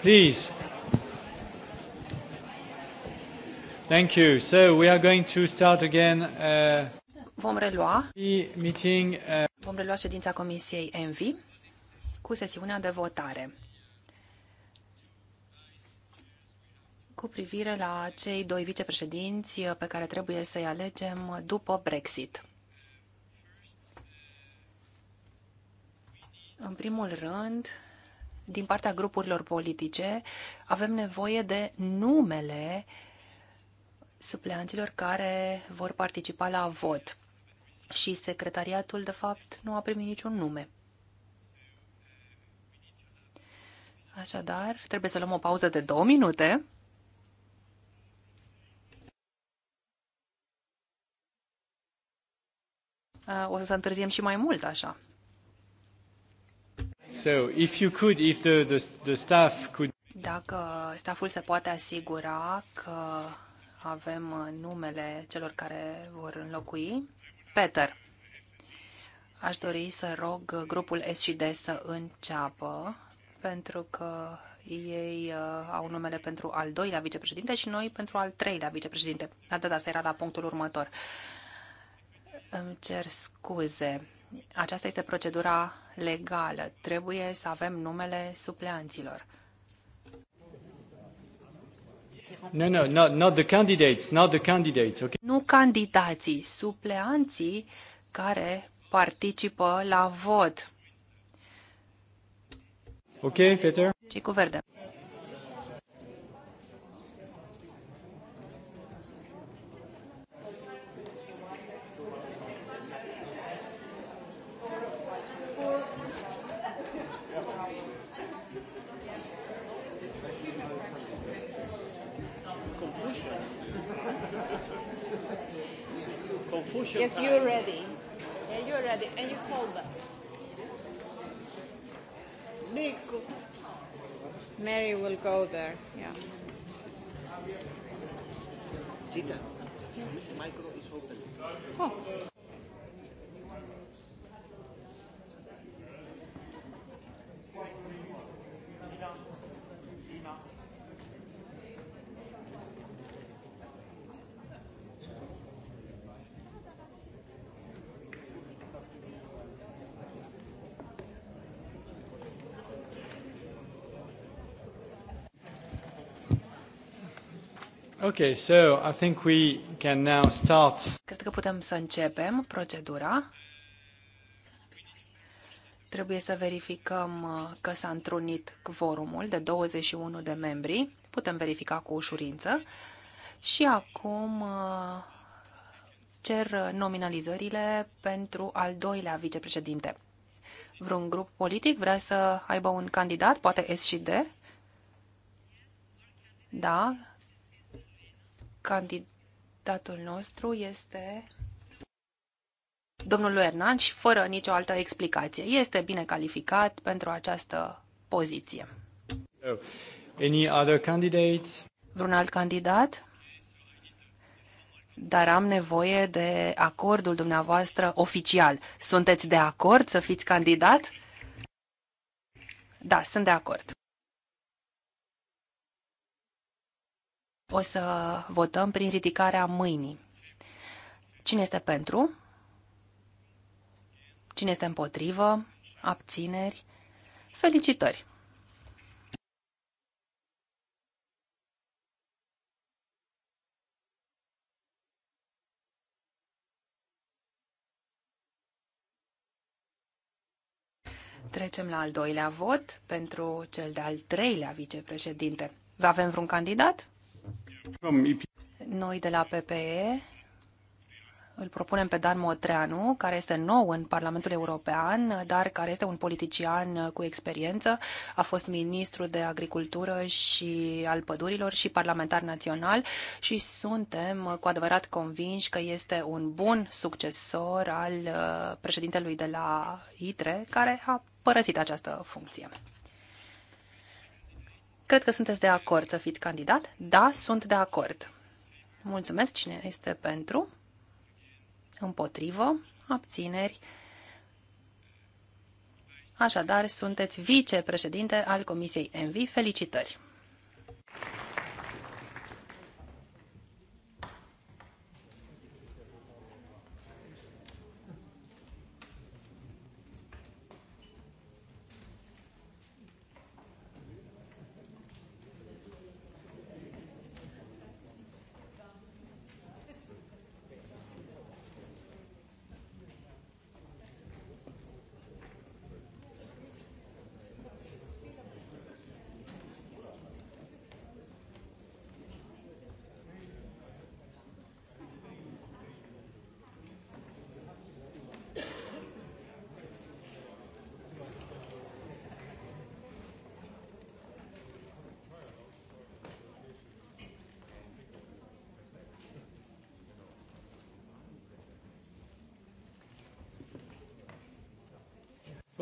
Please. Thank you. So we are going to start again. Uh, vom relua. The meeting, uh, vom relua ședința Comisiei ENVI cu sesiunea de votare. cu privire la cei doi vicepreședinți pe care trebuie să-i alegem după Brexit. În primul rând, din partea grupurilor politice avem nevoie de numele supleanților care vor participa la vot. Și secretariatul, de fapt, nu a primit niciun nume. Așadar, trebuie să luăm o pauză de două minute. Uh, o să întârziem și mai mult așa. So, if you could, if the, the, the staff could... Dacă staful se poate asigura că avem uh, numele celor care vor înlocui. Peter, aș dori să rog grupul S și D să înceapă, pentru că ei uh, au numele pentru al doilea vicepreședinte și noi pentru al treilea vicepreședinte. Da, da, da, asta era la punctul următor. Îmi cer scuze aceasta este procedura legală. Trebuie să avem numele supleanților. No, no, not, not the candidates, not the candidates, okay. Nu candidații, supleanții care participă la vot. Ok, Peter? Cei cu verde. your yes, time. you're ready. Yeah, you're ready. And you told them. Nico. Mary will go there. Yeah. Tita, mm-hmm. micro is open. Oh. Okay, so I think we can now start. Cred că putem să începem procedura. Trebuie să verificăm uh, că s-a întrunit quorumul de 21 de membri. Putem verifica cu ușurință. Și acum uh, cer nominalizările pentru al doilea vicepreședinte. Vreun grup politic vrea să aibă un candidat, poate S și D? Da, candidatul nostru este domnul Hernan și fără nicio altă explicație. Este bine calificat pentru această poziție. Oh. Any other candidates? Vreun alt candidat? Dar am nevoie de acordul dumneavoastră oficial. Sunteți de acord să fiți candidat? Da, sunt de acord. O să votăm prin ridicarea mâinii. Cine este pentru? Cine este împotrivă? Abțineri? Felicitări! Trecem la al doilea vot pentru cel de-al treilea vicepreședinte. Avem vreun candidat? Noi de la PPE îl propunem pe Dan Motreanu, care este nou în Parlamentul European, dar care este un politician cu experiență. A fost ministru de agricultură și al pădurilor și parlamentar național și suntem cu adevărat convinși că este un bun succesor al uh, președintelui de la ITRE, care a părăsit această funcție. Cred că sunteți de acord să fiți candidat. Da, sunt de acord. Mulțumesc cine este pentru. Împotrivă. Abțineri. Așadar, sunteți vicepreședinte al Comisiei Envi. Felicitări!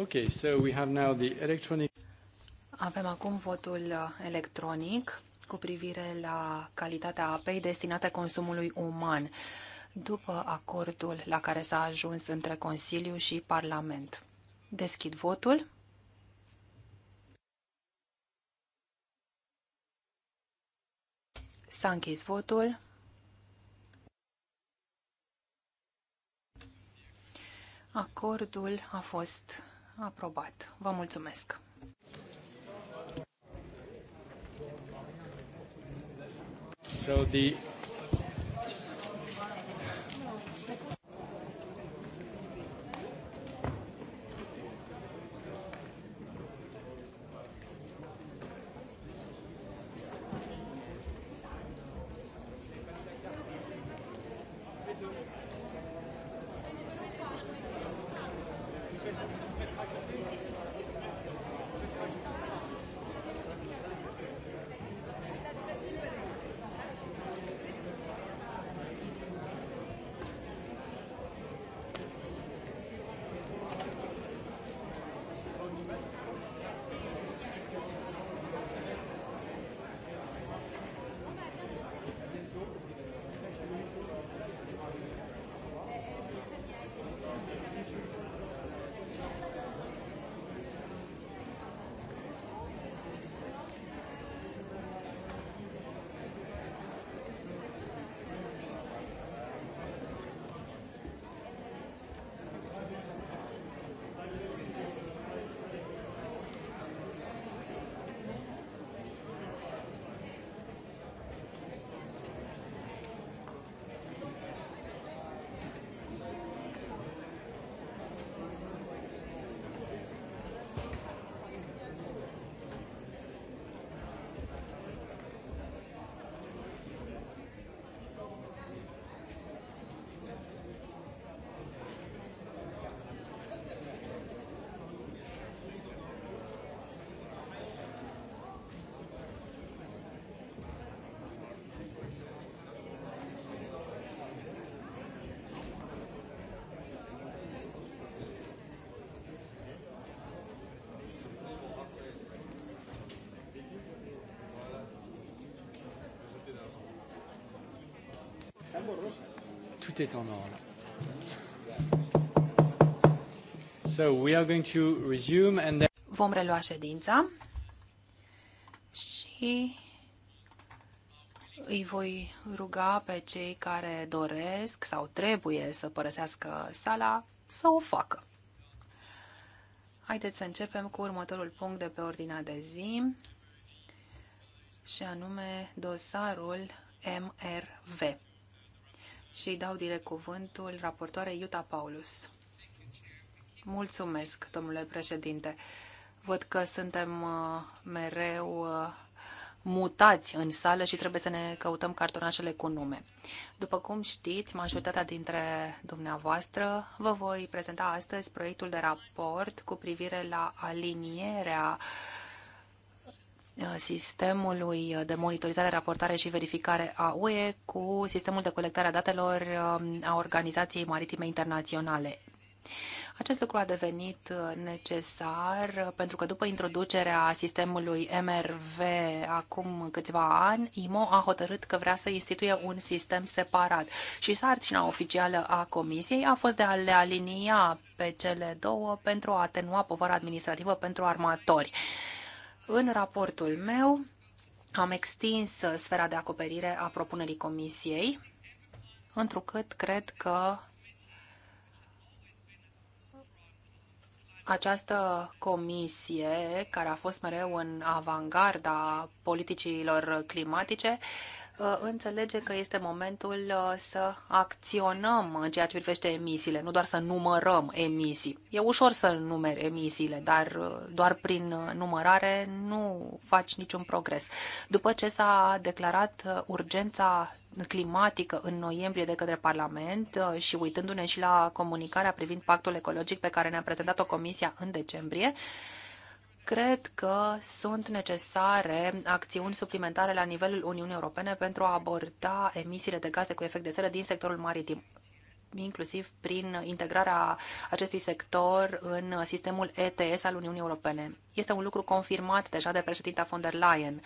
Okay, so we have now the electronic... Avem acum votul electronic cu privire la calitatea apei destinată consumului uman după acordul la care s-a ajuns între Consiliu și Parlament. Deschid votul. S-a închis votul. Acordul a fost aprobat. Vă mulțumesc! So the Tout est en ordre. So we are going to resume and then... Vom relua ședința și îi voi ruga pe cei care doresc sau trebuie să părăsească sala să o facă. Haideți să începem cu următorul punct de pe ordinea de zi și anume dosarul MRV și îi dau direct cuvântul raportoare Iuta Paulus. Mulțumesc, domnule președinte. Văd că suntem uh, mereu uh, mutați în sală și trebuie să ne căutăm cartonașele cu nume. După cum știți, majoritatea dintre dumneavoastră vă voi prezenta astăzi proiectul de raport cu privire la alinierea uh, Uh, sistemului de monitorizare, raportare și verificare a UE cu sistemul de colectare a datelor uh, a Organizației Maritime Internaționale. Acest lucru a devenit uh, necesar pentru că după introducerea sistemului MRV acum câțiva ani, IMO a hotărât că vrea să instituie un sistem separat și sarcina oficială a Comisiei a fost de a le alinia pe cele două pentru a atenua povara administrativă pentru armatori. În raportul meu am extins sfera de acoperire a propunerii comisiei, întrucât cred că Această comisie, care a fost mereu în avangarda politicilor climatice, Uh, înțelege că este momentul uh, să acționăm în ceea ce privește emisiile, nu doar să numărăm emisii. E ușor să numeri emisiile, dar uh, doar prin numărare nu faci niciun progres. După ce s-a declarat urgența climatică în noiembrie de către Parlament și uitându-ne și la comunicarea privind pactul ecologic pe care ne-a prezentat-o Comisia în decembrie, Cred că sunt necesare acțiuni suplimentare la nivelul Uniunii Europene pentru a aborda emisiile de gaze cu efect de seră din sectorul maritim inclusiv prin integrarea acestui sector în sistemul ETS al Uniunii Europene. Este un lucru confirmat deja de președinta von der Leyen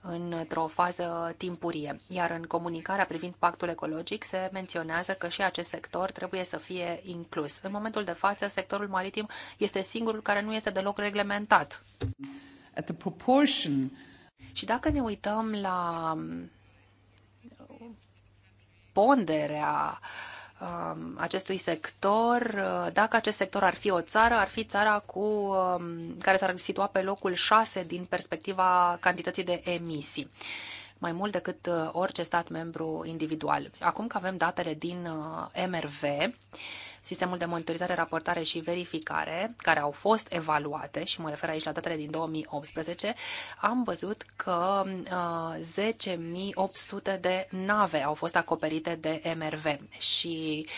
într-o fază timpurie, iar în comunicarea privind pactul ecologic se menționează că și acest sector trebuie să fie inclus. În momentul de față, sectorul maritim este singurul care nu este deloc reglementat. Proportion... Și dacă ne uităm la ponderea uh, Um, acestui sector. Uh, dacă acest sector ar fi o țară, ar fi țara cu, um, care s-ar situa pe locul 6 din perspectiva cantității de emisii mai mult decât uh, orice stat membru individual. Acum că avem datele din uh, MRV, sistemul de monitorizare, raportare și verificare, care au fost evaluate, și mă refer aici la datele din 2018, am văzut că 10.800 uh, de nave au fost acoperite de MRV și uh,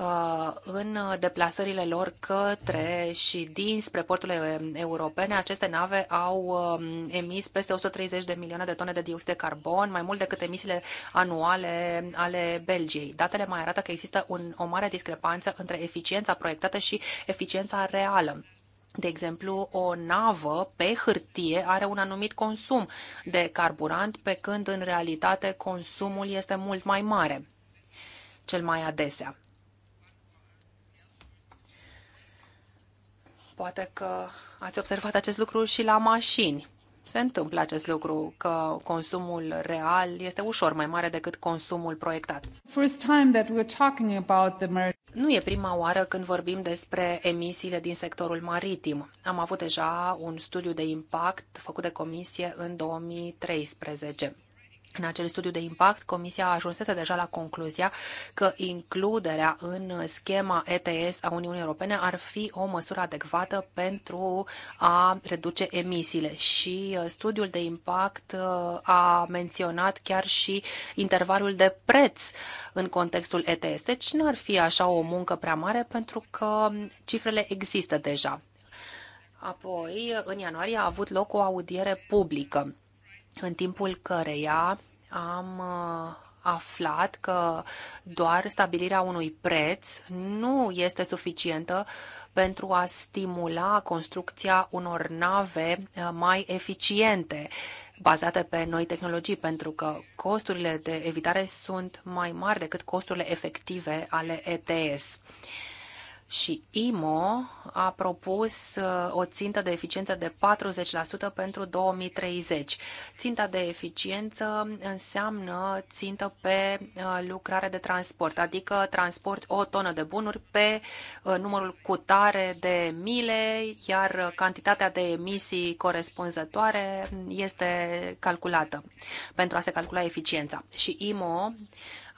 Uh, în deplasările lor către și dinspre porturile um, europene. Aceste nave au um, emis peste 130 de milioane de tone de dioxid de carbon, mai mult decât emisiile anuale ale Belgiei. Datele mai arată că există un, o mare discrepanță între eficiența proiectată și eficiența reală. De exemplu, o navă pe hârtie are un anumit consum de carburant, pe când în realitate consumul este mult mai mare, cel mai adesea. Poate că ați observat acest lucru și la mașini. Se întâmplă acest lucru, că consumul real este ușor mai mare decât consumul proiectat. Nu e prima oară când vorbim despre emisiile din sectorul maritim. Am avut deja un studiu de impact făcut de comisie în 2013. În acel studiu de impact, Comisia ajunsese deja la concluzia că includerea în schema ETS a Uniunii Europene ar fi o măsură adecvată pentru a reduce emisiile și uh, studiul de impact uh, a menționat chiar și intervalul de preț în contextul ETS. Deci nu ar fi așa o muncă prea mare pentru că cifrele există deja. Apoi, în ianuarie a avut loc o audiere publică în timpul căreia am uh, aflat că doar stabilirea unui preț nu este suficientă pentru a stimula construcția unor nave uh, mai eficiente, bazate pe noi tehnologii, pentru că costurile de evitare sunt mai mari decât costurile efective ale ETS și IMO a propus uh, o țintă de eficiență de 40% pentru 2030. Ținta de eficiență înseamnă țintă pe uh, lucrare de transport, adică transport o tonă de bunuri pe uh, numărul cutare de mile, iar cantitatea de emisii corespunzătoare este calculată pentru a se calcula eficiența. Și IMO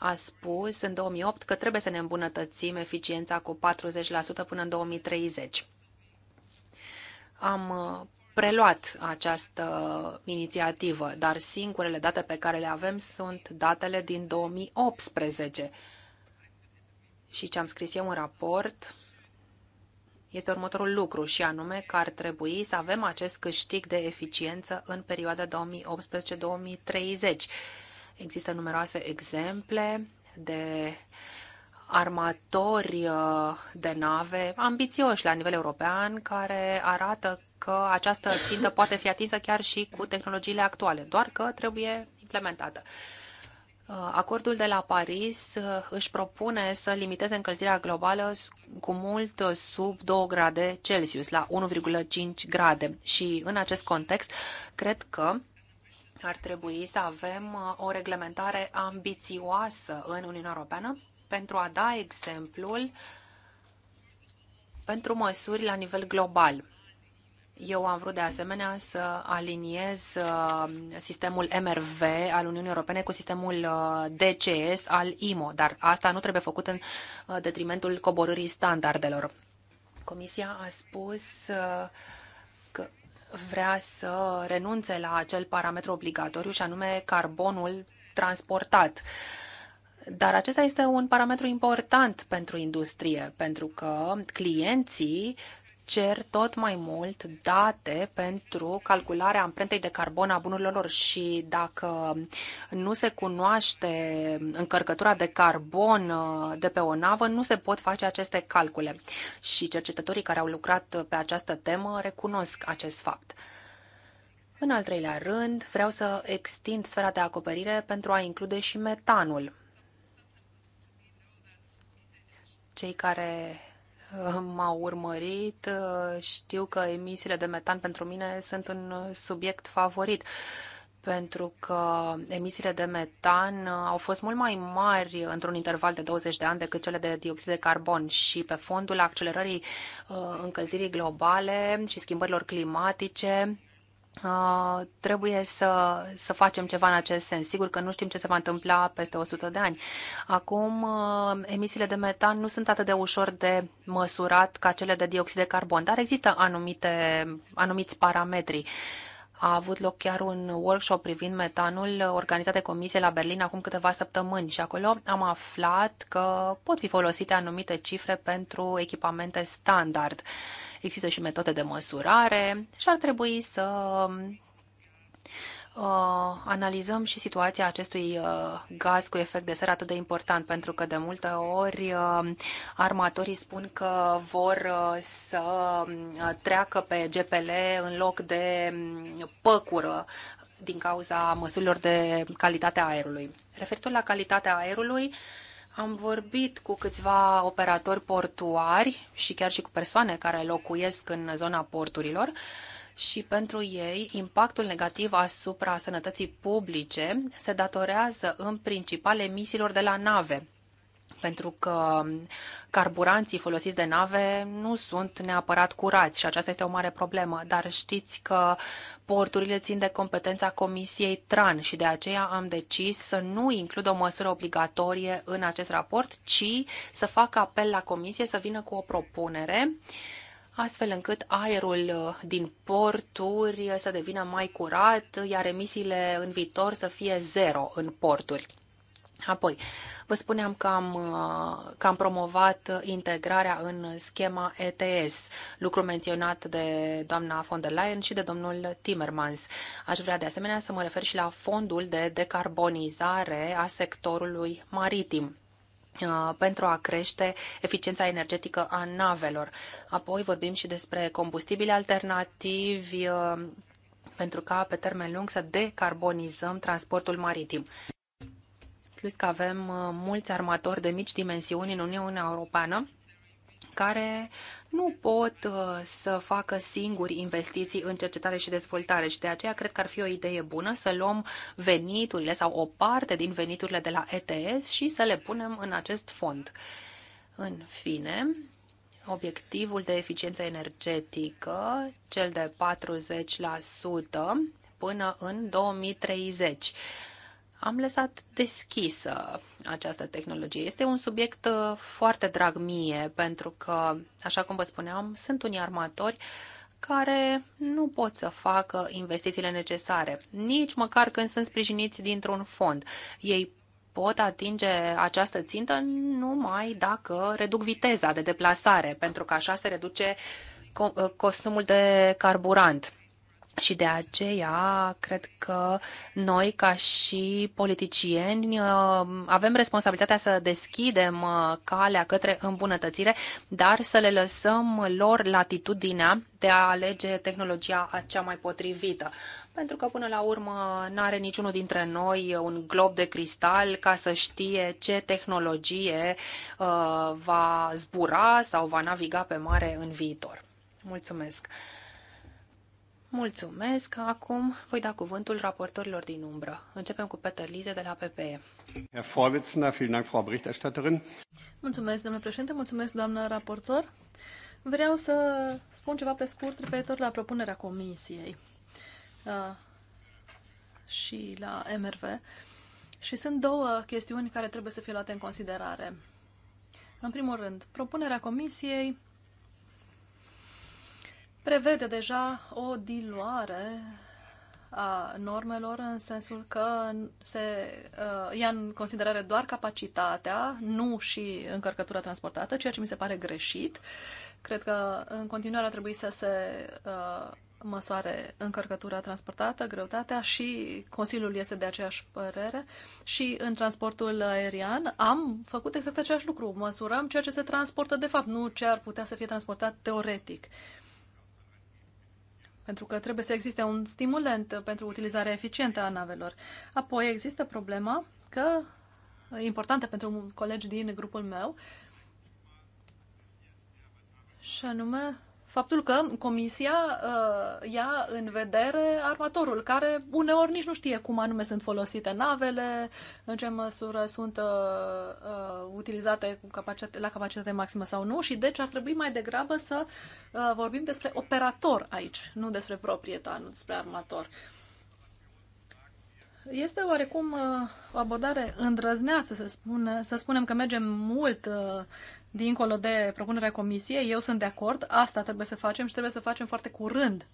a spus în 2008 că trebuie să ne îmbunătățim eficiența cu 40% până în 2030. Am uh, preluat această inițiativă, dar singurele date pe care le avem sunt datele din 2018. Și ce am scris eu în raport este următorul lucru și anume că ar trebui să avem acest câștig de eficiență în perioada 2018-2030 Există numeroase exemple de armatori uh, de nave ambițioși la nivel european care arată că această țintă poate fi atinsă chiar și cu tehnologiile actuale, doar că trebuie implementată. Uh, acordul de la Paris uh, își propune să limiteze încălzirea globală cu mult sub 2 grade Celsius, la 1,5 grade. Și în acest context, cred că ar trebui să avem uh, o reglementare ambițioasă în Uniunea Europeană pentru a da exemplul pentru măsuri la nivel global. Eu am vrut de asemenea să aliniez uh, sistemul MRV al Uniunii Europene cu sistemul uh, DCS al IMO, dar asta nu trebuie făcut în detrimentul coborârii standardelor. Comisia a spus uh, vrea să renunțe la acel parametru obligatoriu și anume carbonul transportat. Dar acesta este un parametru important pentru industrie, pentru că clienții cer tot mai mult date pentru calcularea amprentei de carbon a bunurilor lor și dacă nu se cunoaște încărcătura de carbon uh, de pe o navă, nu se pot face aceste calcule. Și cercetătorii care au lucrat pe această temă recunosc acest fapt. În al treilea rând, vreau să extind sfera de acoperire pentru a include și metanul. Cei care m-au urmărit. Uh, știu că emisiile de metan pentru mine sunt un subiect favorit pentru că emisiile de metan uh, au fost mult mai mari într-un interval de 20 de ani decât cele de dioxid de carbon și pe fondul accelerării uh, încălzirii globale și schimbărilor climatice Uh, trebuie să, să facem ceva în acest sens. Sigur că nu știm ce se va întâmpla peste 100 de ani. Acum, uh, emisiile de metan nu sunt atât de ușor de măsurat ca cele de dioxid de carbon, dar există anumite, anumiți parametri. Uh, a avut loc chiar un workshop privind metanul organizat de comisie la Berlin acum câteva săptămâni și acolo am aflat că pot fi folosite anumite cifre pentru echipamente standard. Există și metode de măsurare și ar trebui să Uh, analizăm și situația acestui uh, gaz cu efect de seră atât de important, pentru că de multe ori uh, armatorii spun că vor să treacă pe GPL în loc de mm, păcură din cauza măsurilor de calitate a aerului. Referitor la calitatea aerului, am vorbit cu câțiva operatori portuari și chiar și cu persoane care locuiesc în zona porturilor și pentru ei impactul negativ asupra sănătății publice se datorează în principal emisiilor de la nave pentru că carburanții folosiți de nave nu sunt neapărat curați și aceasta este o mare problemă, dar știți că porturile țin de competența Comisiei TRAN și de aceea am decis să nu includ o măsură obligatorie în acest raport, ci să fac apel la Comisie să vină cu o propunere uh, astfel încât aerul uh, din porturi uh, să devină mai curat, iar emisiile în viitor să fie zero în porturi. Apoi, vă spuneam că am, uh, că am promovat integrarea în schema ETS, lucru menționat de doamna von der Leyen și de domnul Timmermans. Aș vrea de asemenea să mă refer și la fondul de decarbonizare a sectorului maritim. Uh, pentru a crește eficiența energetică a navelor. Apoi vorbim și despre combustibile alternativi uh, pentru ca pe termen lung să decarbonizăm transportul maritim. Plus că avem uh, mulți armatori de mici dimensiuni în Uniunea Europeană care nu pot uh, să facă singuri investiții în cercetare și dezvoltare și de aceea cred că ar fi o idee bună să luăm veniturile sau o parte din veniturile de la ETS și să le punem în acest fond. În fine, obiectivul de eficiență energetică, cel de 40% până în 2030 am lăsat deschisă această tehnologie. Este un subiect uh, foarte drag mie, pentru că, așa cum vă spuneam, sunt unii armatori care nu pot să facă investițiile necesare, nici măcar când sunt sprijiniți dintr-un fond. Ei pot atinge această țintă numai dacă reduc viteza de deplasare, pentru că așa se reduce consumul uh, de carburant. Și de aceea cred că noi, ca și politicieni, uh, avem responsabilitatea să deschidem uh, calea către îmbunătățire, dar să le lăsăm lor latitudinea de a alege tehnologia cea mai potrivită. Pentru că, până la urmă, nu are niciunul dintre noi un glob de cristal ca să știe ce tehnologie uh, va zbura sau va naviga pe mare în viitor. Mulțumesc! Mulțumesc. Acum voi da cuvântul raportorilor din umbră. Începem cu Peter Lize de la PPE. Herr Vorsitzender, vielen Dank, Frau Berichterstatterin. Mulțumesc, domnule președinte, mulțumesc, doamna raportor. Vreau să spun ceva pe scurt referitor la propunerea comisiei uh, și la MRV. Și sunt două chestiuni care trebuie să fie luate în considerare. În primul rând, propunerea comisiei prevede deja o diluare a normelor în sensul că se uh, ia în considerare doar capacitatea, nu și încărcătura transportată, ceea ce mi se pare greșit. Cred că în continuare ar trebui să se uh, măsoare încărcătura transportată, greutatea și Consiliul este de aceeași părere și în transportul aerian am făcut exact același lucru. Măsurăm ceea ce se transportă de fapt, nu ce ar putea să fie transportat teoretic. Uh, pentru că trebuie să existe un stimulent pentru utilizarea eficientă a navelor. Apoi există problema că, importantă pentru colegi din grupul meu, și anume faptul că Comisia uh, ia în vedere armatorul, care uneori nici nu știe cum anume sunt folosite navele, în ce măsură sunt uh, uh, utilizate cu capacitate, la capacitate maximă sau nu și deci ar trebui mai degrabă să uh, vorbim despre operator aici, nu despre proprietar, nu despre armator. Este oarecum uh, o abordare îndrăzneață să, spune, să spunem că mergem mult uh, dincolo de propunerea comisiei, eu sunt de acord, asta trebuie să facem și trebuie să facem foarte curând.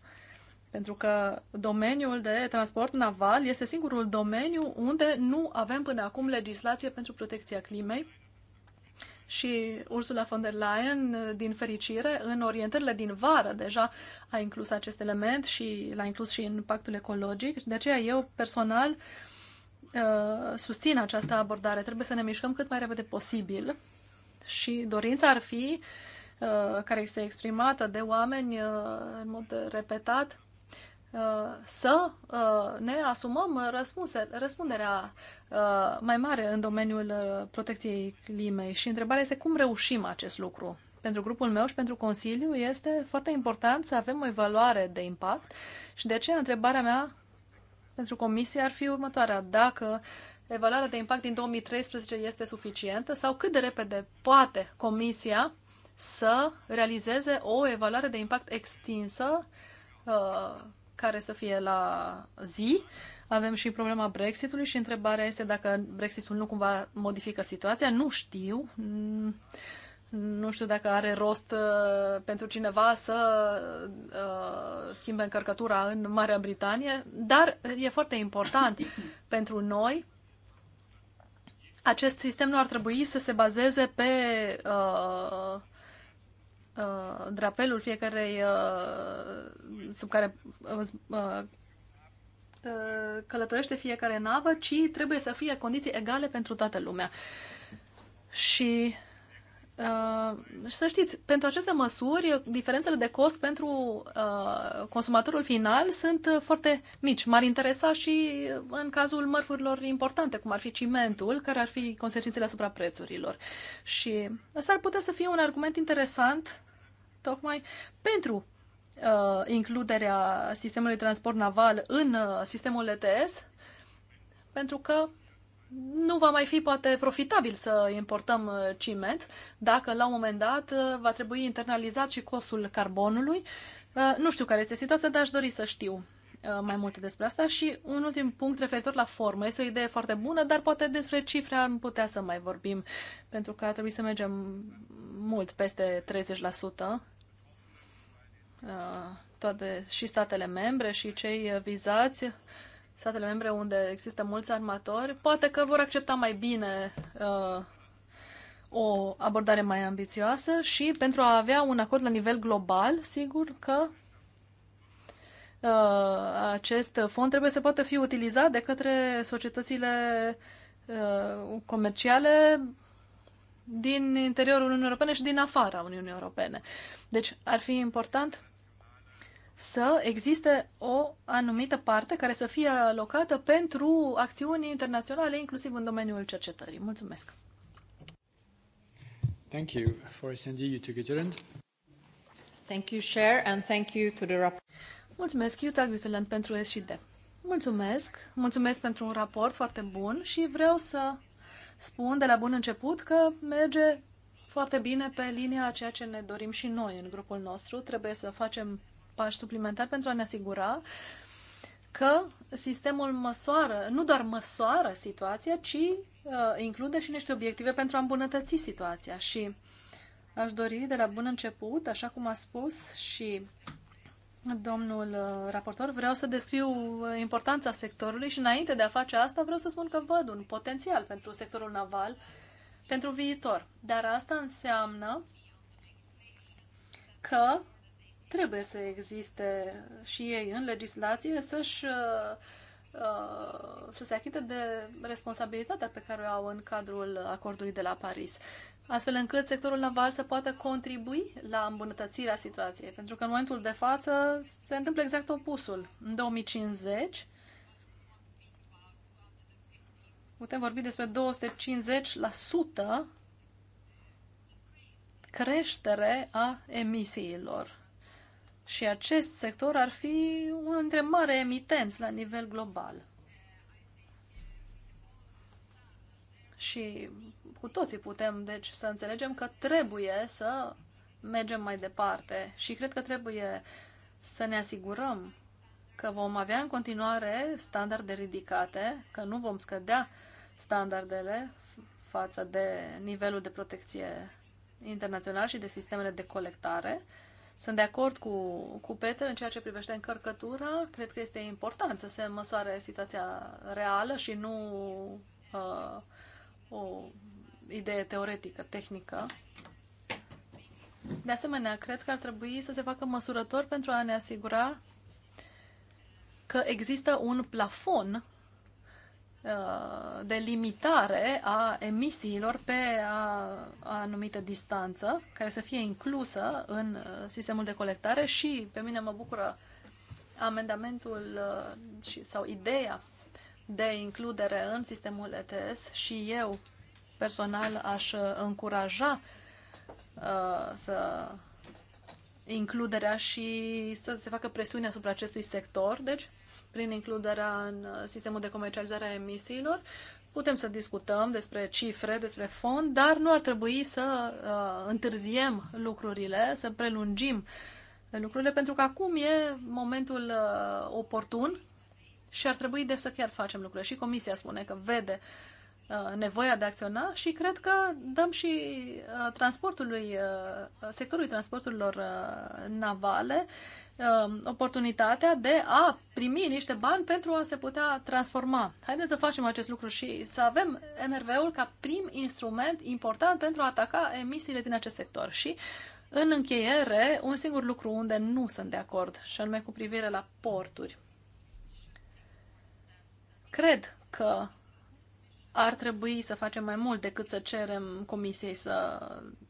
Pentru că domeniul de transport naval este singurul domeniu unde nu avem până acum legislație pentru protecția climei. Și Ursula von der Leyen, din fericire, în orientările din vară deja a inclus acest element și l-a inclus și în pactul ecologic. De aceea eu personal uh, susțin această abordare. Trebuie să ne mișcăm cât mai repede posibil și dorința ar fi, uh, care este exprimată de oameni uh, în mod repetat, uh, să ne asumăm răspunse, răspunderea mai mare în domeniul protecției climei. Și întrebarea este cum reușim acest lucru. Pentru grupul meu și pentru Consiliu este foarte important să avem o evaluare de impact și de aceea întrebarea mea pentru Comisie ar fi următoarea. Dacă evaluarea de impact din 2013 este suficientă sau cât de repede poate Comisia să realizeze o evaluare de impact extinsă uh, care să fie la zi. Avem și problema Brexitului și întrebarea este dacă Brexitul nu cumva modifică situația. Nu știu. Mm, nu știu dacă are rost uh, pentru cineva să uh, schimbe încărcătura în Marea Britanie, dar e foarte important pentru noi acest sistem nu ar trebui să se bazeze pe uh, uh, drapelul fiecarei uh, sub care uh, uh, călătorește fiecare navă, ci trebuie să fie condiții egale pentru toată lumea. Și Uh, și să știți, pentru aceste măsuri, diferențele de cost pentru uh, consumatorul final sunt foarte mici. M-ar interesa și în cazul mărfurilor importante, cum ar fi cimentul, care ar fi consecințele asupra prețurilor. Și asta ar putea să fie un argument interesant tocmai pentru uh, includerea sistemului transport naval în uh, sistemul ETS, pentru că nu va mai fi poate profitabil să importăm uh, ciment dacă la un moment dat uh, va trebui internalizat și costul carbonului. Uh, nu știu care este situația, dar aș dori să știu mai multe despre asta și un ultim punct referitor la formă. Este o idee foarte bună, dar poate despre cifre am putea să mai vorbim, pentru că ar trebui să mergem mult peste 30%. Toate, și statele membre și cei vizați statele membre unde există mulți armatori, poate că vor accepta mai bine uh, o abordare mai ambițioasă și pentru a avea un acord la nivel global, sigur că uh, acest fond trebuie să poată fi utilizat de către societățile uh, comerciale din interiorul Uniunii Europene și din afara Uniunii Europene. Deci ar fi important să existe o anumită parte care să fie alocată pentru acțiuni internaționale, inclusiv în domeniul cercetării. Mulțumesc! Thank you for you to Gutteland. Thank you, Chair, and thank you to the Mulțumesc, Iuta Gutteland, pentru SD. Mulțumesc, mulțumesc pentru un raport foarte bun și vreau să spun de la bun început că merge foarte bine pe linia a ceea ce ne dorim și noi în grupul nostru. Trebuie să facem pași suplimentari pentru a ne asigura că sistemul măsoară, nu doar măsoară situația, ci uh, include și niște obiective pentru a îmbunătăți situația. Și aș dori de la bun început, așa cum a spus și domnul uh, raportor, vreau să descriu uh, importanța sectorului și înainte de a face asta vreau să spun că văd un potențial pentru sectorul naval pentru viitor. Dar asta înseamnă că trebuie să existe și ei în legislație să-și uh, uh, să se achite de responsabilitatea pe care o au în cadrul acordului de la Paris, astfel încât sectorul naval să poată contribui la îmbunătățirea situației. Pentru că în momentul de față se întâmplă exact opusul. În 2050 putem vorbi despre 250% creștere a emisiilor și acest sector ar fi unul dintre mari emitenți la nivel global. Și cu toții putem, deci, să înțelegem că trebuie să mergem mai departe și cred că trebuie să ne asigurăm că vom avea în continuare standarde ridicate, că nu vom scădea standardele față de nivelul de protecție internațional și de sistemele de colectare, sunt de acord cu, cu Peter în ceea ce privește încărcătura. Cred că este important să se măsoare situația reală și nu uh, o idee teoretică, tehnică. De asemenea, cred că ar trebui să se facă măsurători pentru a ne asigura că există un plafon Uh, de limitare a emisiilor pe a, a anumită distanță, care să fie inclusă în uh, sistemul de colectare și pe mine mă bucură amendamentul uh, sau ideea de includere în sistemul ETS și eu personal aș încuraja să includerea și să se facă presiune asupra acestui sector. Deci, prin includerea în uh, sistemul de comercializare a emisiilor. Putem să discutăm despre cifre, despre fond, dar nu ar trebui să uh, întârziem lucrurile, să prelungim lucrurile, pentru că acum e momentul uh, oportun și ar trebui de să chiar facem lucrurile. Și Comisia spune că vede uh, Uh, nevoia de a acționa și cred că dăm și uh, transportului, uh, sectorului transporturilor navale um, oportunitatea de a primi niște bani pentru a se putea transforma. Haideți să facem acest lucru și să avem MRV-ul ca prim instrument important pentru a ataca emisiile din acest sector. Și în încheiere, un singur lucru unde nu sunt de acord, și anume cu privire la porturi. Cred că ar trebui să facem mai mult decât să cerem comisiei să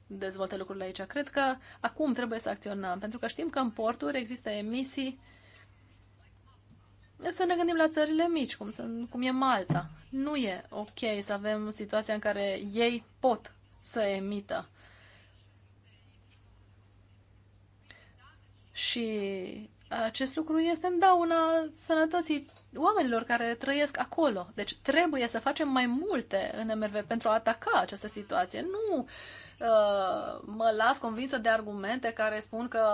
dezvolte lucrurile aici. Cred că acum trebuie să acționăm, pentru că știm că în porturi există emisii. Să ne gândim la țările mici, cum, sunt, cum e Malta. Nu e ok să avem situația în care ei pot să emită. Și acest lucru este în dauna sănătății oamenilor care trăiesc acolo. Deci trebuie să facem mai multe în MRV pentru a ataca această situație. Nu uh, mă las convinsă de argumente care spun că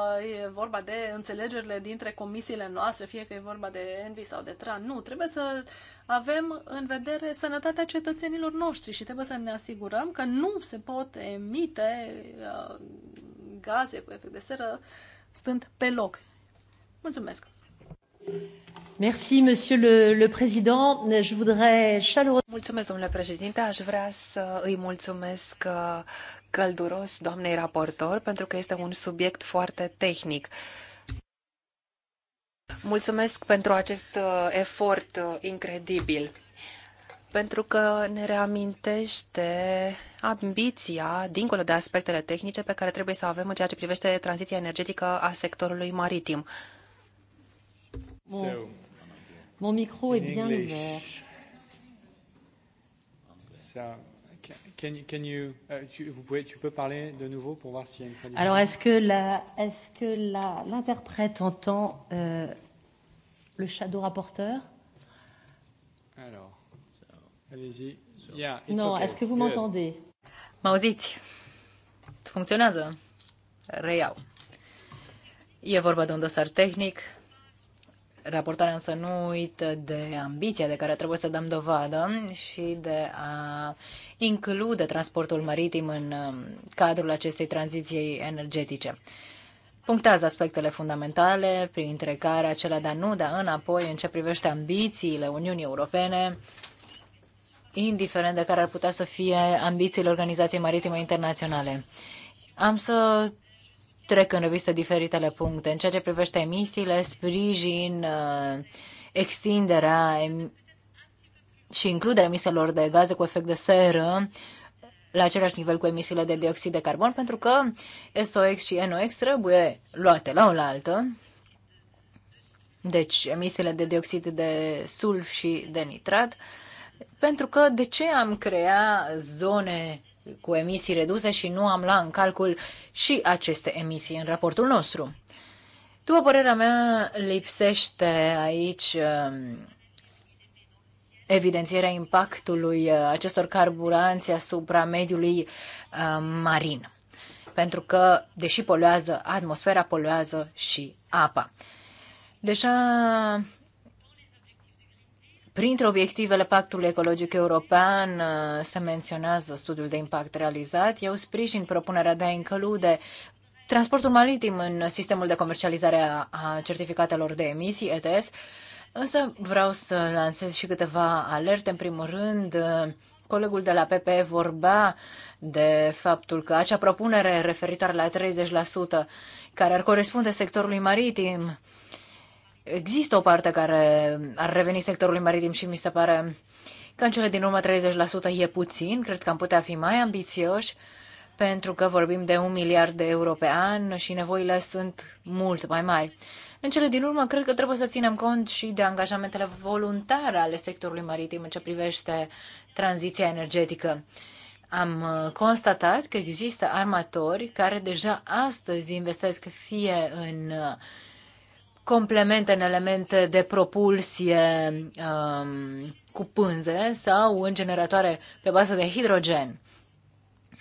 e vorba de înțelegerile dintre comisiile noastre, fie că e vorba de Envi sau de TRAN. Nu, trebuie să avem în vedere sănătatea cetățenilor noștri și trebuie să ne asigurăm că nu se pot emite uh, gaze cu efect de seră stând pe loc Mulțumesc! Merci, monsieur le, le président. Je voudrais chaleureusement... Mulțumesc, domnule președinte. Aș vrea să îi mulțumesc uh, călduros doamnei raportor pentru că este un subiect foarte tehnic. Mulțumesc pentru acest uh, efort uh, incredibil, pentru că ne reamintește ambiția, dincolo de aspectele tehnice, pe care trebuie să o avem în ceea ce privește tranziția energetică a sectorului maritim. Bon. So, Mon micro est bien ouvert. So, can, can you, uh, tu, vous pouvez, tu peux parler de nouveau pour voir s'il y a une traduction. Alors, est-ce que la, est-ce que l'interprète entend euh, le shadow rapporteur Alors, so, allez-y. So. Yeah, non, okay. est-ce que vous m'entendez Mă auziți? Funcționează. Reiau. E vorba de un dosar tehnic Raportarea însă nu uită de ambiția de care trebuie să dăm dovadă și de a include transportul maritim în um, cadrul acestei tranziției energetice. Punctează aspectele fundamentale, printre care acela de a nu da înapoi în ce privește ambițiile Uniunii Europene, indiferent de care ar putea să fie ambițiile Organizației Maritime Internaționale. Am să trec în revistă diferitele puncte. În ceea ce privește emisiile, sprijin uh, extinderea și includerea emisiilor de gaze cu efect de seră la același nivel cu emisiile de dioxid de carbon, pentru că SOx și NOx trebuie luate la oaltă. Deci emisiile de dioxid de sulf și de nitrat, pentru că de ce am crea zone cu emisii reduse și nu am luat în calcul și aceste emisii în raportul nostru. După părerea mea, lipsește aici um, evidențierea impactului uh, acestor carburanți asupra mediului uh, marin. Pentru că, deși poluează atmosfera, poluează și apa. Deja Printre obiectivele Pactului Ecologic European uh, se menționează studiul de impact realizat. Eu sprijin propunerea de a include transportul maritim în sistemul de comercializare a certificatelor de emisii, ETS, însă vreau să lansez și câteva alerte. În primul rând, uh, colegul de la PPE vorbea de faptul că acea propunere referitoare la 30% care ar corespunde sectorului maritim există o parte care ar reveni sectorului maritim și mi se pare că în cele din urmă 30% e puțin, cred că am putea fi mai ambițioși pentru că vorbim de un miliard de euro pe an și nevoile sunt mult mai mari. În cele din urmă, cred că trebuie să ținem cont și de angajamentele voluntare ale sectorului maritim în ce privește tranziția energetică. Am uh, constatat că există armatori care deja astăzi investesc fie în uh, complemente în elemente de propulsie um, cu pânze sau în generatoare pe bază de hidrogen.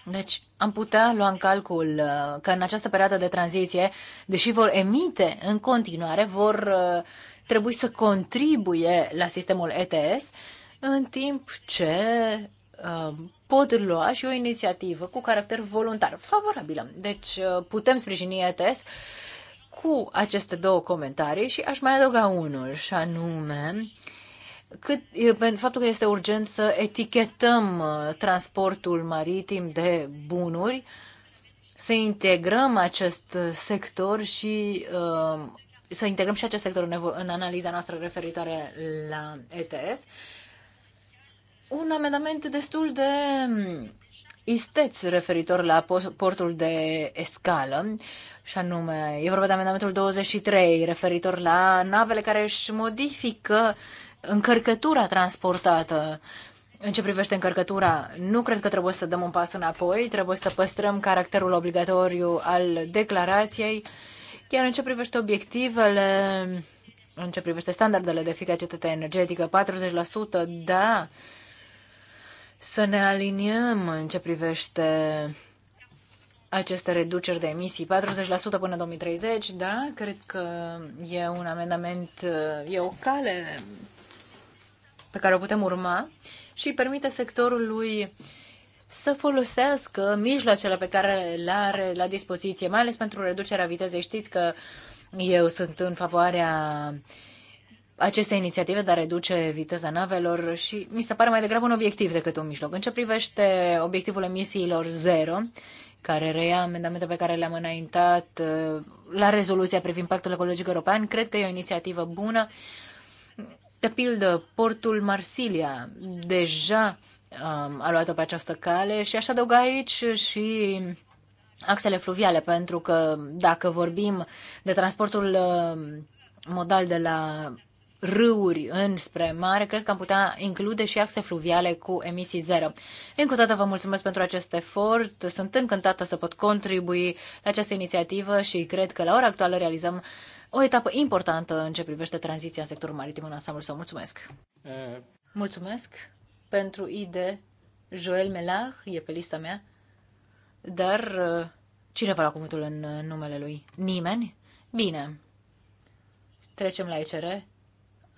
Deci am putea lua în calcul uh, că în această perioadă de tranziție, deși vor emite în continuare, vor uh, trebui să contribuie la sistemul ETS, în timp ce uh, pot lua și o inițiativă cu caracter voluntar, favorabilă. Deci putem sprijini ETS cu aceste două comentarii și aș mai adăuga unul, și anume cât, faptul că este urgent să etichetăm uh, transportul maritim de bunuri, să integrăm acest sector și uh, să integrăm și acest sector în, în analiza noastră referitoare la ETS. Un amendament destul de mm, isteț referitor la portul de escală. Și anume, e vorba de amendamentul 23, referitor la navele care își modifică încărcătura transportată. În ce privește încărcătura, nu cred că trebuie să dăm un pas înapoi, trebuie să păstrăm caracterul obligatoriu al declarației, iar în ce privește obiectivele, în ce privește standardele de eficacitate energetică, 40%, da, să ne aliniem în ce privește aceste reduceri de emisii, 40% până 2030, da, cred că e un amendament, e o cale pe care o putem urma și permite sectorului să folosească mijloacele pe care le are la dispoziție, mai ales pentru reducerea vitezei. Știți că eu sunt în favoarea acestei inițiative de a reduce viteza navelor și mi se pare mai degrabă un obiectiv decât un mijloc. În ce privește obiectivul emisiilor zero, care reia amendamente pe care le-am înaintat uh, la rezoluția privind pactul ecologic european. Cred că e o inițiativă bună. De pildă, portul Marsilia deja um, a luat-o pe această cale și aș adăuga aici și axele fluviale, pentru că dacă vorbim de transportul uh, modal de la râuri înspre mare, cred că am putea include și axe fluviale cu emisii zero. Încă o dată vă mulțumesc pentru acest efort, sunt încântată să pot contribui la această inițiativă și cred că la ora actuală realizăm o etapă importantă în ce privește tranziția în sectorul maritim în ansamblu. Să Mulțumesc! Eh. Mulțumesc pentru ide. Joel Melar e pe lista mea, dar eh, cine va lua cuvântul în eh, numele lui? Nimeni? Bine. Trecem la ICR.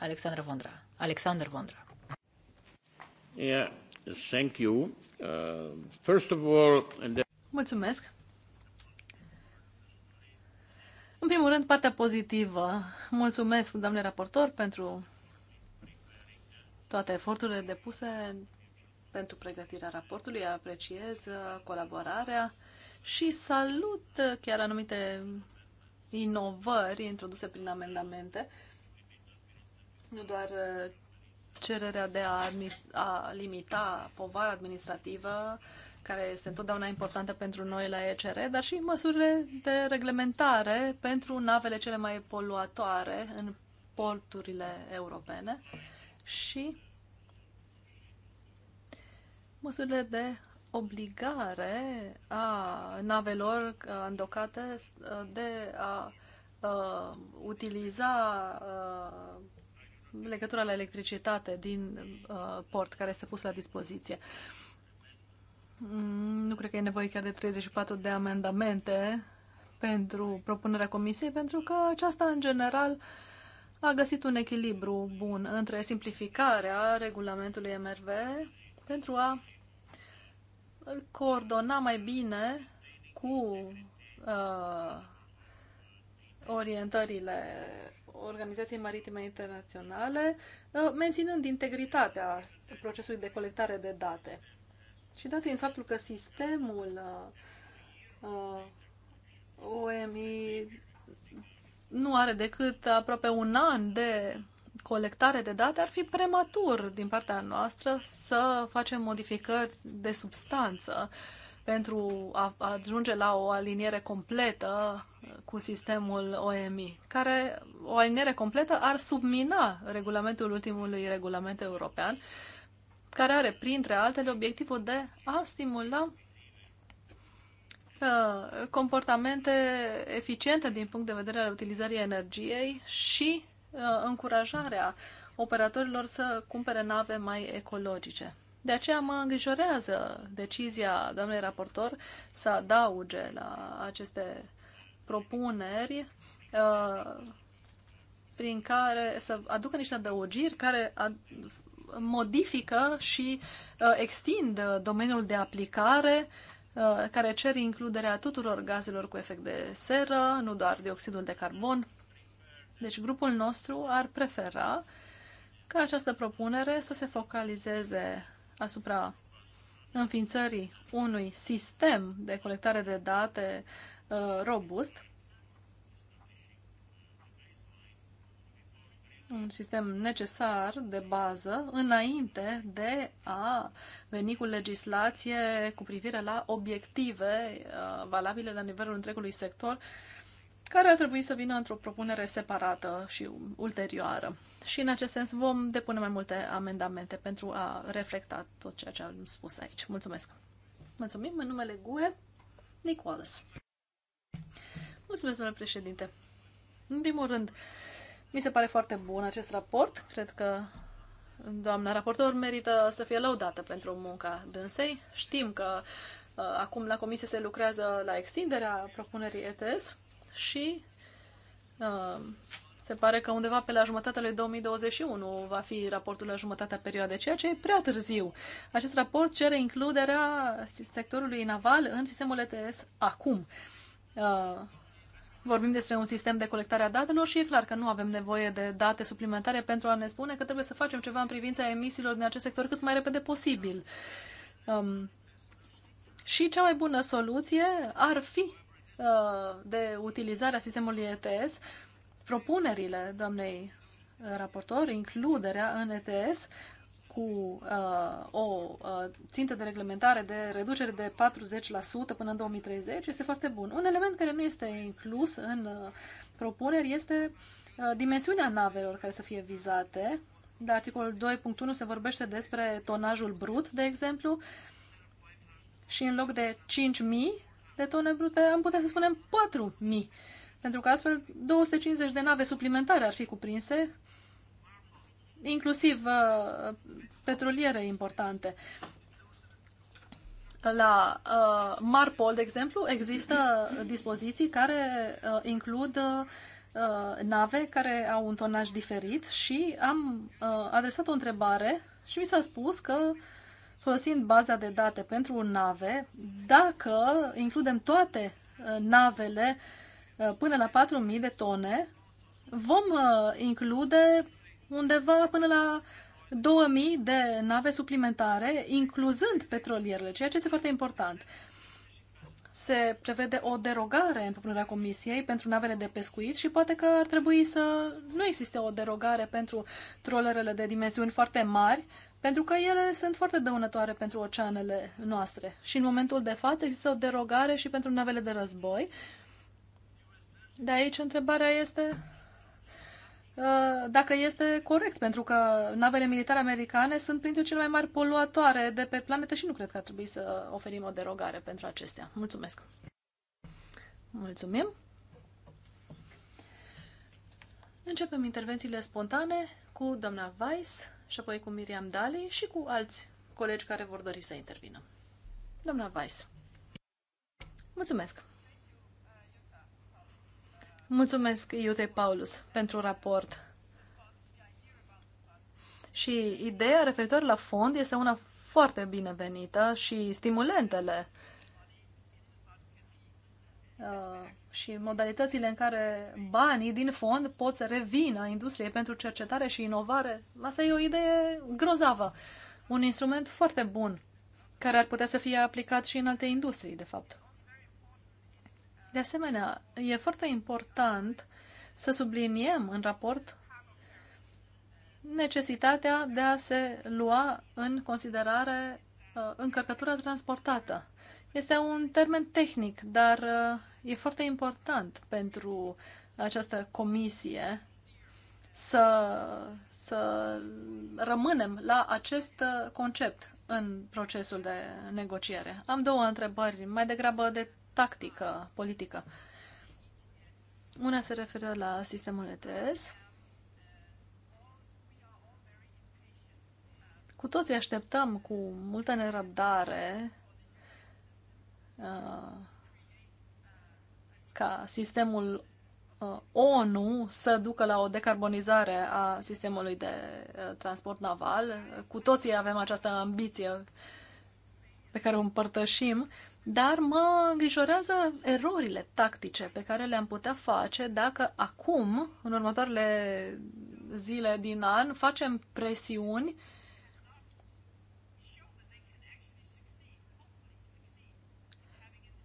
Alexandra Vondra. Alexander Vondra. Yeah, thank you. Uh, first of all, and then... Mulțumesc. În primul rând, partea pozitivă. Mulțumesc, doamne raportor, pentru toate eforturile depuse pentru pregătirea raportului. Apreciez uh, colaborarea și salut uh, chiar anumite inovări introduse prin amendamente nu doar uh, cererea de a, a limita povara administrativă, care este întotdeauna importantă pentru noi la ECR, dar și măsurile de reglementare pentru navele cele mai poluatoare în porturile europene și măsurile de obligare a navelor uh, îndocate uh, de a, a utiliza a, legătura la electricitate din uh, port care este pus la dispoziție. Mm, nu cred că e nevoie chiar de 34 de amendamente pentru propunerea comisiei, pentru că aceasta, în general, a găsit un echilibru bun între simplificarea regulamentului MRV pentru a îl coordona mai bine cu uh, orientările Organizației Maritime Internaționale, uh, menținând integritatea procesului de colectare de date. Și dat fiind faptul că sistemul uh, uh, OMI nu are decât aproape un an de colectare de date, ar fi prematur din partea noastră să facem modificări de substanță uh, pentru a ajunge la o aliniere completă cu sistemul OMI, care o aliniere completă ar submina regulamentul ultimului regulament european, care are, printre altele, obiectivul de a stimula uh, comportamente eficiente din punct de vedere al utilizării energiei și uh, încurajarea operatorilor să cumpere nave mai ecologice. De aceea mă îngrijorează decizia doamnei raportor să adauge la aceste propuneri uh, prin care să aducă niște adăugiri care modifică și uh, extind domeniul de aplicare uh, care cer includerea tuturor gazelor cu efect de seră, nu doar dioxidul de carbon. Deci grupul nostru ar prefera ca această propunere să se focalizeze asupra înființării unui sistem de colectare de date uh, robust, un sistem necesar de bază înainte de a veni cu legislație cu privire la obiective uh, valabile la nivelul întregului sector, care ar trebui să vină într-o propunere separată și ulterioară și în acest sens vom depune mai multe amendamente pentru a reflecta tot ceea ce am spus aici. Mulțumesc! Mulțumim în numele GUE, Nick Wallace. Mulțumesc, domnule președinte! În primul rând, mi se pare foarte bun acest raport. Cred că doamna raportor merită să fie lăudată pentru munca dânsei. Știm că uh, acum la comisie se lucrează la extinderea propunerii ETS și uh, se pare că undeva pe la jumătatea lui 2021 va fi raportul la jumătatea perioadei, ceea ce e prea târziu. Acest raport cere includerea sectorului naval în sistemul ETS acum. Uh, vorbim despre un sistem de colectare a datelor și e clar că nu avem nevoie de date suplimentare pentru a ne spune că trebuie să facem ceva în privința emisiilor din acest sector cât mai repede posibil. Um, și cea mai bună soluție ar fi uh, de utilizarea sistemului ETS propunerile doamnei uh, raportor, includerea în ETS cu uh, o uh, țintă de reglementare de reducere de 40% până în 2030 este foarte bun. Un element care nu este inclus în uh, propuneri este uh, dimensiunea navelor care să fie vizate. De articolul 2.1 se vorbește despre tonajul brut, de exemplu, și în loc de 5.000 de tone brute am putea să spunem 4.000 pentru că astfel 250 de nave suplimentare ar fi cuprinse, inclusiv uh, petroliere importante. La uh, Marpol, de exemplu, există dispoziții care uh, includ uh, nave care au un tonaj diferit și am uh, adresat o întrebare și mi s-a spus că folosind baza de date pentru nave, dacă includem toate uh, navele Uh, până la 4.000 de tone, vom uh, include undeva până la 2000 de nave suplimentare, incluzând petrolierele, ceea ce este foarte important. Se prevede o derogare în propunerea Comisiei pentru navele de pescuit și poate că ar trebui să nu existe o derogare pentru trolerele de dimensiuni foarte mari, pentru că ele sunt foarte dăunătoare pentru oceanele noastre. Și în momentul de față există o derogare și pentru navele de război, uh, de aici întrebarea este uh, dacă este corect, pentru că navele militare americane sunt printre cele mai mari poluatoare de pe planetă și nu cred că ar trebui să oferim o derogare pentru acestea. Mulțumesc! Mulțumim! Începem intervențiile spontane cu doamna Weiss și apoi cu Miriam Dali și cu alți colegi care vor dori să intervină. Doamna Weiss. Mulțumesc! Mulțumesc Iute Paulus pentru raport. Și ideea referitor la fond este una foarte binevenită și stimulentele uh, și modalitățile în care banii din fond pot să revină industriei pentru cercetare și inovare. Asta e o idee grozavă, un instrument foarte bun care ar putea să fie aplicat și în alte industrii, de fapt. De asemenea, e foarte important să subliniem în raport necesitatea de a se lua în considerare uh, încărcătura transportată. Este un termen tehnic, dar uh, e foarte important pentru această comisie să, să rămânem la acest uh, concept în procesul de negociere. Am două întrebări, mai degrabă de tactică politică. Una se referă la sistemul ETS. Cu toții așteptăm cu multă nerăbdare uh, ca sistemul uh, ONU să ducă la o decarbonizare a sistemului de uh, transport naval. Cu toții avem această ambiție pe care o împărtășim dar mă îngrijorează erorile tactice pe care le-am putea face dacă acum, în următoarele zile din an, facem presiuni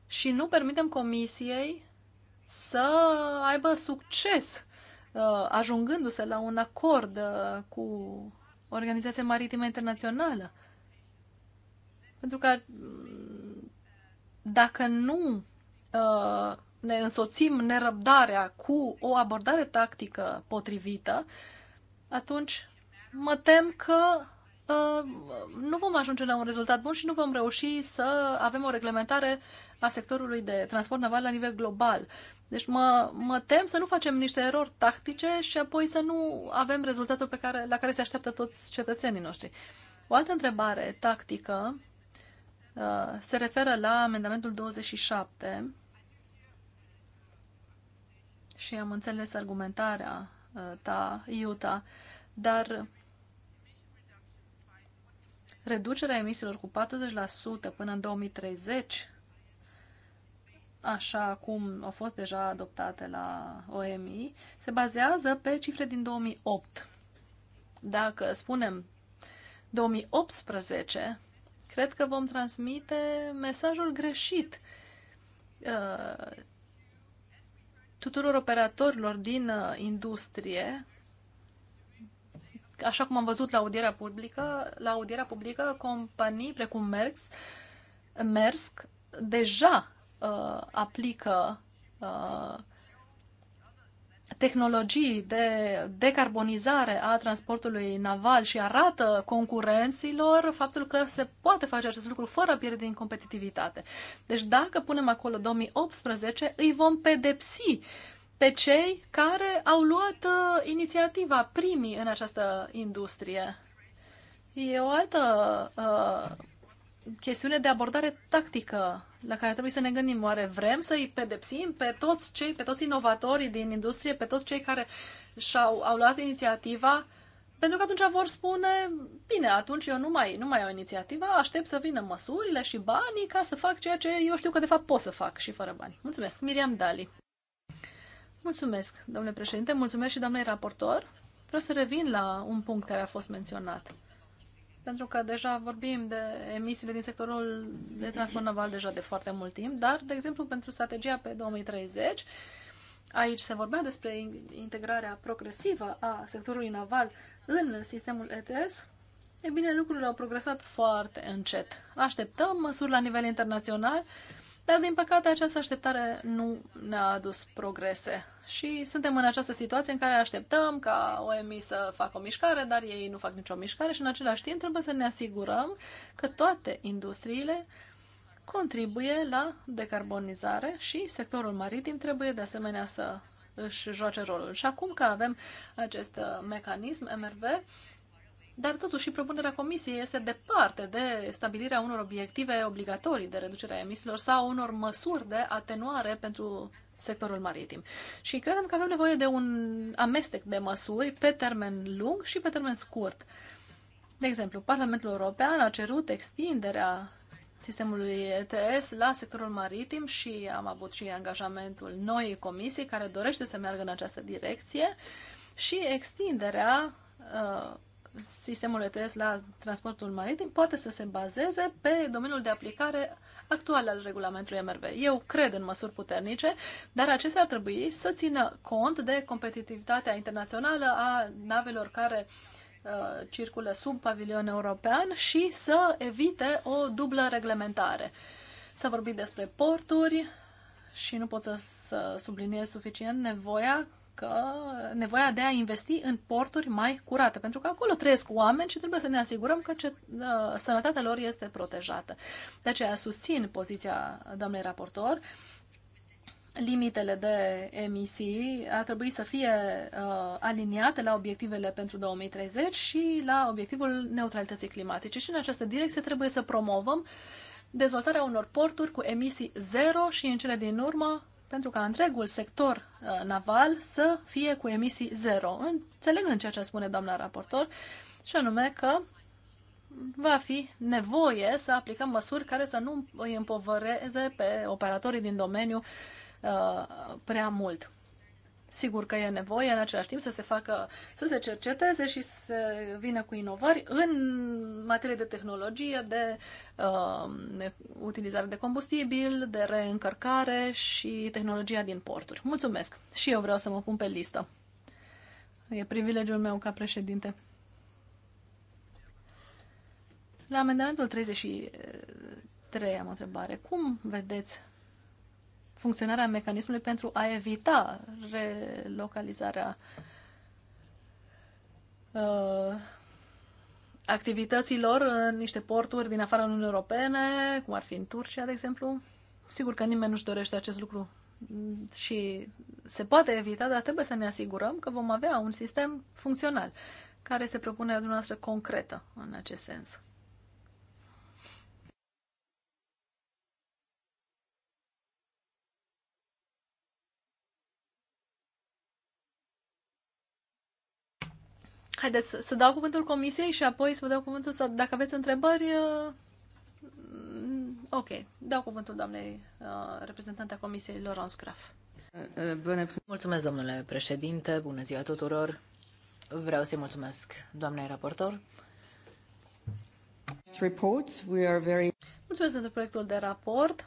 și nu permitem comisiei să aibă succes uh, ajungându-se la un acord uh, cu Organizația Maritimă Internațională. Pentru că dacă nu uh, ne însoțim nerăbdarea cu o abordare tactică potrivită, atunci mă tem că uh, nu vom ajunge la un rezultat bun și nu vom reuși să avem o reglementare a sectorului de transport naval la nivel global. Deci mă, mă tem să nu facem niște erori tactice și apoi să nu avem rezultatul pe care, la care se așteaptă toți cetățenii noștri. O altă întrebare tactică Uh, se referă la amendamentul 27 și am înțeles argumentarea uh, ta, Iuta, dar reducerea emisiilor cu 40% până în 2030, așa cum au fost deja adoptate la OMI, se bazează pe cifre din 2008. Dacă spunem 2018, cred că vom transmite mesajul greșit uh, tuturor operatorilor din uh, industrie, așa cum am văzut la audierea publică, la audierea publică, companii precum Merck, Merck deja uh, aplică uh, tehnologii de decarbonizare a transportului naval și arată concurenților faptul că se poate face acest lucru fără pierdere din competitivitate. Deci dacă punem acolo 2018, îi vom pedepsi pe cei care au luat uh, inițiativa primii în această industrie. E o altă uh, chestiune de abordare tactică la care trebuie să ne gândim. Oare vrem să îi pedepsim pe toți cei, pe toți inovatorii din industrie, pe toți cei care și-au au luat inițiativa? Pentru că atunci vor spune, bine, atunci eu nu mai, nu mai am inițiativa, aștept să vină măsurile și banii ca să fac ceea ce eu știu că de fapt pot să fac și fără bani. Mulțumesc, Miriam Dali. Mulțumesc, domnule președinte, mulțumesc și doamnei raportor. Vreau să revin la un punct care a fost menționat pentru că deja vorbim de emisiile din sectorul de transport naval deja de foarte mult timp, dar, de exemplu, pentru strategia pe 2030, aici se vorbea despre integrarea progresivă a sectorului naval în sistemul ETS, e bine, lucrurile au progresat foarte încet. Așteptăm măsuri la nivel internațional, dar, din păcate, această așteptare nu ne-a adus progrese. Și suntem în această situație în care așteptăm ca OMI să facă o mișcare, dar ei nu fac nicio mișcare și, în același timp, trebuie să ne asigurăm că toate industriile contribuie la decarbonizare și sectorul maritim trebuie, de asemenea, să își joace rolul. Și acum că avem acest mecanism MRV, dar totuși propunerea comisiei este departe de stabilirea unor obiective obligatorii de reducere a emisiilor sau unor măsuri de atenuare pentru sectorul maritim. Și credem că avem nevoie de un amestec de măsuri pe termen lung și pe termen scurt. De exemplu, Parlamentul European a cerut extinderea sistemului ETS la sectorul maritim și am avut și angajamentul noii comisii care dorește să meargă în această direcție și extinderea uh, sistemul ETS la transportul maritim poate să se bazeze pe domeniul de aplicare actual al regulamentului MRV. Eu cred în măsuri puternice, dar acestea ar trebui să țină cont de competitivitatea internațională a navelor care uh, circulă sub pavilion european și să evite o dublă reglementare. Să vorbim despre porturi și nu pot să, să subliniez suficient nevoia că nevoia de a investi în porturi mai curate, pentru că acolo trăiesc oameni și trebuie să ne asigurăm că ce, uh, sănătatea lor este protejată. De aceea susțin poziția doamnei raportor. Limitele de emisii ar trebui să fie uh, aliniate la obiectivele pentru 2030 și la obiectivul neutralității climatice. Și în această direcție trebuie să promovăm dezvoltarea unor porturi cu emisii zero și în cele din urmă pentru ca întregul sector uh, naval să fie cu emisii zero, înțelegând ceea ce spune doamna raportor, și anume că va fi nevoie să aplicăm măsuri care să nu îi împovăreze pe operatorii din domeniu uh, prea mult. Sigur că e nevoie în același timp să se facă, să se cerceteze și să vină cu inovări în materie de tehnologie, de uh, utilizare de combustibil, de reîncărcare și tehnologia din porturi. Mulțumesc! Și eu vreau să mă pun pe listă. E privilegiul meu ca președinte. La amendamentul 33 am o întrebare. Cum vedeți funcționarea mecanismului pentru a evita relocalizarea uh, activităților în niște porturi din afara Uniunii Europene, cum ar fi în Turcia, de exemplu. Sigur că nimeni nu-și dorește acest lucru și se poate evita, dar trebuie să ne asigurăm că vom avea un sistem funcțional. Care se propune dumneavoastră concretă în acest sens? Haideți să, dau cuvântul comisiei și apoi să vă dau cuvântul sau dacă aveți întrebări. Uh, mm, ok, dau cuvântul doamnei uh, reprezentante a comisiei, Laurence Graf. Mulțumesc, domnule președinte, bună ziua tuturor. Vreau să-i mulțumesc doamnei raportor. Mulțumesc pentru proiectul de raport.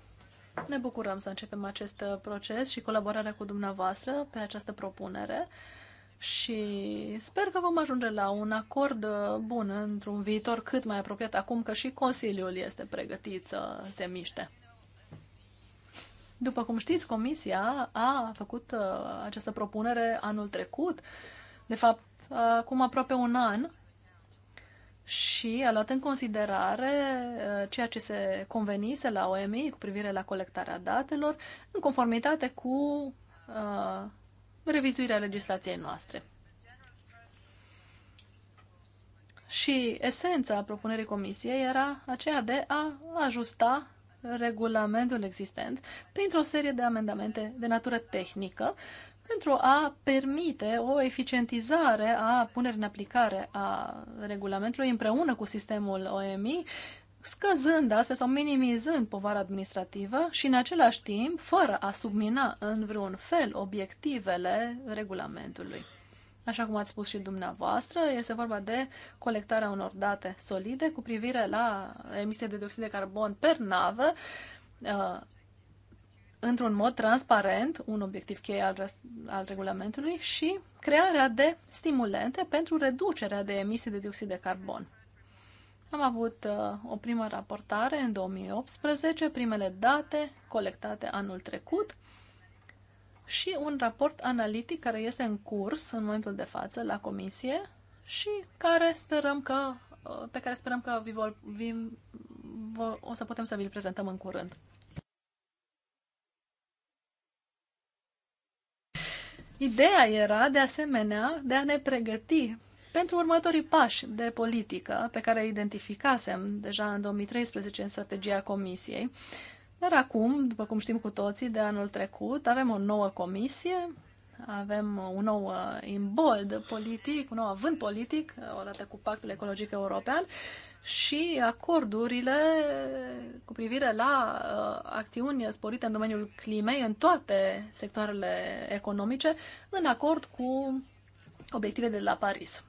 Ne bucurăm să începem acest proces și colaborarea cu dumneavoastră pe această propunere. Uh, și sper că vom ajunge la un acord uh, bun într-un viitor cât mai apropiat acum că și Consiliul este pregătit să se miște. După cum știți, Comisia a făcut uh, această propunere anul trecut, de fapt, acum aproape un an, și a luat în considerare uh, ceea ce se convenise la OMI cu privire la colectarea datelor, în conformitate cu revizuirea legislației noastre. Și esența propunerii comisiei era aceea de a ajusta regulamentul existent printr-o serie de amendamente de natură tehnică pentru a permite o eficientizare a punerii în aplicare a regulamentului împreună cu sistemul OMI scăzând astfel sau minimizând povara administrativă și în același timp fără a submina în vreun fel obiectivele regulamentului. Așa cum ați spus și dumneavoastră, este vorba de colectarea unor date solide cu privire la emisia de dioxid de carbon per navă, uh, într-un mod transparent, un obiectiv cheie al, al regulamentului, și crearea de stimulente pentru reducerea de emisii de dioxid de carbon. Am avut uh, o primă raportare în 2018, primele date colectate anul trecut și un raport analitic care este în curs în momentul de față la comisie și care sperăm că, uh, pe care sperăm că vi vol, vi, vo, o să putem să vi-l prezentăm în curând. Ideea era, de asemenea, de a ne pregăti pentru următorii pași de politică pe care îi identificasem deja în 2013 în strategia Comisiei. Dar acum, după cum știm cu toții, de anul trecut avem o nouă comisie, avem un nou uh, imbold politic, un nou avânt politic, uh, odată cu Pactul Ecologic European, și acordurile cu privire la uh, acțiuni sporite în domeniul climei în toate sectoarele economice, în acord cu obiectivele de la Paris.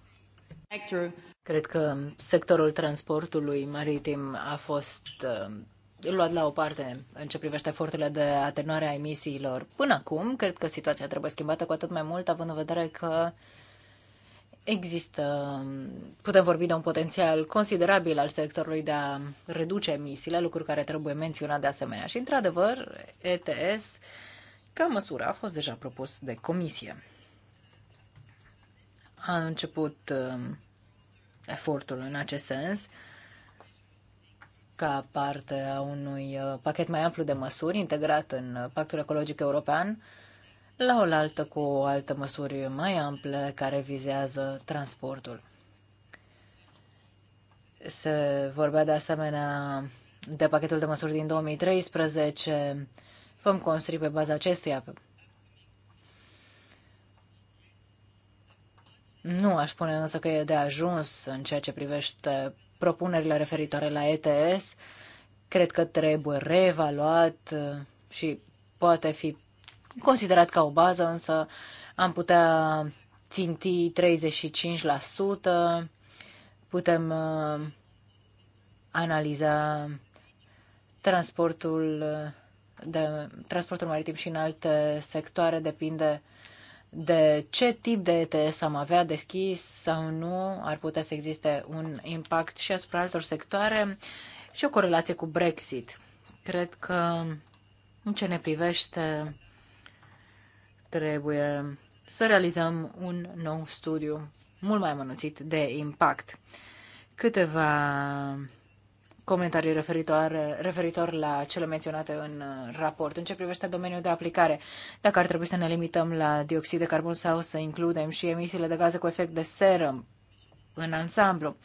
Cred că sectorul transportului maritim a fost uh, luat la o parte în ce privește eforturile de atenuare a emisiilor. Până acum, cred că situația trebuie schimbată cu atât mai mult, având în vedere că există, putem vorbi de un potențial considerabil al sectorului de a reduce emisiile, lucruri care trebuie menționat de asemenea. Și, într-adevăr, ETS, ca măsură, a fost deja propus de comisie. A început uh, efortul în acest sens ca parte a unui uh, pachet mai amplu de măsuri integrat în uh, Pactul Ecologic European, la oaltă cu o altă măsuri mai ample care vizează transportul. Se vorbea de asemenea de pachetul de măsuri din 2013. Vom construi pe baza acestuia Nu aș spune însă că e de ajuns în ceea ce privește propunerile referitoare la ETS. Cred că trebuie reevaluat uh, și poate fi considerat ca o bază, însă am putea ținti 35%, putem uh, analiza transportul, uh, de, transportul maritim și în alte sectoare, depinde de ce tip de ETS am avea deschis sau nu, ar putea să existe un impact și asupra altor sectoare și o corelație cu Brexit. Cred că în ce ne privește trebuie să realizăm un nou studiu mult mai amănunțit de impact. Câteva comentarii referitoare, referitor la cele menționate în uh, raport. În ce privește domeniul de aplicare, dacă ar trebui să ne limităm la dioxid de carbon sau să includem și emisiile de gaze cu efect de seră în ansamblu.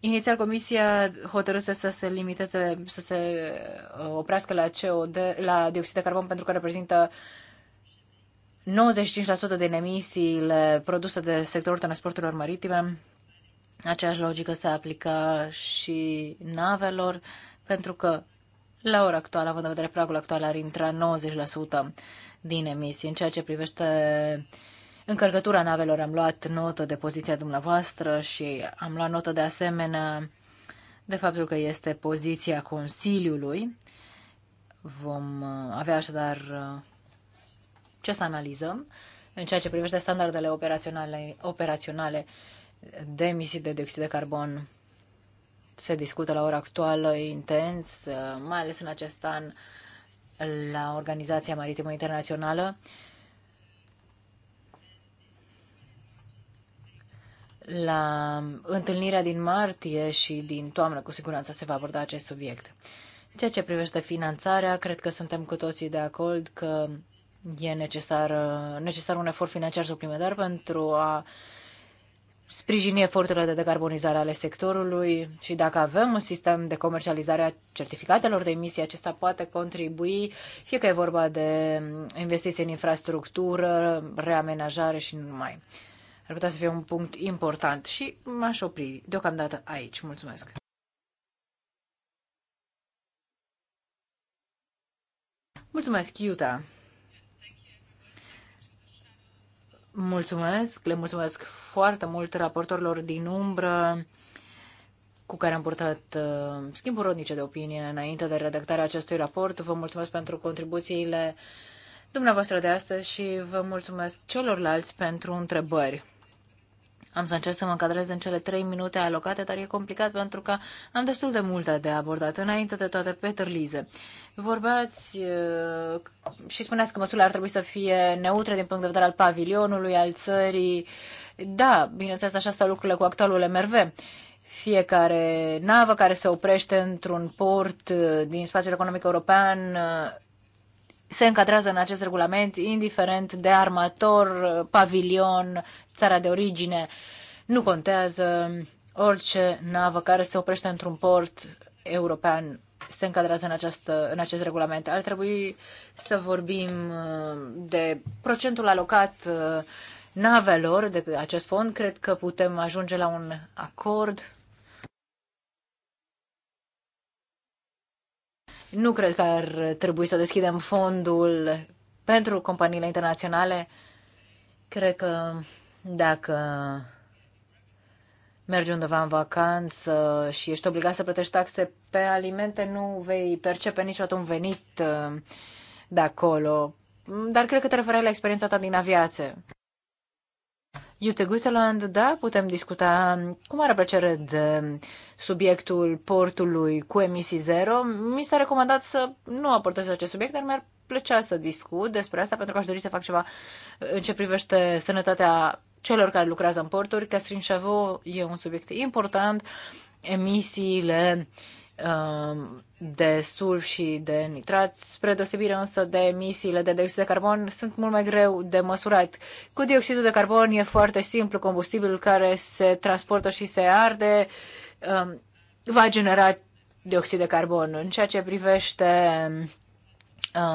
Inițial, Comisia hotărâse să se limiteze, să se uh, oprească la, co la dioxid de carbon pentru că reprezintă 95% din emisiile produse de sectorul transporturilor maritime, Aceeași logică se aplică și navelor, pentru că la ora actuală, având în vedere pragul actual, ar intra 90% din emisii. În ceea ce privește încărcătura navelor, am luat notă de poziția dumneavoastră și am luat notă de asemenea de faptul că este poziția Consiliului. Vom uh, avea așadar uh, ce să analizăm în ceea ce privește standardele operaționale, operaționale de emisii de dioxid de carbon se discută la ora actuală intens, mai ales în acest an la Organizația Maritimă Internațională. La întâlnirea din martie și din toamnă, cu siguranță, se va aborda acest subiect. ceea ce privește finanțarea, cred că suntem cu toții de acord că e necesar, necesar un efort financiar suplimentar pentru a uh, sprijini eforturile de decarbonizare ale sectorului și dacă avem un sistem de comercializare a certificatelor de emisie, acesta poate contribui, fie că e vorba de investiții în infrastructură, reamenajare și nu numai. Ar putea să fie un punct important și m-aș opri deocamdată aici. Mulțumesc! Mulțumesc, Iuta! Mulțumesc, le mulțumesc foarte mult raportorilor din umbră cu care am purtat uh, schimburi rodnice de opinie înainte de redactarea acestui raport. Vă mulțumesc pentru contribuțiile dumneavoastră de astăzi și vă mulțumesc celorlalți pentru întrebări. Am să încerc să mă încadrez în cele trei minute alocate, dar e complicat pentru că am destul de multe de abordat. Înainte de toate, Peter Lize, vorbeați uh, și spuneați că măsurile ar trebui să fie neutre din punct de vedere al pavilionului, al țării. Da, bineînțeles, așa stau lucrurile cu actualul MRV fiecare navă care se oprește într-un port uh, din spațiul economic european uh, se încadrează în acest regulament, indiferent de armator, pavilion, țara de origine. Nu contează orice navă care se oprește într-un port european se încadrează în, această, în acest regulament. Ar trebui să vorbim uh, de procentul alocat uh, navelor de acest fond. Cred că putem ajunge la un acord. Nu cred că ar trebui să deschidem fondul pentru companiile internaționale. Cred că dacă mergi undeva în vacanță și ești obligat să plătești taxe pe alimente, nu vei percepe niciodată un venit uh, de acolo. Dar cred că te referai la experiența ta din aviație. Iute Guteland, da, putem discuta cu mare plăcere de subiectul portului cu emisii zero. Mi s-a recomandat să nu aportez acest subiect, dar mi-ar plăcea să discut despre asta pentru că aș dori să fac ceva în ce privește sănătatea celor care lucrează în porturi. Catherine Chavot e un subiect important. Emisiile um, de sulf și de nitrat, spre deosebire însă de emisiile de dioxid de carbon, sunt mult mai greu de măsurat. Cu dioxidul de carbon e foarte simplu, combustibilul care se transportă și se arde um, va genera dioxid de carbon. În ceea ce privește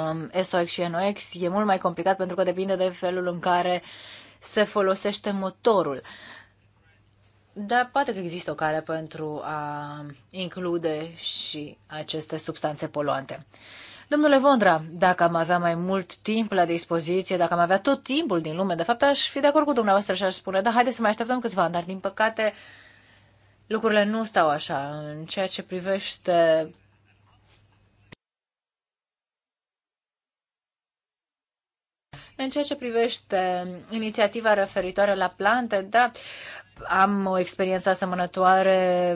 um, SOX și NOX e mult mai complicat pentru că depinde de felul în care se folosește motorul. Dar poate că există o cale pentru a include și aceste substanțe poluante. Domnule Vondra, dacă am avea mai mult timp la dispoziție, dacă am avea tot timpul din lume, de fapt aș fi de acord cu dumneavoastră și aș spune, da, haideți să mai așteptăm câțiva ani, dar din păcate lucrurile nu stau așa. În ceea ce privește În ceea ce privește inițiativa referitoare la plante, da, am o experiență asemănătoare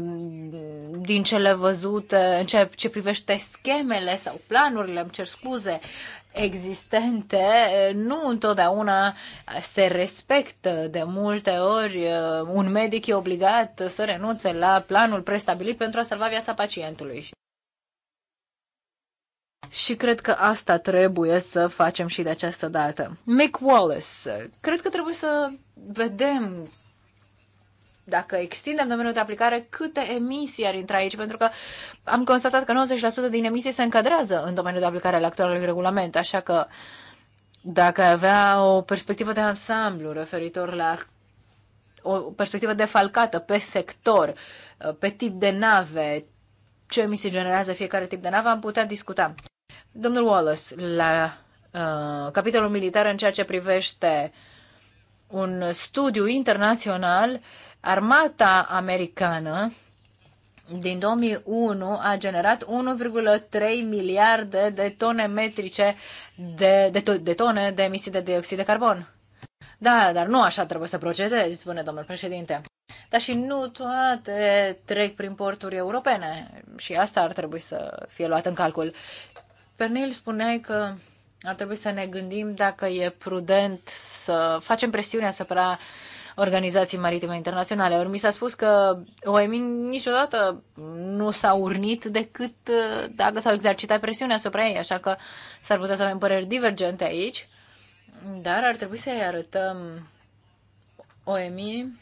din cele văzute în ceea ce privește schemele sau planurile, îmi cer scuze, existente, nu întotdeauna se respectă. De multe ori, un medic e obligat să renunțe la planul prestabilit pentru a salva viața pacientului și cred că asta trebuie să facem și de această dată. Mick Wallace, cred că trebuie să vedem dacă extindem domeniul de aplicare, câte emisii ar intra aici, pentru că am constatat că 90% din emisii se încadrează în domeniul de aplicare al actualului regulament, așa că dacă avea o perspectivă de ansamblu referitor la o perspectivă defalcată pe sector, pe tip de nave, ce emisii generează fiecare tip de nave, am putea discuta. Domnul Wallace, la uh, capitolul militar în ceea ce privește un studiu internațional, armata americană din 2001 a generat 1,3 miliarde de tone metrice de, de, to- de tone de emisii de dioxid de carbon. Da, dar nu așa trebuie să procedezi, spune domnul președinte. Dar și nu toate trec prin porturi europene și asta ar trebui să fie luat în calcul. Pernil, spuneai că ar trebui să ne gândim dacă e prudent să facem presiune asupra organizații maritime internaționale. Ori mi s-a spus că OMI niciodată nu s-a urnit decât uh, dacă s-au exercitat presiunea asupra ei, așa că s-ar putea să avem păreri divergente aici, dar ar trebui să-i arătăm OMI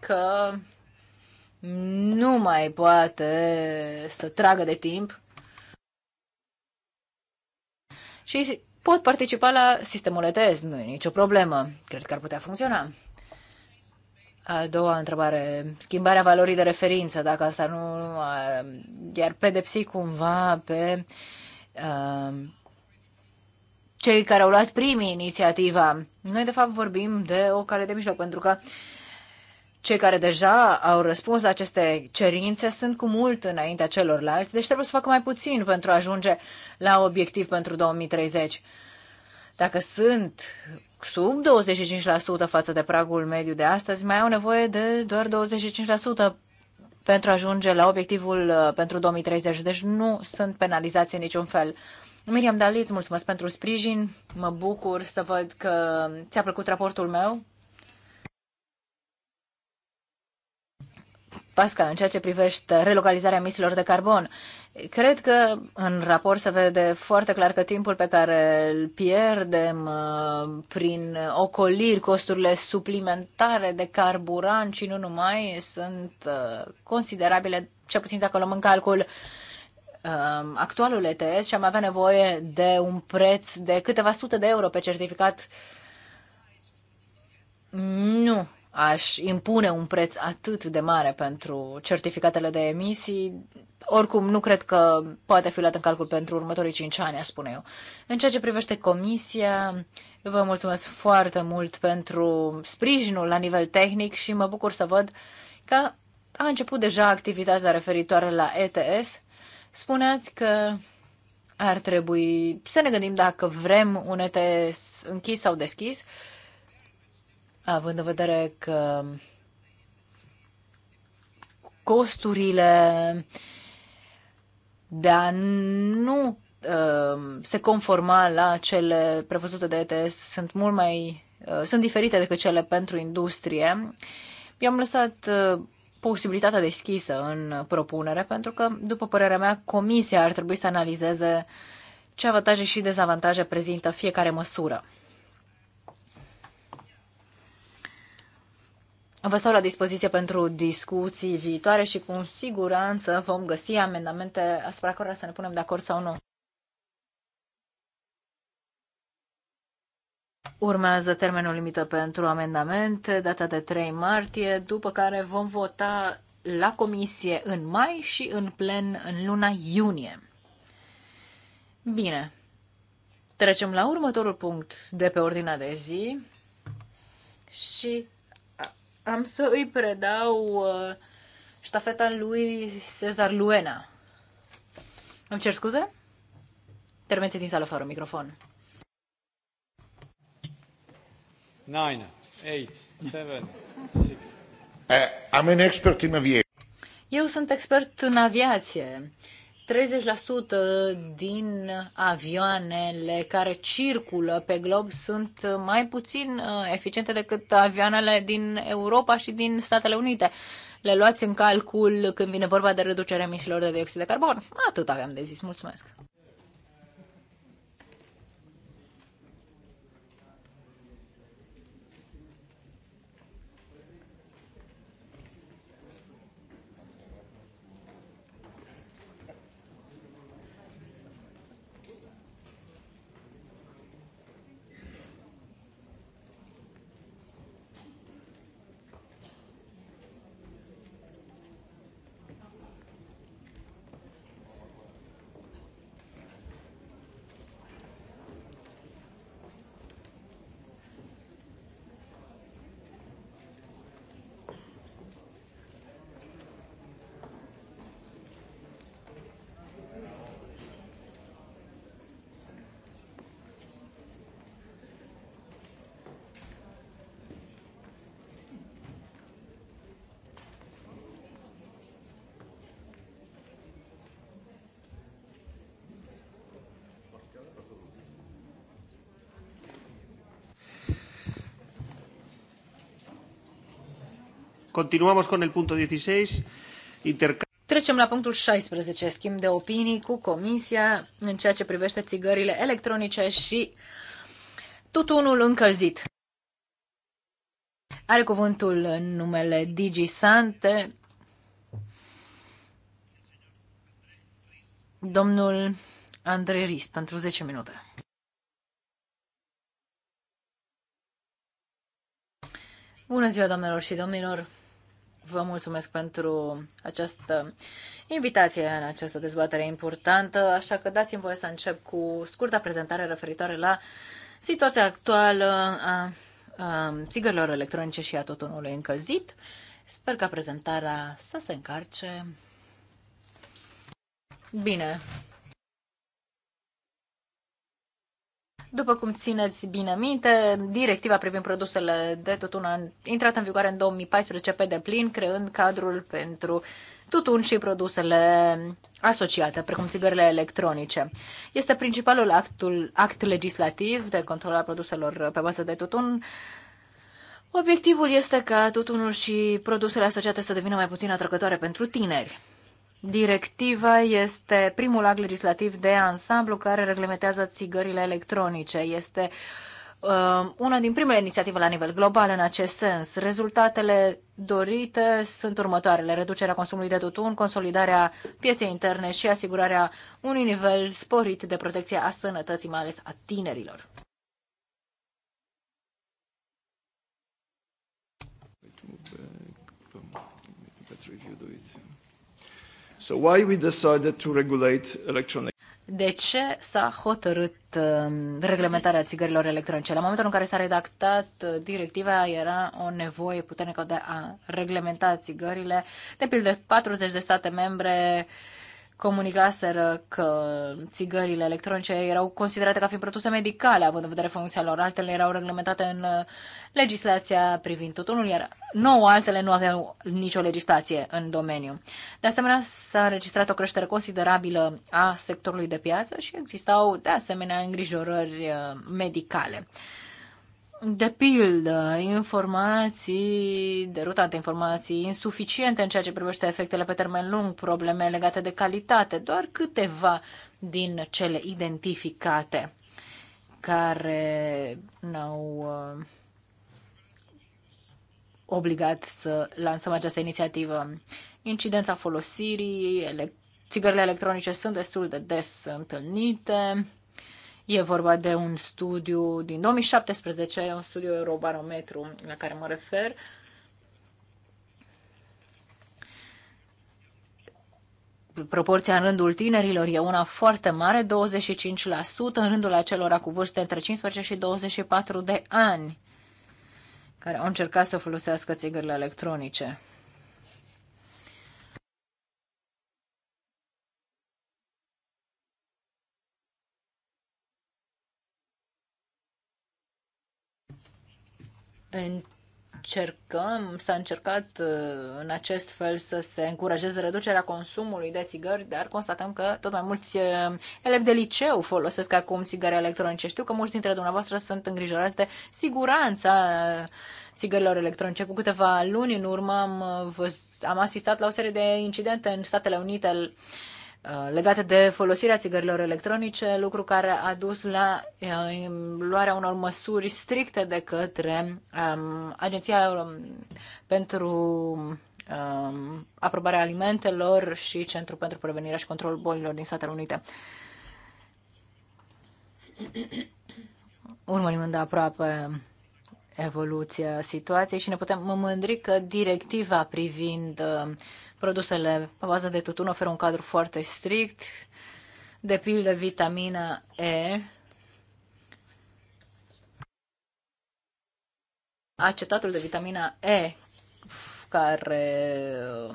că nu mai poate să tragă de timp și pot participa la sistemul ETS, nu e nicio problemă, cred că ar putea funcționa. A doua întrebare, schimbarea valorii de referință, dacă asta nu ar, iar pedepsi cumva pe uh, cei care au luat primii inițiativa. Noi, de fapt, vorbim de o cale de mijloc, pentru că uh, cei care deja au răspuns la aceste cerințe sunt cu mult înaintea celorlalți, deci trebuie să facă mai puțin pentru a ajunge la obiectiv pentru 2030. Dacă sunt sub 25% față de pragul mediu de astăzi, mai au nevoie de doar 25% pentru a ajunge la obiectivul uh, pentru 2030. Deci nu sunt penalizați în niciun fel. Miriam Dalit, mulțumesc pentru sprijin. Mă bucur să văd că ți-a plăcut raportul meu. Pascal, în ceea ce privește relocalizarea emisiilor de carbon, cred că în raport se vede foarte clar că timpul pe care îl pierdem uh, prin ocoliri, costurile suplimentare de carburant și nu numai, sunt uh, considerabile, cel puțin dacă luăm în calcul uh, actualul ETS și am avea nevoie de un preț de câteva sute de euro pe certificat. Nu aș impune un preț atât de mare pentru certificatele de emisii, oricum nu cred că poate fi luat în calcul pentru următorii 5 ani, aș spune eu. În ceea ce privește comisia, vă mulțumesc foarte mult pentru sprijinul la nivel tehnic și mă bucur să văd că a început deja activitatea referitoare la ETS. Spuneați că ar trebui să ne gândim dacă vrem un ETS închis sau deschis având în vedere că costurile de a nu uh, se conforma la cele prevăzute de ETS sunt mult mai uh, sunt diferite decât cele pentru industrie. I-am lăsat uh, posibilitatea deschisă în propunere pentru că, după părerea mea, comisia ar trebui să analizeze ce avantaje și dezavantaje prezintă fiecare măsură. Vă stau la dispoziție pentru discuții viitoare și cu siguranță vom găsi amendamente asupra cărora să ne punem de acord sau nu. Urmează termenul limită pentru amendamente, data de 3 martie, după care vom vota la comisie în mai și în plen în luna iunie. Bine, trecem la următorul punct de pe ordinea de zi și am să îi predau uh, ștafeta lui Cezar Luena. Îmi cer scuze? Intervenție din sală fără microfon. 9, 8, 7, 6. Am un expert în aviație. Eu sunt expert în aviație. Uh, 30% din avioanele care circulă pe glob sunt mai puțin uh, eficiente decât avioanele din Europa și din Statele Unite. Le luați în calcul când vine vorba de reducerea emisiilor de dioxid de carbon? Atât aveam de zis. Mulțumesc! Continuăm cu el 16. Interca Trecem la punctul 16, schimb de opinii cu Comisia în ceea ce privește țigările electronice și tutunul încălzit. Are cuvântul în numele DigiSante, domnul Andrei Ris, pentru 10 minute. Bună ziua, doamnelor și domnilor! Vă mulțumesc pentru această invitație în această dezbatere importantă, așa că dați-mi voie să încep cu scurta prezentare referitoare la situația actuală a, țigărilor electronice și a totonului încălzit. Sper ca prezentarea să se încarce. Bine, După cum țineți bine minte, directiva privind produsele de tutun a intrat în vigoare în 2014 pe deplin, creând cadrul pentru tutun și produsele asociate, precum țigările electronice. Este principalul actul, act legislativ de control al produselor pe bază de tutun. Obiectivul este ca tutunul și produsele asociate să devină mai puțin atrăgătoare pentru tineri. Directiva este primul act legislativ de ansamblu care reglementează țigările electronice. Este uh, una din primele inițiative la nivel global în acest sens. Rezultatele dorite sunt următoarele. Reducerea consumului de tutun, consolidarea pieței interne și asigurarea unui nivel sporit de protecție a sănătății, mai ales a tinerilor. So why we decided to regulate electronic? De ce s-a hotărât um, reglementarea țigărilor electronice? La momentul în care s-a redactat uh, directiva era o nevoie puternică de a reglementa țigările. De pildă, 40 de state membre uh, comunicaseră că țigările electronice erau considerate ca fiind produse medicale, având în vedere funcția lor. Altele erau reglementate în uh, legislația privind tutunul, iar nouă altele nu aveau nicio legislație în domeniu. De asemenea, s-a înregistrat o creștere considerabilă a sectorului de piață și existau, de asemenea, îngrijorări uh, medicale de pildă, informații, derutate informații insuficiente în ceea ce privește efectele pe termen lung, probleme legate de calitate, doar câteva din cele identificate care ne-au uh, obligat să lansăm această inițiativă. Incidența folosirii, ele- țigările electronice sunt destul de des întâlnite, E vorba de un studiu din 2017, un studiu Eurobarometru la care mă refer. Proporția în rândul tinerilor e una foarte mare, 25%, în rândul acelora cu vârste între 15 și 24 de ani, care au încercat să folosească țigările electronice. încercăm, s-a încercat uh, în acest fel să se încurajeze reducerea consumului de țigări, dar constatăm că tot mai mulți uh, elevi de liceu folosesc acum țigări electronice. Știu că mulți dintre dumneavoastră sunt îngrijorați de siguranța uh, țigărilor electronice. Cu câteva luni în urmă am, am asistat la o serie de incidente în Statele Unite Uh, legate de folosirea țigărilor electronice, lucru care a dus la uh, luarea unor măsuri stricte de către um, Agenția um, pentru um, aprobarea alimentelor și Centrul pentru Prevenirea și Control Bolilor din Statele Unite. Urmărim de aproape evoluția situației și ne putem mândri că directiva privind uh, Produsele pe bază de tutun oferă un cadru foarte strict, de pildă vitamina E, acetatul de vitamina E care uh,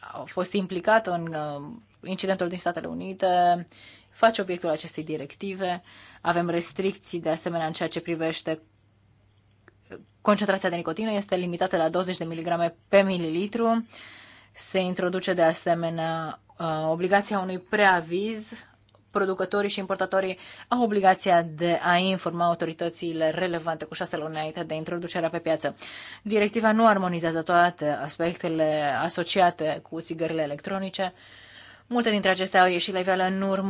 a fost implicat în uh, incidentul din Statele Unite face obiectul acestei directive. Avem restricții de asemenea în ceea ce privește concentrația de nicotină este limitată la 20 de miligrame pe mililitru. Se introduce de asemenea uh, obligația unui preaviz. Producătorii și importatorii au obligația de a informa autoritățile relevante cu șase luni înainte de introducerea pe piață. Directiva nu armonizează toate aspectele asociate cu țigările electronice. Multe dintre acestea au ieșit la iveală în,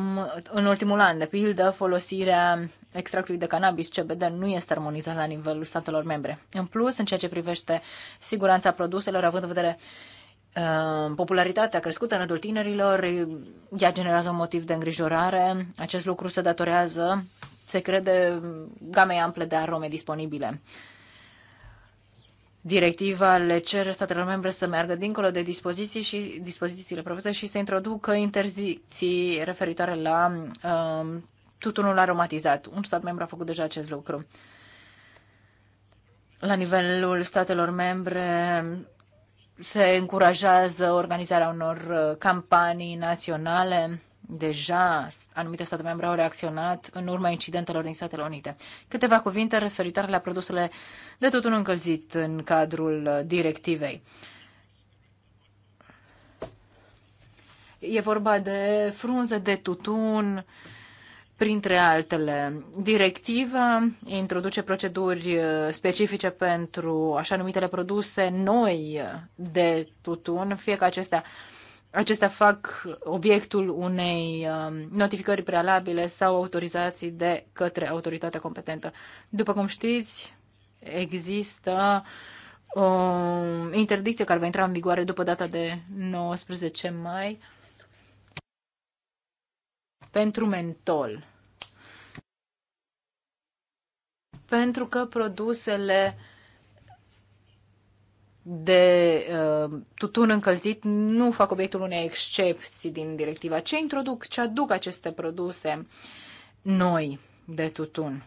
în ultimul an. De pildă, folosirea extractului de cannabis CBD nu este armonizată la nivelul statelor membre. În plus, în ceea ce privește siguranța produselor, având în vedere uh, Ehm, popularitatea crescută în rândul tinerilor, ea generează un motiv de îngrijorare. Acest lucru se datorează, se crede, gamei ample de arome disponibile. Directiva le cere statelor membre să meargă dincolo de dispoziții și dispozițiile propuse și să introducă interziții referitoare la uh, tutunul aromatizat. Un stat membru a făcut deja acest lucru. La nivelul statelor membre, se încurajează organizarea unor uh, campanii naționale. Deja anumite state membre au reacționat în urma incidentelor din Statele Unite. Câteva cuvinte referitoare la produsele de tutun încălzit în cadrul uh, directivei. E vorba de frunze de tutun, uh, Printre altele, directiva introduce proceduri uh, specifice pentru așa numitele produse noi de tutun, fie că acestea, acestea fac obiectul unei um, notificări prealabile sau autorizații de către autoritatea competentă. După cum știți, există o um, interdicție care va intra în vigoare după data de 19 mai pentru mentol. Pentru că produsele de uh, tutun încălzit nu fac obiectul unei excepții din directiva. Ce introduc, ce aduc aceste produse noi de tutun?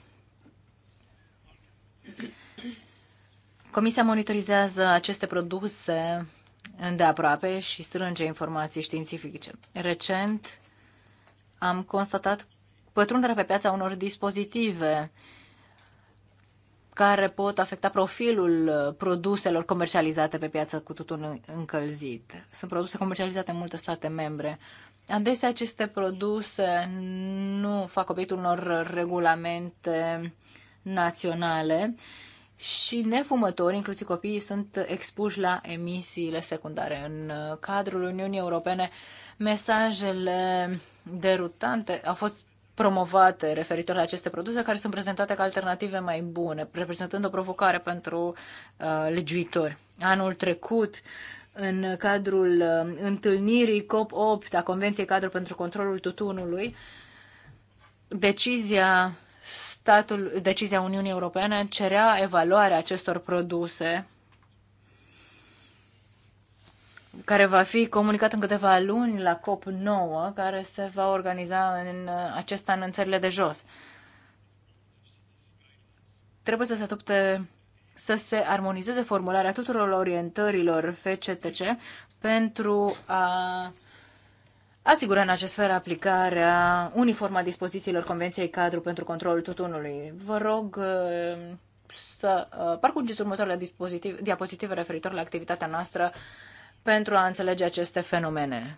Comisia monitorizează aceste produse îndeaproape și strânge informații științifice. Recent, am constatat pătrunderea pe piața unor dispozitive care pot afecta profilul produselor comercializate pe piață cu tutun încălzit. Sunt produse comercializate în multe state membre. Adesea aceste produse nu fac obiectul unor regulamente naționale și nefumători, inclusiv copiii, sunt expuși la emisiile secundare. În uh, cadrul Uniunii Europene, mesajele derutante au fost promovate referitor la aceste produse care sunt prezentate ca alternative mai bune, reprezentând o provocare pentru uh, legiuitori. Anul trecut, în cadrul uh, întâlnirii COP8 a Convenției Cadru pentru Controlul Tutunului, decizia statul, decizia Uniunii Europene cerea evaluarea acestor produse care va fi comunicat în câteva luni la COP9, care se va organiza în acest an în țările de jos. Trebuie să se adopte să se armonizeze formularea tuturor orientărilor FCTC pentru a asigură în acest fel aplicarea uniformă a dispozițiilor Convenției Cadru pentru Controlul Tutunului. Vă rog uh, să uh, parcurgeți următoarele diapozitive referitor la activitatea noastră pentru a înțelege aceste fenomene.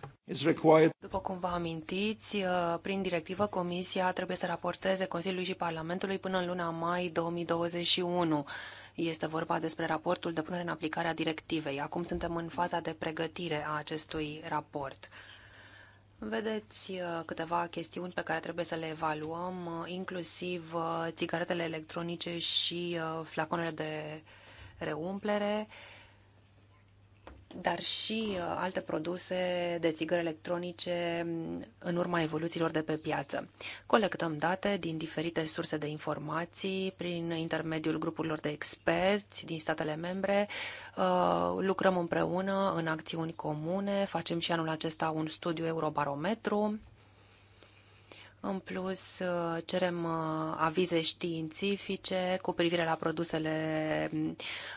După cum vă amintiți, uh, prin directivă Comisia trebuie să raporteze Consiliului și Parlamentului până în luna mai 2021. Este vorba despre raportul de punere în aplicare a directivei. Acum suntem în faza de pregătire a acestui raport. Vedeți uh, câteva chestiuni pe care trebuie să le evaluăm, uh, inclusiv uh, țigaretele electronice și flaconele de reumplere dar și uh, alte produse de țigări electronice mm, în urma evoluțiilor de pe piață. Colectăm date din diferite surse de informații prin intermediul grupurilor de experți din statele membre, uh, lucrăm împreună în acțiuni comune, facem și anul acesta un studiu Eurobarometru în plus, uh, cerem avize științifice cu privire la produsele mm,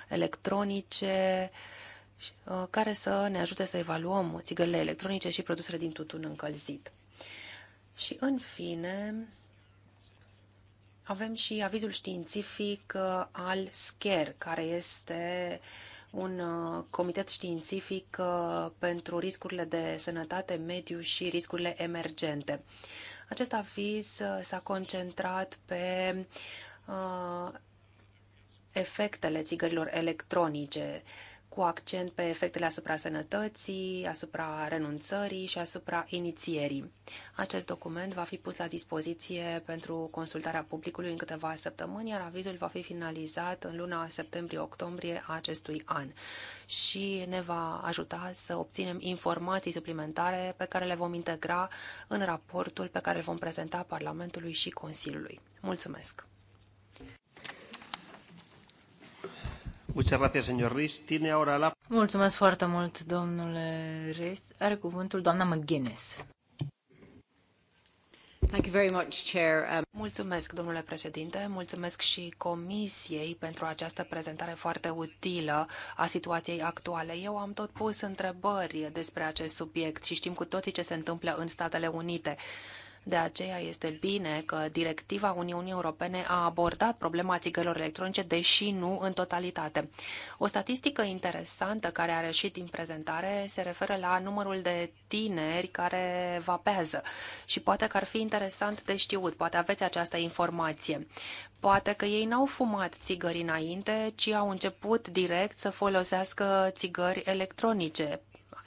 electronice, Uh, care să ne ajute să evaluăm țigările electronice și produsele din tutun încălzit. Și în fine, avem și avizul științific uh, al SCARE, care este un uh, comitet științific pentru riscurile de sănătate, mediu și riscurile emergente. Acest aviz s-a concentrat pe efectele țigărilor electronice, cu accent pe efectele asupra sănătății, asupra renunțării și asupra inițierii. Acest document va fi pus la dispoziție pentru consultarea publicului în câteva săptămâni, iar avizul va fi finalizat în luna septembrie-octombrie a acestui an și ne va ajuta să obținem informații suplimentare pe care le vom integra în raportul pe care îl vom prezenta Parlamentului și Consiliului. Mulțumesc! Muchas gracias, señor Riz. Tiene ahora la... Mulțumesc foarte mult, domnule Riz. Are cuvântul doamna McGuinness. Thank you very much, Chair. Um, mulțumesc, domnule președinte, mulțumesc și Comisiei pentru această prezentare foarte utilă a situației actuale. Eu am tot pus întrebări despre acest subiect și știm cu toții ce se întâmplă în Statele Unite. De aceea este bine că directiva Uniunii Europene a abordat problema țigărilor electronice, deși nu în totalitate. O statistică interesantă care a reșit din prezentare se referă la numărul de tineri care vapează și poate că ar fi interesant de știut, poate aveți această informație. Poate că ei n-au fumat țigări înainte, ci au început direct să folosească țigări electronice,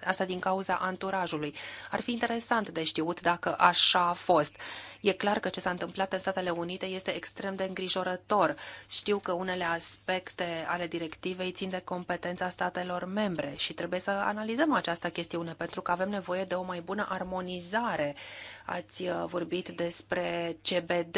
asta din cauza anturajului. Ar fi interesant de știut dacă așa a fost. E clar că ce s-a întâmplat în Statele Unite este extrem de îngrijorător. Știu că unele aspecte ale directivei țin de competența statelor membre și trebuie să analizăm această chestiune pentru că avem nevoie de o mai bună armonizare. Ați uh, vorbit despre CBD,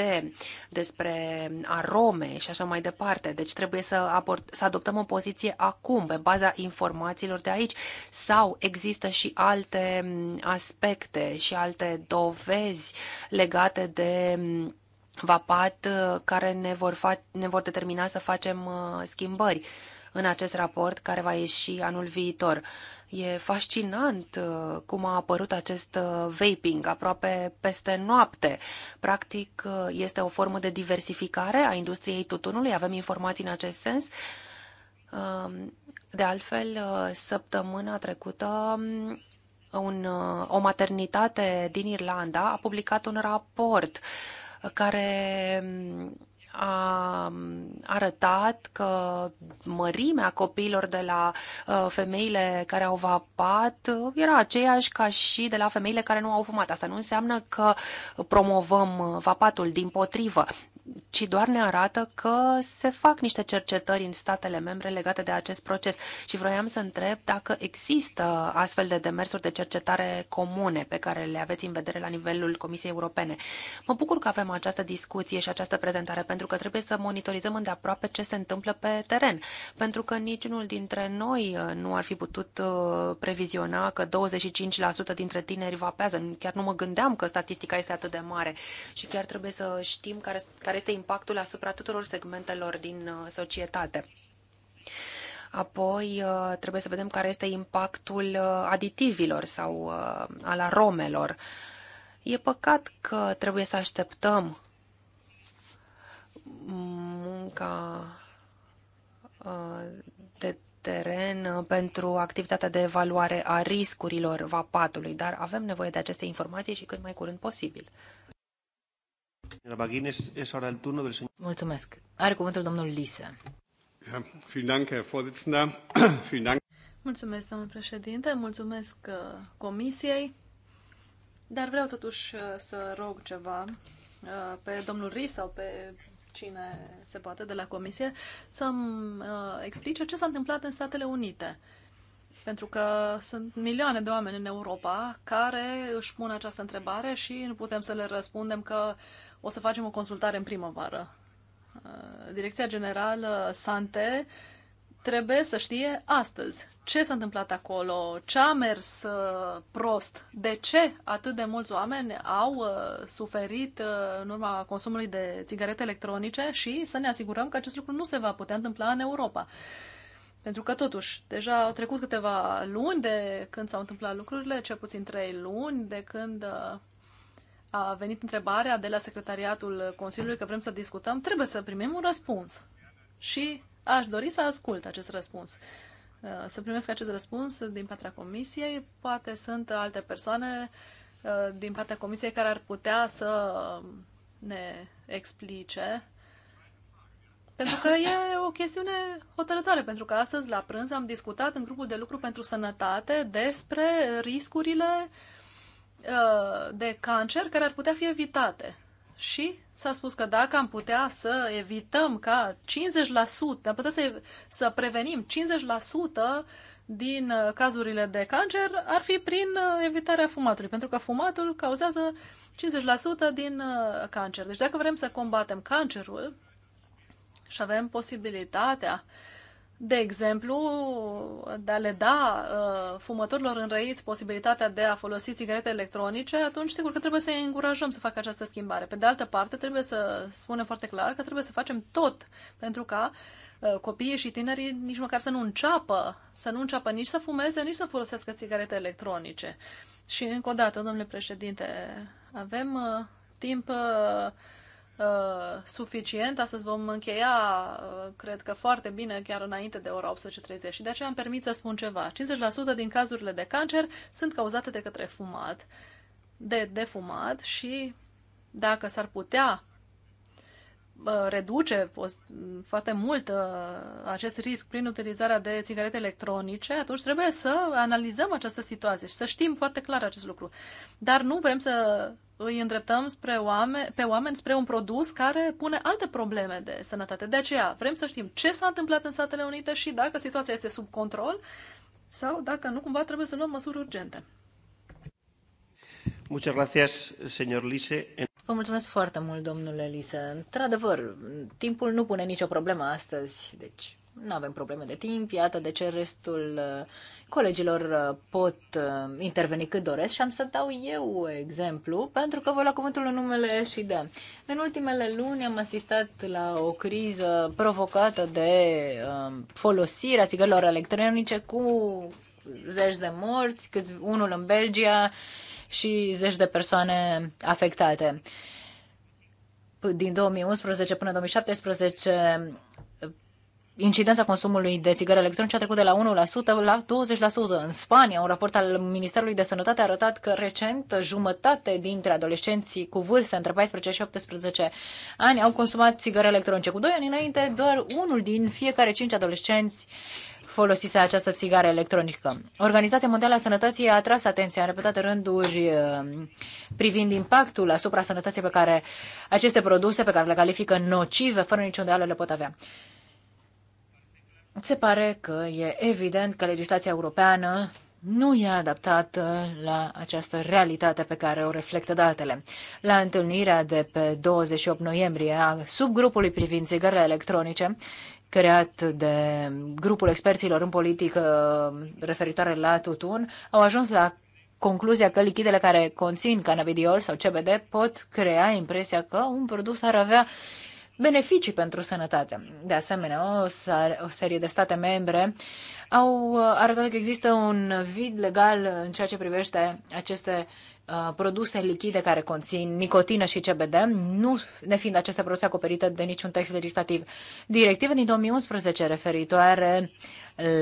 despre arome și așa mai departe. Deci trebuie să, aport, să adoptăm o poziție acum pe baza informațiilor de aici sau există și alte mm, aspecte și alte dovezi legate legate de mm, VAPAT uh, care ne vor, fa- ne vor determina să facem uh, schimbări în acest raport care va ieși anul viitor. E fascinant uh, cum a apărut acest vaping aproape peste noapte. Practic, este o formă de diversificare a industriei tutunului. Avem informații în acest sens. Um, de altfel, săptămâna trecută um, un, o maternitate din Irlanda a publicat un raport care a arătat că mărimea copiilor de la ă, femeile care au vapat era aceeași ca și de la femeile care nu au fumat. Asta nu înseamnă că promovăm vapatul, din potrivă ci doar ne arată că se fac niște cercetări în statele membre legate de acest proces și vroiam să întreb dacă există astfel de demersuri de cercetare comune pe care le aveți în vedere la nivelul Comisiei Europene. Mă bucur că avem această discuție și această prezentare pentru că trebuie să monitorizăm îndeaproape ce se întâmplă pe teren, pentru că niciunul dintre noi uh, nu ar fi putut uh, previziona că 25% dintre tineri vapează. Chiar nu mă gândeam că statistica este atât de mare și chiar trebuie să știm care, care care este impactul asupra tuturor segmentelor din uh, societate. Apoi uh, trebuie să vedem care este impactul uh, aditivilor sau al aromelor. E păcat că trebuie să așteptăm munca de teren pentru activitatea de evaluare a riscurilor vapatului, dar avem nevoie de aceste informații și cât mai curând posibil. Mulțumesc. Are cuvântul domnul Lise. Mulțumesc, domnul președinte, mulțumesc uh, comisiei, dar vreau totuși uh, să rog ceva uh, pe domnul Ri sau pe cine se poate de la comisie să-mi explice ce s-a întâmplat în Statele Unite. Pentru că sunt milioane de oameni în Europa care își pun această întrebare și nu putem să le răspundem că o să facem o consultare în primăvară. Uh, Direcția Generală Sante trebuie să știe astăzi ce s-a întâmplat acolo, ce a mers uh, prost, de ce atât de mulți oameni au uh, suferit în urma consumului de țigarete electronice și să ne asigurăm că acest lucru nu se va putea întâmpla în Europa. Pentru că, totuși, deja au trecut câteva luni de când s-au întâmplat lucrurile, cel puțin trei luni de când a venit întrebarea de la secretariatul Consiliului că vrem să discutăm, trebuie să primim un răspuns. Și aș dori să ascult acest răspuns. Uh, să primesc acest răspuns din partea Comisiei. Poate sunt alte persoane uh, din partea Comisiei care ar putea să ne explice. Pentru că e o chestiune hotărătoare, pentru că astăzi la prânz am discutat în grupul de lucru pentru sănătate despre riscurile uh, Uh, de cancer care ar putea fi evitate. Și s-a spus că dacă am putea să evităm ca 50%, am putea să, să prevenim 50% din uh, cazurile de cancer, ar fi prin uh, evitarea fumatului, pentru că fumatul cauzează 50% din cancer. Deci dacă vrem să combatem cancerul și avem posibilitatea de exemplu, de a le da uh, fumătorilor înrăiți posibilitatea de a folosi țigarete electronice, atunci sigur că trebuie să îi încurajăm să facă această schimbare. Pe de altă parte, trebuie să spunem foarte clar că trebuie să facem tot pentru ca uh, copiii și tinerii nici măcar să nu înceapă, să nu înceapă nici să fumeze, nici să folosească țigarete electronice. Și încă o dată, domnule președinte, avem uh, timp uh, Uh, suficient. Astăzi vom încheia, uh, cred că foarte bine, chiar înainte de ora 18.30 și de aceea îmi permit să spun ceva. 50% din cazurile de cancer sunt cauzate de către fumat, de defumat și dacă s-ar putea Uh, reduce foarte mult uh, acest risc prin utilizarea de țigarete electronice, atunci trebuie să analizăm această situație și să știm foarte clar acest lucru. Dar nu vrem să îi îndreptăm spre oameni, pe oameni spre un produs care pune alte probleme de sănătate. De aceea vrem să știm ce s-a întâmplat în Statele Unite și dacă situația este sub control sau dacă nu cumva trebuie să luăm măsuri urgente. Muchas gracias, señor Lise. Vă mulțumesc foarte mult, domnule Lise. Într-adevăr, timpul nu pune nicio problemă astăzi, deci nu avem probleme de timp, iată de ce restul uh, colegilor uh, pot uh, interveni cât doresc și am să dau eu exemplu, pentru că voi la cuvântul în numele și de. În ultimele luni am asistat la o criză provocată de folosirea țigărilor electronice cu zeci de morți, câți unul în Belgia, și zeci de persoane afectate. Din 2011 până 2017, incidența consumului de țigări electronice a trecut de la 1% la 20%. În Spania, un raport al Ministerului de Sănătate a arătat că recent jumătate dintre adolescenții cu vârste între 14 și 18 ani au consumat țigări electronice. Cu doi ani înainte, doar unul din fiecare cinci adolescenți folosise această țigară electronică. Organizația Mondială a Sănătății a atras atenția în repetate rânduri um, privind impactul asupra sănătății pe care aceste produse, pe care le califică nocive, fără niciun deală, le pot avea. Se pare că e evident că legislația europeană nu e adaptată la această realitate pe care o reflectă datele. La întâlnirea de pe 28 noiembrie a subgrupului privind țigările electronice, creat de grupul experților în politică referitoare la tutun au ajuns la concluzia că lichidele care conțin cannabidiol sau CBD pot crea impresia că un produs ar avea beneficii pentru sănătate. De asemenea, o, o serie de state membre au uh, arătat că există un vid legal în ceea ce privește aceste uh, Uh, produse lichide care conțin nicotină și CBD, nu ne fiind aceste produse acoperite de niciun text legislativ. Directiva din 2011 referitoare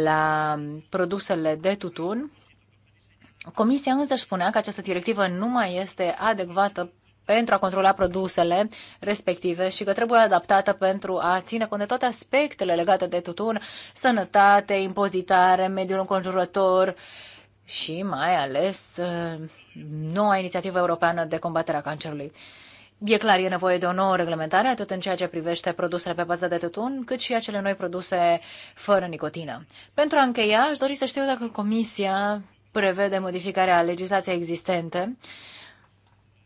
la produsele de tutun, Comisia însă spunea că această directivă nu mai este adecvată pentru a controla produsele respective și că trebuie adaptată pentru a ține cont de toate aspectele legate de tutun, sănătate, impozitare, mediul înconjurător și mai ales uh, noua inițiativă europeană de combatere a cancerului. E clar, e nevoie de o nouă reglementare, atât în ceea ce privește produsele pe bază de tutun, cât și acele noi produse fără nicotină. Pentru a încheia, aș dori să știu dacă Comisia prevede modificarea legislației existente,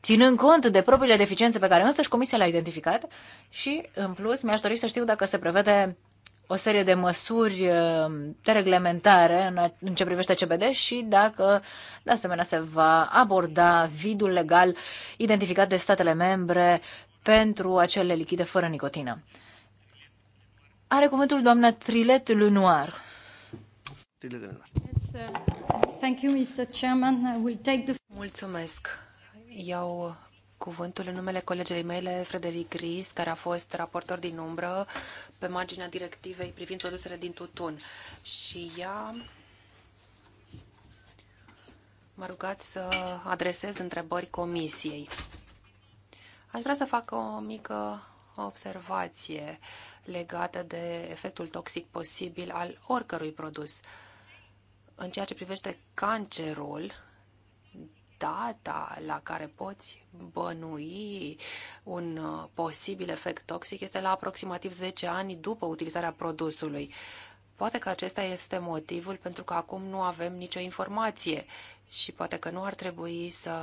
ținând cont de propriile deficiențe pe care însăși Comisia le-a identificat și, în plus, mi-aș dori să știu dacă se prevede o serie de măsuri uh, de reglementare în ce privește CBD și dacă, de asemenea, se va aborda vidul legal identificat de statele membre pentru acele lichide fără nicotină. Are cuvântul doamna Trilet Lunoir. Uh, Mulțumesc. Eu cuvântul în numele colegei mele, Frederic Ries, care a fost raportor din umbră pe marginea directivei privind produsele din tutun. Și ea m-a rugat să adresez întrebări comisiei. Aș vrea să fac o mică observație legată de efectul toxic posibil al oricărui produs. În ceea ce privește cancerul, data la care poți bănui un uh, posibil efect toxic este la aproximativ 10 ani după utilizarea produsului. Poate că acesta este motivul pentru că acum nu avem nicio informație și poate că nu ar trebui să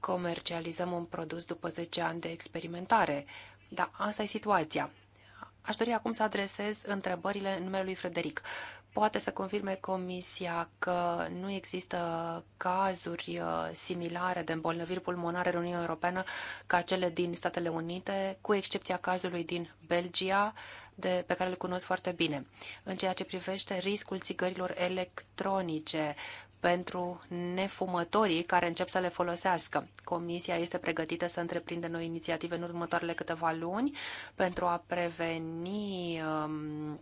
comercializăm un produs după 10 ani de experimentare. Dar asta e situația. Aș dori acum să adresez întrebările numele lui Frederic poate să confirme Comisia că nu există cazuri uh, similare de îmbolnăviri pulmonare în Uniunea Europeană ca cele din Statele Unite, cu excepția cazului din Belgia, de, pe care îl cunosc foarte bine, în ceea ce privește riscul țigărilor electronice pentru nefumătorii care încep să le folosească. Comisia este pregătită să întreprindă noi inițiative în următoarele câteva luni pentru a preveni um,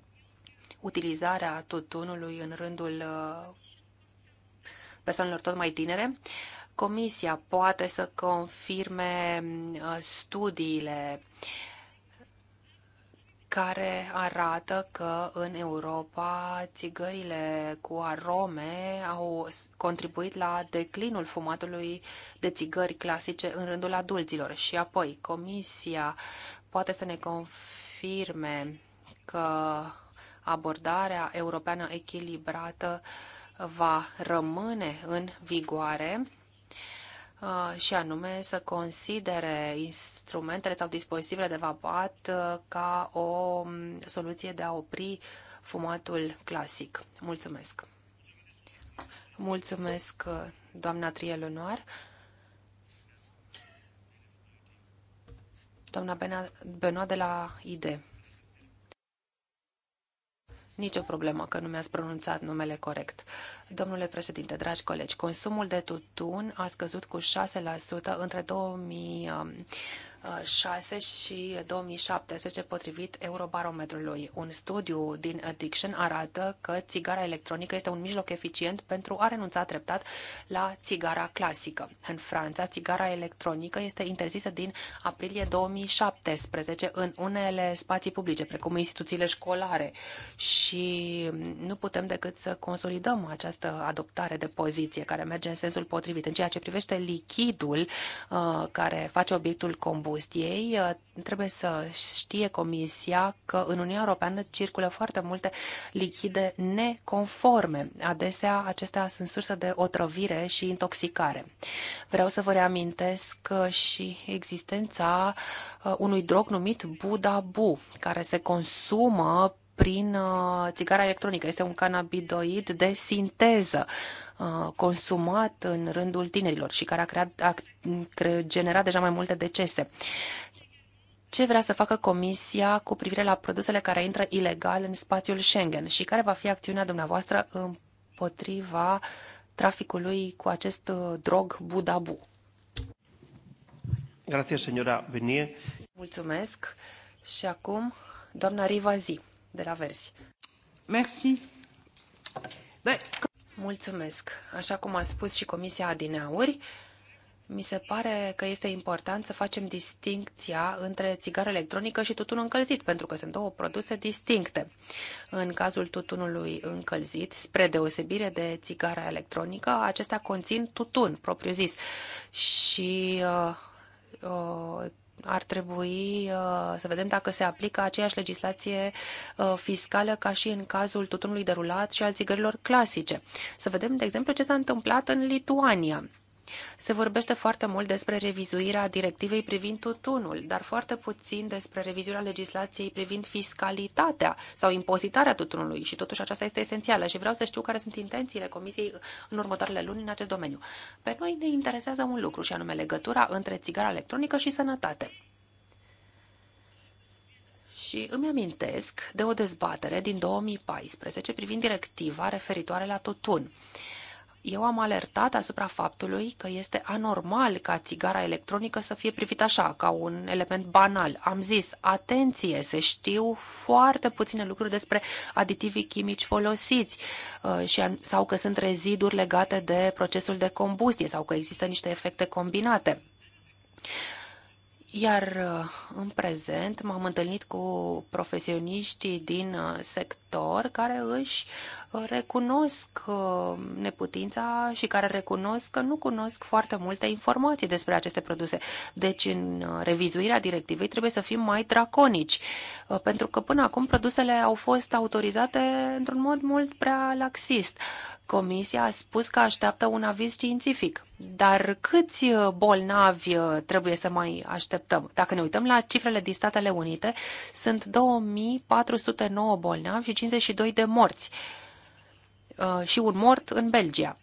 utilizarea tutunului în rândul uh, persoanelor tot mai tinere. Comisia poate să confirme uh, studiile care arată că în Europa țigările cu arome au contribuit la declinul fumatului de țigări clasice în rândul adulților. Și apoi, Comisia poate să ne confirme că abordarea europeană echilibrată va rămâne în vigoare uh, și anume să considere instrumentele sau dispozitivele de vapat uh, ca o mm, soluție de a opri fumatul clasic. Mulțumesc! Mulțumesc, uh, doamna Trielunoar. Doamna Benoa de la IDE. Nicio problemă că nu mi-ați pronunțat numele corect. Domnule președinte, dragi colegi, consumul de tutun a scăzut cu 6% între 2006 um, uh, și 2017, potrivit Eurobarometrului. Un studiu din Addiction arată că țigara electronică este un mijloc eficient pentru a renunța treptat la țigara clasică. În Franța, țigara electronică este interzisă din aprilie 2017 în unele spații publice, precum instituțiile școlare și nu putem decât să consolidăm această această adoptare de poziție care merge în sensul potrivit. În ceea ce privește lichidul uh, care face obiectul combustiei, uh, trebuie să știe Comisia că în Uniunea Europeană circulă foarte multe lichide neconforme. Adesea acestea sunt sursă de otrăvire și intoxicare. Vreau să vă reamintesc și existența uh, unui drog numit Budabu, care se consumă prin uh, țigara electronică. Este un cannabidoid de sinteză uh, consumat în rândul tinerilor și care a, creat, a generat deja mai multe decese. Ce vrea să facă Comisia cu privire la produsele care intră ilegal în spațiul Schengen și care va fi acțiunea dumneavoastră împotriva traficului cu acest uh, drog budabu? Mulțumesc. Și acum, doamna Zi de la Versi. Merci. Be- Mulțumesc. Așa cum a spus și Comisia Adineauri, mi se pare că este important să facem distincția între țigară electronică și tutun încălzit, pentru că sunt două produse distincte. În cazul tutunului încălzit, spre deosebire de țigara electronică, acestea conțin tutun, propriu zis, și uh, uh, ar trebui uh, să vedem dacă se aplică aceeași legislație uh, fiscală ca și în cazul tutunului derulat și al țigărilor clasice. Să vedem, de exemplu, ce s-a întâmplat în Lituania. Se vorbește foarte mult despre revizuirea directivei privind tutunul, dar foarte puțin despre revizuirea legislației privind fiscalitatea sau impozitarea tutunului și totuși aceasta este esențială și vreau să știu care sunt intențiile Comisiei în următoarele luni în acest domeniu. Pe noi ne interesează un lucru și anume legătura între țigara electronică și sănătate. Și îmi amintesc de o dezbatere din 2014 privind directiva referitoare la tutun eu am alertat asupra faptului că este anormal ca țigara electronică să fie privită așa, ca un element banal. Am zis, atenție, se știu foarte puține lucruri despre aditivii chimici folosiți uh, și, sau că sunt reziduri legate de procesul de combustie sau că există niște efecte combinate. Iar uh, în prezent m-am întâlnit cu profesioniștii din uh, sector viitor care își uh, recunosc uh, neputința și care recunosc că nu cunosc foarte multe informații despre aceste produse. Deci, în uh, revizuirea directivei trebuie să fim mai draconici, pentru că până acum produsele au fost autorizate într-un mod mult prea laxist. Comisia a spus că așteaptă un aviz științific. Dar câți bolnavi trebuie să mai așteptăm? Dacă ne uităm la cifrele din Statele Unite, sunt 2409 bolnavi și 52 de morți uh, și un mort în Belgia.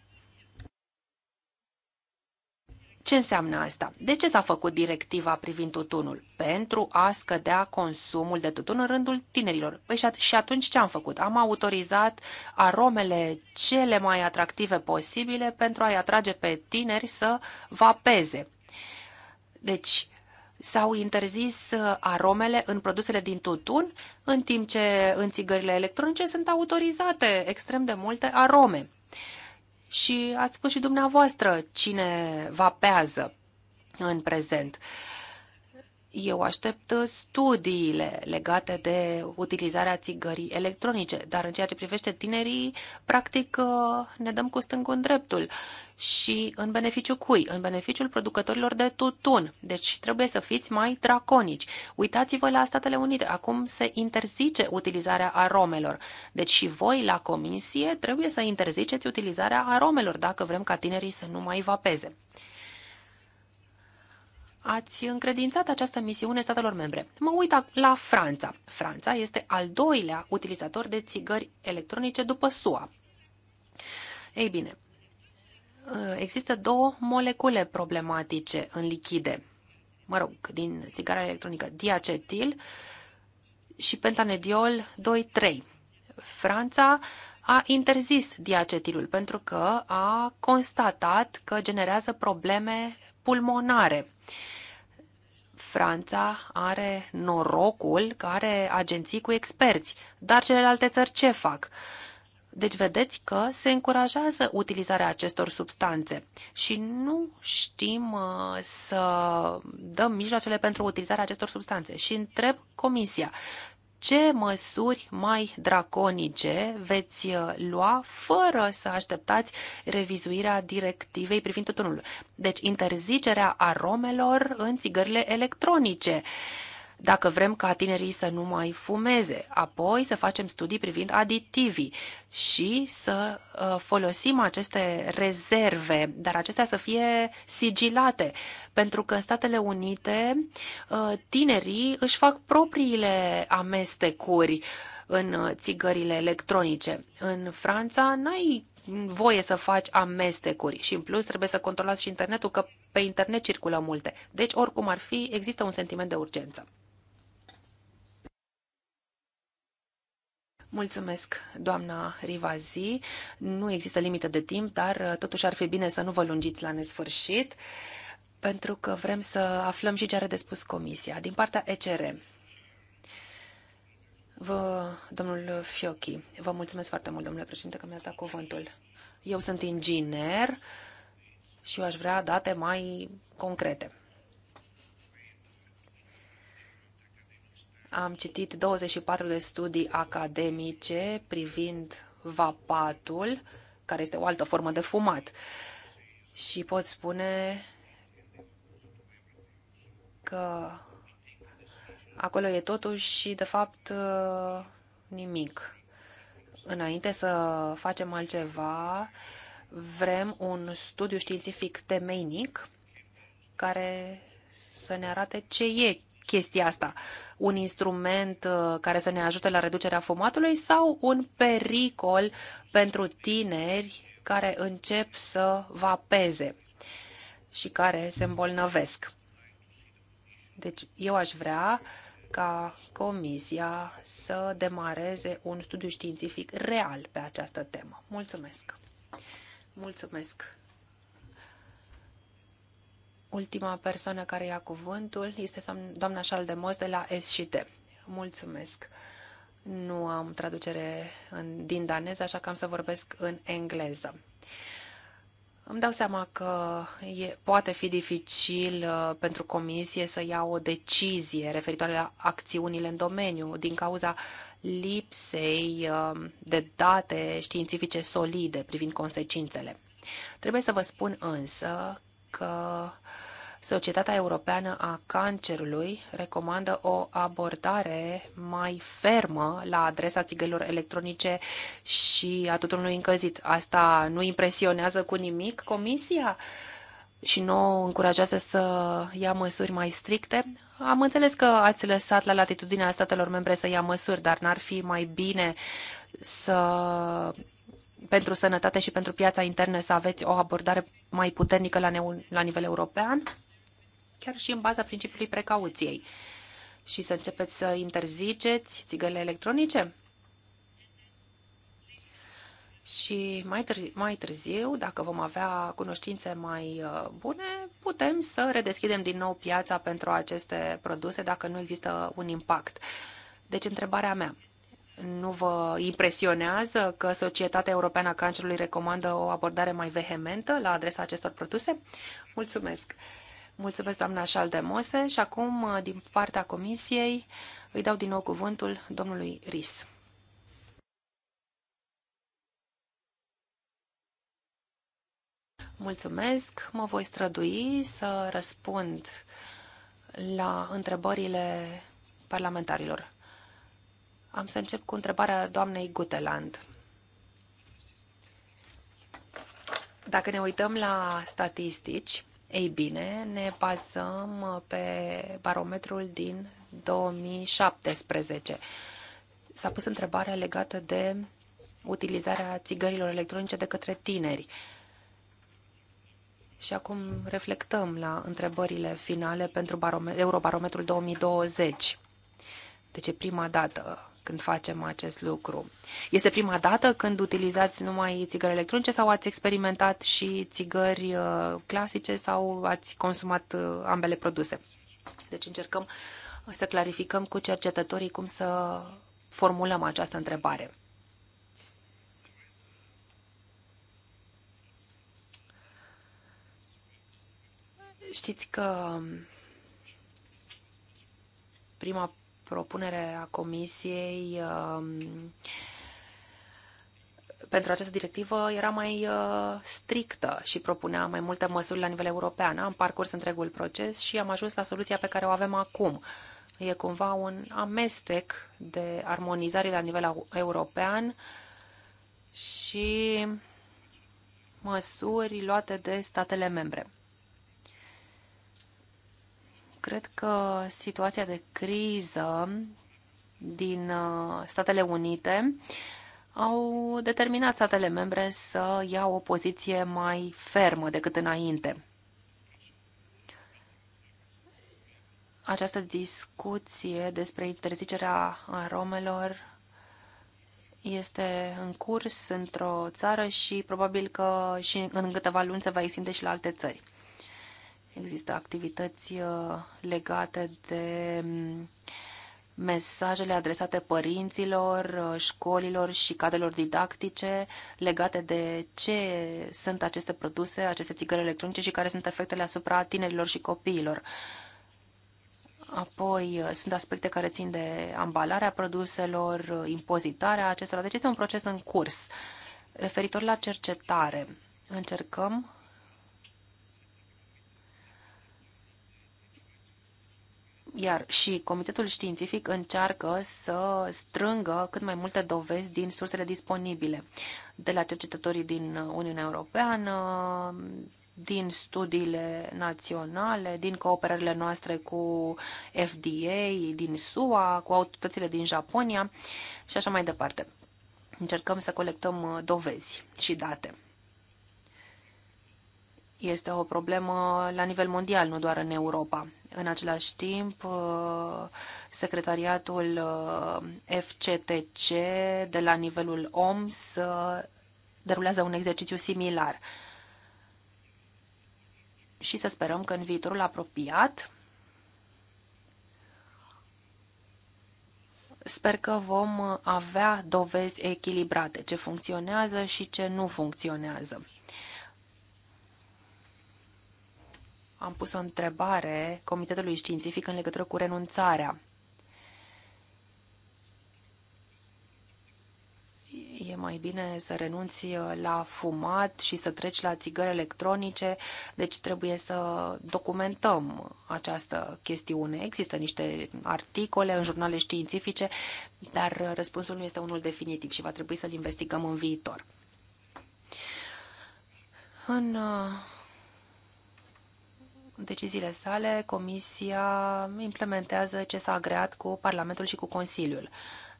Ce înseamnă asta? De ce s-a făcut directiva privind tutunul? Pentru a scădea consumul de tutun în rândul tinerilor. Păi și atunci ce am făcut? Am autorizat aromele cele mai atractive posibile pentru a-i atrage pe tineri să vapeze. Deci, s-au interzis uh, aromele în produsele din tutun, în timp ce în țigările electronice sunt autorizate extrem de multe arome. Și ați spus și dumneavoastră cine vapează în prezent. Uh, eu aștept uh, studiile legate de utilizarea țigării electronice, dar în ceea ce privește tinerii, practic uh, ne dăm cu stângul în dreptul. Și în beneficiu cui? În beneficiul producătorilor de tutun. Deci trebuie să fiți mai draconici. Uitați-vă la Statele Unite. Acum se interzice utilizarea aromelor. Deci și voi la comisie trebuie să interziceți utilizarea aromelor dacă vrem ca tinerii să nu mai vapeze ați încredințat această misiune statelor membre. Mă uit la Franța. Franța este al doilea utilizator de țigări electronice după SUA. Ei bine, ă, există două molecule problematice în lichide. Mă rog, din țigara electronică, diacetil și pentanediol 2,3. Franța a interzis diacetilul pentru că a constatat că generează probleme pulmonare Franța are norocul că are agenții cu experți, dar celelalte țări ce fac? Deci vedeți că se încurajează utilizarea acestor substanțe și nu știm uh, să dăm mijloacele pentru utilizarea acestor substanțe. Și întreb Comisia, ce măsuri mai draconice veți uh, lua fără să așteptați revizuirea directivei privind tutunul. Deci interzicerea aromelor în țigările electronice dacă vrem ca tinerii să nu mai fumeze, apoi să facem studii privind aditivii și să uh, folosim aceste rezerve, dar acestea să fie sigilate, pentru că în Statele Unite uh, tinerii își fac propriile amestecuri în țigările electronice. În Franța n-ai voie să faci amestecuri și în plus trebuie să controlați și internetul că pe internet circulă multe. Deci, oricum ar fi, există un sentiment de urgență. Mulțumesc, doamna Rivazi. Nu există limită de timp, dar uh, totuși ar fi bine să nu vă lungiți la nesfârșit, pentru că vrem să aflăm și ce are de spus comisia. Din partea ECR, vă, domnul Fiochi, vă mulțumesc foarte mult, domnule președinte, că mi-ați dat cuvântul. Eu sunt inginer și eu aș vrea date mai concrete. Am citit 24 de studii academice privind vapatul, care este o altă formă de fumat. Și pot spune că acolo e totuși și, de fapt, nimic. Înainte să facem altceva, vrem un studiu științific temeinic care să ne arate ce e chestia asta? Un instrument uh, care să ne ajute la reducerea fumatului sau un pericol pentru tineri care încep să vapeze și care se îmbolnăvesc? Deci eu aș vrea ca Comisia să demareze un studiu științific real pe această temă. Mulțumesc! Mulțumesc! Ultima persoană care ia cuvântul este doamna Șaldemos de la SCT. Mulțumesc! Nu am traducere în, din daneză, așa că am să vorbesc în engleză. Îmi dau seama că e, poate fi dificil uh, pentru comisie să ia o decizie referitoare la acțiunile în domeniu din cauza lipsei uh, de date științifice solide privind consecințele. Trebuie să vă spun însă că Societatea Europeană a Cancerului recomandă o abordare mai fermă la adresa țigărilor electronice și a tutunului încălzit. Asta nu impresionează cu nimic Comisia și nu încurajează să ia măsuri mai stricte? Am înțeles că ați lăsat la latitudinea statelor membre să ia măsuri, dar n-ar fi mai bine să pentru sănătate și pentru piața internă să aveți o abordare mai puternică la, ne- la nivel european, chiar și în baza principiului precauției și să începeți să interziceți țigările electronice? Și mai, târ- mai târziu, dacă vom avea cunoștințe mai uh, bune, putem să redeschidem din nou piața pentru aceste produse dacă nu există un impact. Deci, întrebarea mea, nu vă impresionează că Societatea Europeană a Cancerului recomandă o abordare mai vehementă la adresa acestor produse? Mulțumesc! Mulțumesc, doamna Șaldemose. Și acum, din partea Comisiei, îi dau din nou cuvântul domnului Ris. Mulțumesc, mă voi strădui să răspund la întrebările parlamentarilor. Am să încep cu întrebarea doamnei Guteland. Dacă ne uităm la statistici, ei bine, ne bazăm pe barometrul din 2017. S-a pus întrebarea legată de utilizarea țigărilor electronice de către tineri. Și acum reflectăm la întrebările finale pentru Eurobarometrul 2020. Deci e prima dată când facem acest lucru. Este prima dată când utilizați numai țigări electronice sau ați experimentat și țigări uh, clasice sau ați consumat uh, ambele produse? Deci încercăm să clarificăm cu cercetătorii cum să formulăm această întrebare. Știți că prima propunere a Comisiei um, pentru această directivă era mai uh, strictă și propunea mai multe măsuri la nivel european. Am parcurs întregul proces și am ajuns la soluția pe care o avem acum. E cumva un amestec de armonizare la nivel european și măsuri luate de statele membre. Cred că situația de criză din uh, Statele Unite au determinat statele membre să ia o poziție mai fermă decât înainte. Această discuție despre interzicerea aromelor este în curs într-o țară și probabil că și în câteva luni se va extinde și la alte țări. Există activități uh, legate de mm, mesajele adresate părinților, uh, școlilor și cadrelor didactice legate de ce sunt aceste produse, aceste țigări electronice și care sunt efectele asupra tinerilor și copiilor. Apoi uh, sunt aspecte care țin de ambalarea produselor, impozitarea acestora. Deci este un proces în curs. Referitor la cercetare, încercăm Iar și comitetul științific încearcă să strângă cât mai multe dovezi din sursele disponibile, de la cercetătorii din Uniunea Europeană, din studiile naționale, din cooperările noastre cu FDA, din SUA, cu autoritățile din Japonia și așa mai departe. Încercăm să colectăm uh, dovezi și date. Este o problemă la nivel mondial, nu doar în Europa. În același timp, uh, secretariatul uh, FCTC de la nivelul OMS uh, derulează un exercițiu similar. Și să sperăm că în viitorul apropiat sper că vom avea dovezi echilibrate, ce funcționează și ce nu funcționează. am pus o întrebare Comitetului Științific în legătură cu renunțarea. E mai bine să renunți la fumat și să treci la țigări electronice, deci trebuie să documentăm această chestiune. Există niște articole în jurnale științifice, dar răspunsul nu este unul definitiv și va trebui să-l investigăm în viitor. În uh, deciziile sale, Comisia implementează ce s-a agreat cu Parlamentul și cu Consiliul.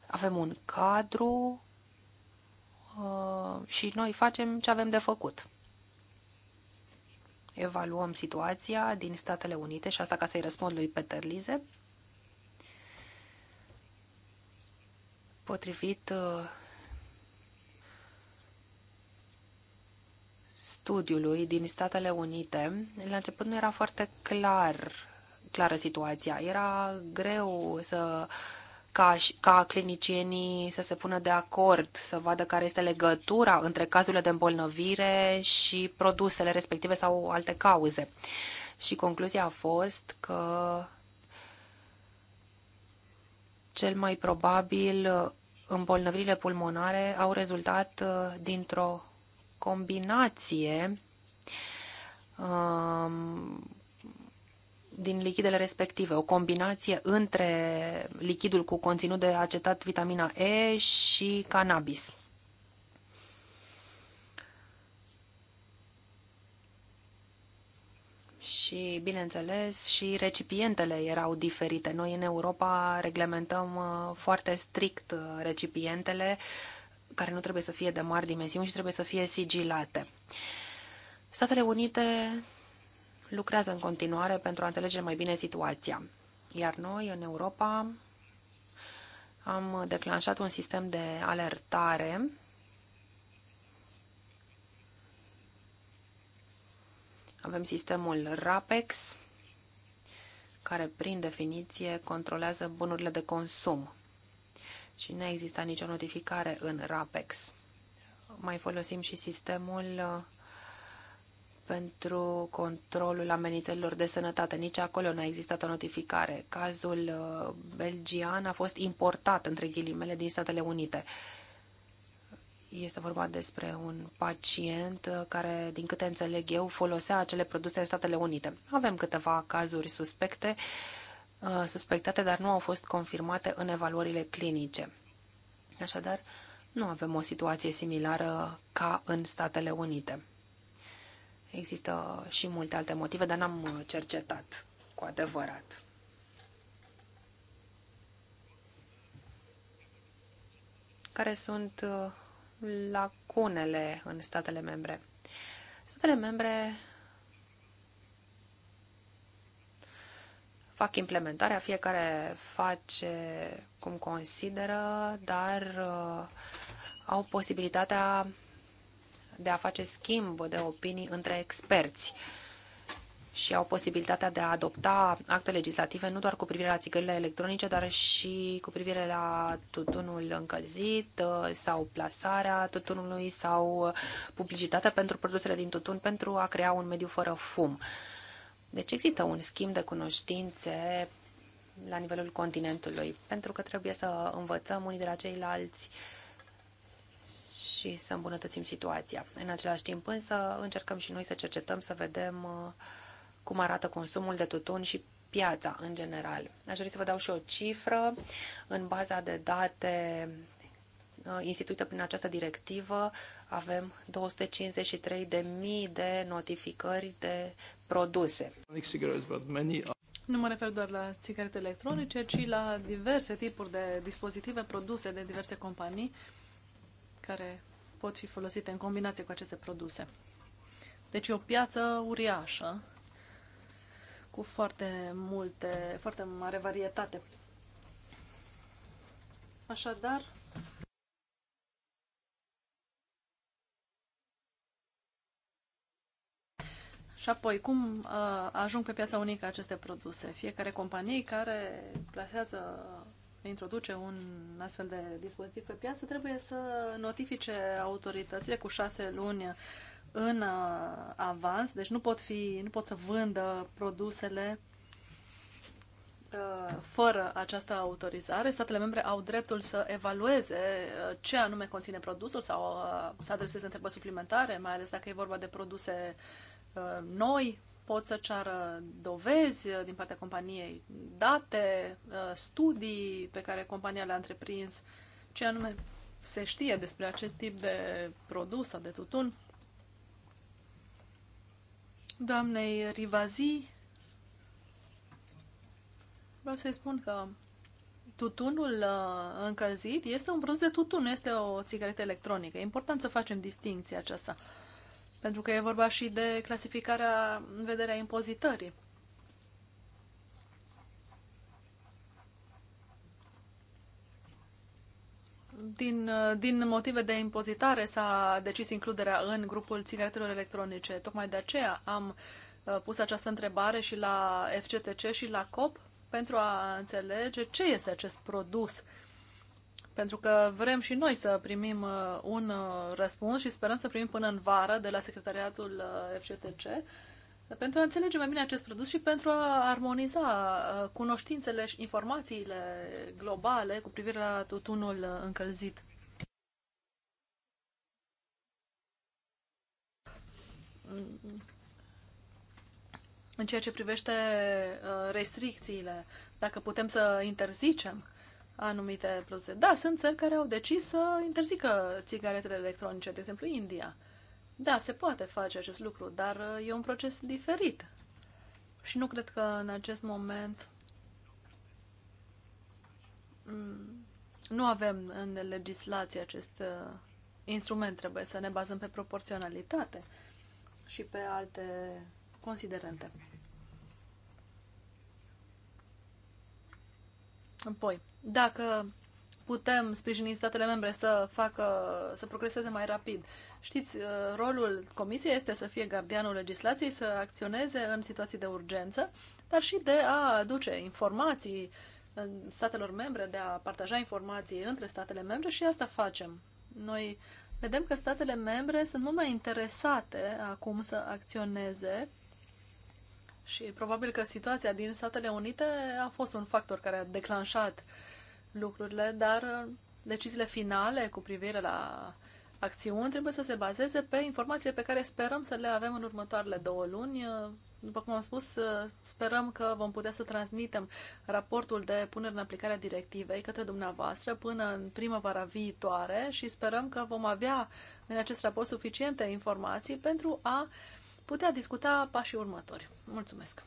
Avem un cadru uh, și noi facem ce avem de făcut. Evaluăm situația din Statele Unite și asta ca să-i răspund lui Peter Lize. Potrivit uh, studiului din Statele Unite, la început nu era foarte clar, clară situația. Era greu să ca, ca clinicienii să se pună de acord, să vadă care este legătura între cazurile de îmbolnăvire și produsele respective sau alte cauze. Și concluzia a fost că cel mai probabil îmbolnăvirile pulmonare au rezultat uh, dintr-o combinație um, din lichidele respective, o combinație între lichidul cu conținut de acetat vitamina E și cannabis. Și, bineînțeles, și recipientele erau diferite. Noi în Europa reglementăm uh, foarte strict uh, recipientele care nu trebuie să fie de mari dimensiuni și trebuie să fie sigilate. Statele Unite lucrează în continuare pentru a înțelege mai bine situația, iar noi, în Europa, am declanșat un sistem de alertare Avem sistemul RAPEX, care prin definiție controlează bunurile de consum și nu exista nicio notificare în RAPEX. Mai folosim și sistemul uh, pentru controlul amenințărilor de sănătate. Nici acolo nu a existat o notificare. Cazul uh, belgian a fost importat, între ghilimele, din Statele Unite. Este vorba despre un pacient uh, care, din câte înțeleg eu, folosea acele produse în Statele Unite. Avem câteva cazuri suspecte Uh, suspectate, dar nu au fost confirmate în evaluările clinice. Așadar, nu avem o situație similară ca în Statele Unite. Există și multe alte motive, dar n-am uh, cercetat cu adevărat. Care sunt uh, lacunele în statele membre? Statele membre fac implementarea, fiecare face cum consideră, dar uh, au posibilitatea de a face schimb de opinii între experți și au posibilitatea de a adopta acte legislative nu doar cu privire la țigările electronice, dar și cu privire la tutunul încălzit uh, sau plasarea tutunului sau uh, publicitatea pentru produsele din tutun pentru a crea un mediu fără fum. Deci există un schimb de cunoștințe la nivelul continentului, pentru că trebuie să învățăm unii de la ceilalți și să îmbunătățim situația. În același timp însă încercăm și noi să cercetăm, să vedem uh, cum arată consumul de tutun și piața în general. Aș dori să vă dau și o cifră. În baza de date Uh, instituită prin această directivă, avem 253.000 de notificări de produse. Nu mă refer doar la țigarete electronice, ci la diverse tipuri de dispozitive produse de diverse companii care pot fi folosite în combinație cu aceste produse. Deci e o piață uriașă cu foarte multe, foarte mare varietate. Așadar, Și apoi, cum uh, ajung pe piața unică aceste produse? Fiecare companie care plasează, introduce un astfel de dispozitiv pe piață, trebuie să notifice autoritățile cu șase luni în uh, avans, deci nu pot, fi, nu pot să vândă produsele uh, fără această autorizare, statele membre au dreptul să evalueze uh, ce anume conține produsul sau uh, să adreseze întrebări suplimentare, mai ales dacă e vorba de produse uh, Uh, noi pot să ceară dovezi uh, din partea companiei, date, uh, studii pe care compania le-a întreprins, ce anume se știe despre acest tip de produs sau de tutun. Doamnei Rivazi, vreau să-i spun că tutunul încălzit este un produs de tutun, nu este o țigaretă electronică. E important să facem distinția aceasta. Pentru că e vorba și de clasificarea în vederea impozitării. Din, din motive de impozitare s-a decis includerea în grupul țigaretelor electronice. Tocmai de aceea am uh, pus această întrebare și la FCTC și la COP pentru a înțelege ce este acest produs uh, pentru că vrem și noi să primim uh, un uh, răspuns și sperăm să primim până în vară de la secretariatul uh, FCTC pentru a înțelege mai bine acest produs și pentru a armoniza cunoștințele și informațiile globale cu privire la tutunul încălzit. În ceea ce privește restricțiile, dacă putem să interzicem anumite produse. Da, sunt țări care au decis să interzică țigaretele electronice, de exemplu India. Da, se poate face acest lucru, dar uh, e un proces diferit. Și nu cred că în acest moment mm, nu avem în legislație acest uh, instrument. Trebuie să ne bazăm pe proporționalitate și pe alte considerente. Apoi, dacă putem sprijini statele membre să facă, să progreseze mai rapid. Știți, uh, rolul comisiei este să fie gardianul legislației, să acționeze în situații de urgență, dar și de a aduce informații statelor membre, de a partaja informații între statele membre și asta facem. Noi vedem că statele membre sunt mult mai interesate acum să acționeze și probabil că situația din Statele Unite a fost un factor care a declanșat lucrurile, dar uh, deciziile finale cu privire la acțiuni trebuie să se bazeze pe informații pe care sperăm să le avem în următoarele două luni. Uh, după cum am spus, uh, sperăm că vom putea să transmitem raportul de punere în aplicare a directivei către dumneavoastră până în primăvara viitoare și sperăm că vom avea în acest raport suficiente informații pentru a uh, putea discuta pașii următori. Mulțumesc!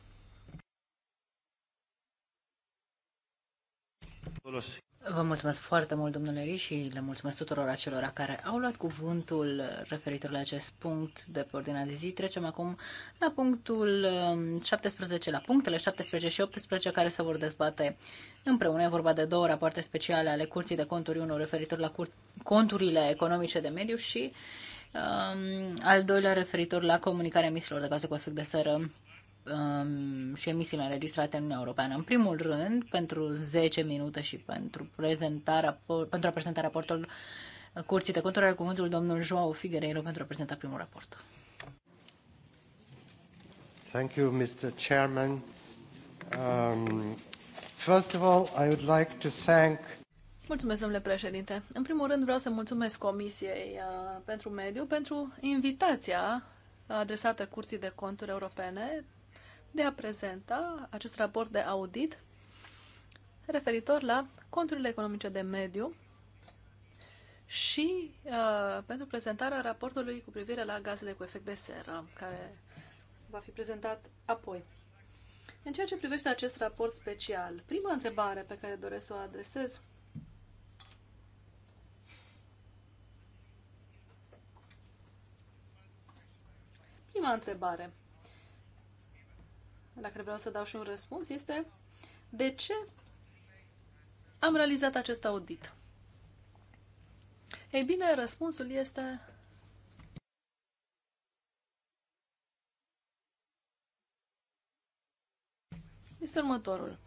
Vă mulțumesc foarte mult, domnule Ri, și le mulțumesc tuturor acelora care au luat cuvântul referitor la acest punct de pe ordinea de zi. Trecem acum la punctul 17, um, la punctele 17 și 18 care se vor dezbate împreună. E vorba de două rapoarte speciale ale Curții de Conturi 1 referitor la conturile economice de mediu și uh, Um, al doilea referitor la comunicarea emisiilor de gaze cu efect de seră um, și emisiile înregistrate în Uniunea Europeană. În primul rând, pentru 10 minute și pentru, prezentarea, pentru a prezenta raportul Curții de Conturi, are cuvântul domnul Joao Figueiredo pentru a prezenta primul raport. Thank you, Mr. Chairman. Um, first of all, I would like to thank Mulțumesc, domnule președinte. În primul rând vreau să mulțumesc Comisiei uh, pentru Mediu pentru invitația adresată Curții de Conturi Europene de a prezenta acest raport de audit referitor la conturile economice de mediu și uh, pentru prezentarea raportului cu privire la gazele cu efect de seră, care va fi prezentat apoi. În ceea ce privește acest raport special, prima întrebare pe care doresc să o adresez Prima întrebare, la care vreau să dau și un răspuns, este de ce am realizat acest audit? Ei bine, răspunsul este este următorul.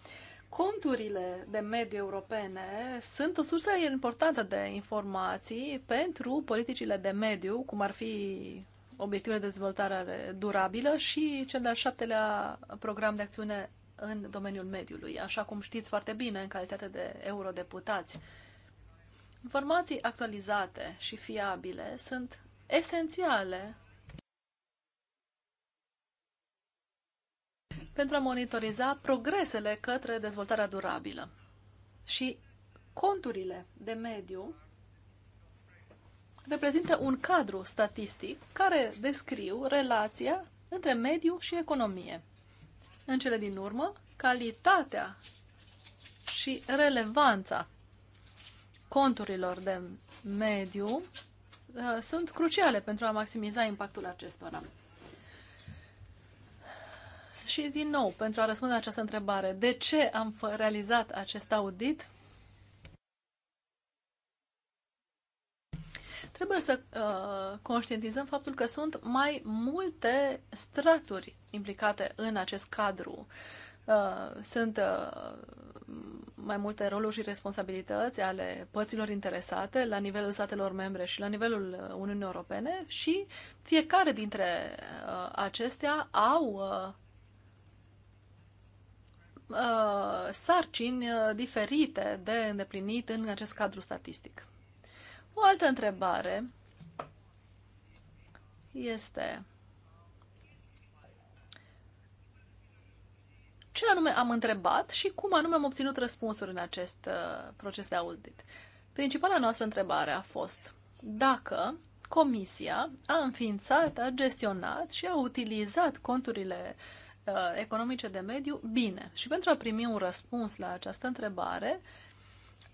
Conturile de mediu europene sunt o sursă importantă de informații pentru politicile de mediu, cum ar fi obiectivele de dezvoltare durabilă și cel de-al șaptelea program de acțiune în domeniul mediului, așa cum știți foarte bine în calitate de eurodeputați. Informații actualizate și fiabile sunt esențiale pentru a monitoriza progresele către dezvoltarea durabilă. Și conturile de mediu reprezintă un cadru statistic care descriu relația între mediu și economie. În cele din urmă, calitatea și relevanța conturilor de mediu uh, sunt cruciale pentru a maximiza impactul acestora. Și din nou, pentru a răspunde la această întrebare, de ce am realizat acest audit? Trebuie să uh, conștientizăm faptul că sunt mai multe straturi implicate în acest cadru. Uh, sunt uh, mai multe roluri și responsabilități ale părților interesate la nivelul statelor membre și la nivelul uh, Uniunii Europene și fiecare dintre uh, acestea au uh, uh sarcini uh, diferite de îndeplinit în acest cadru statistic. O altă întrebare este ce anume am întrebat și cum anume am obținut răspunsuri în acest uh, proces de audit. Principala noastră întrebare a fost dacă Comisia a înființat, a gestionat și a utilizat conturile uh, economice de mediu bine. Și pentru a primi un răspuns la această întrebare,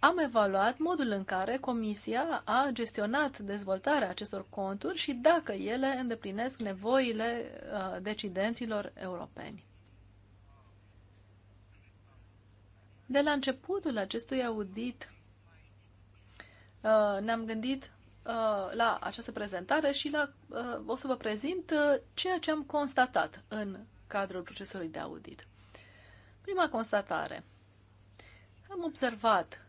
am evaluat modul în care Comisia a gestionat dezvoltarea acestor conturi și dacă ele îndeplinesc nevoile uh, decidenților europeni. De la începutul acestui audit uh, ne-am gândit uh, la această prezentare și la, o să vă prezint ceea ce am constatat în cadrul procesului de audit. Prima constatare. Am observat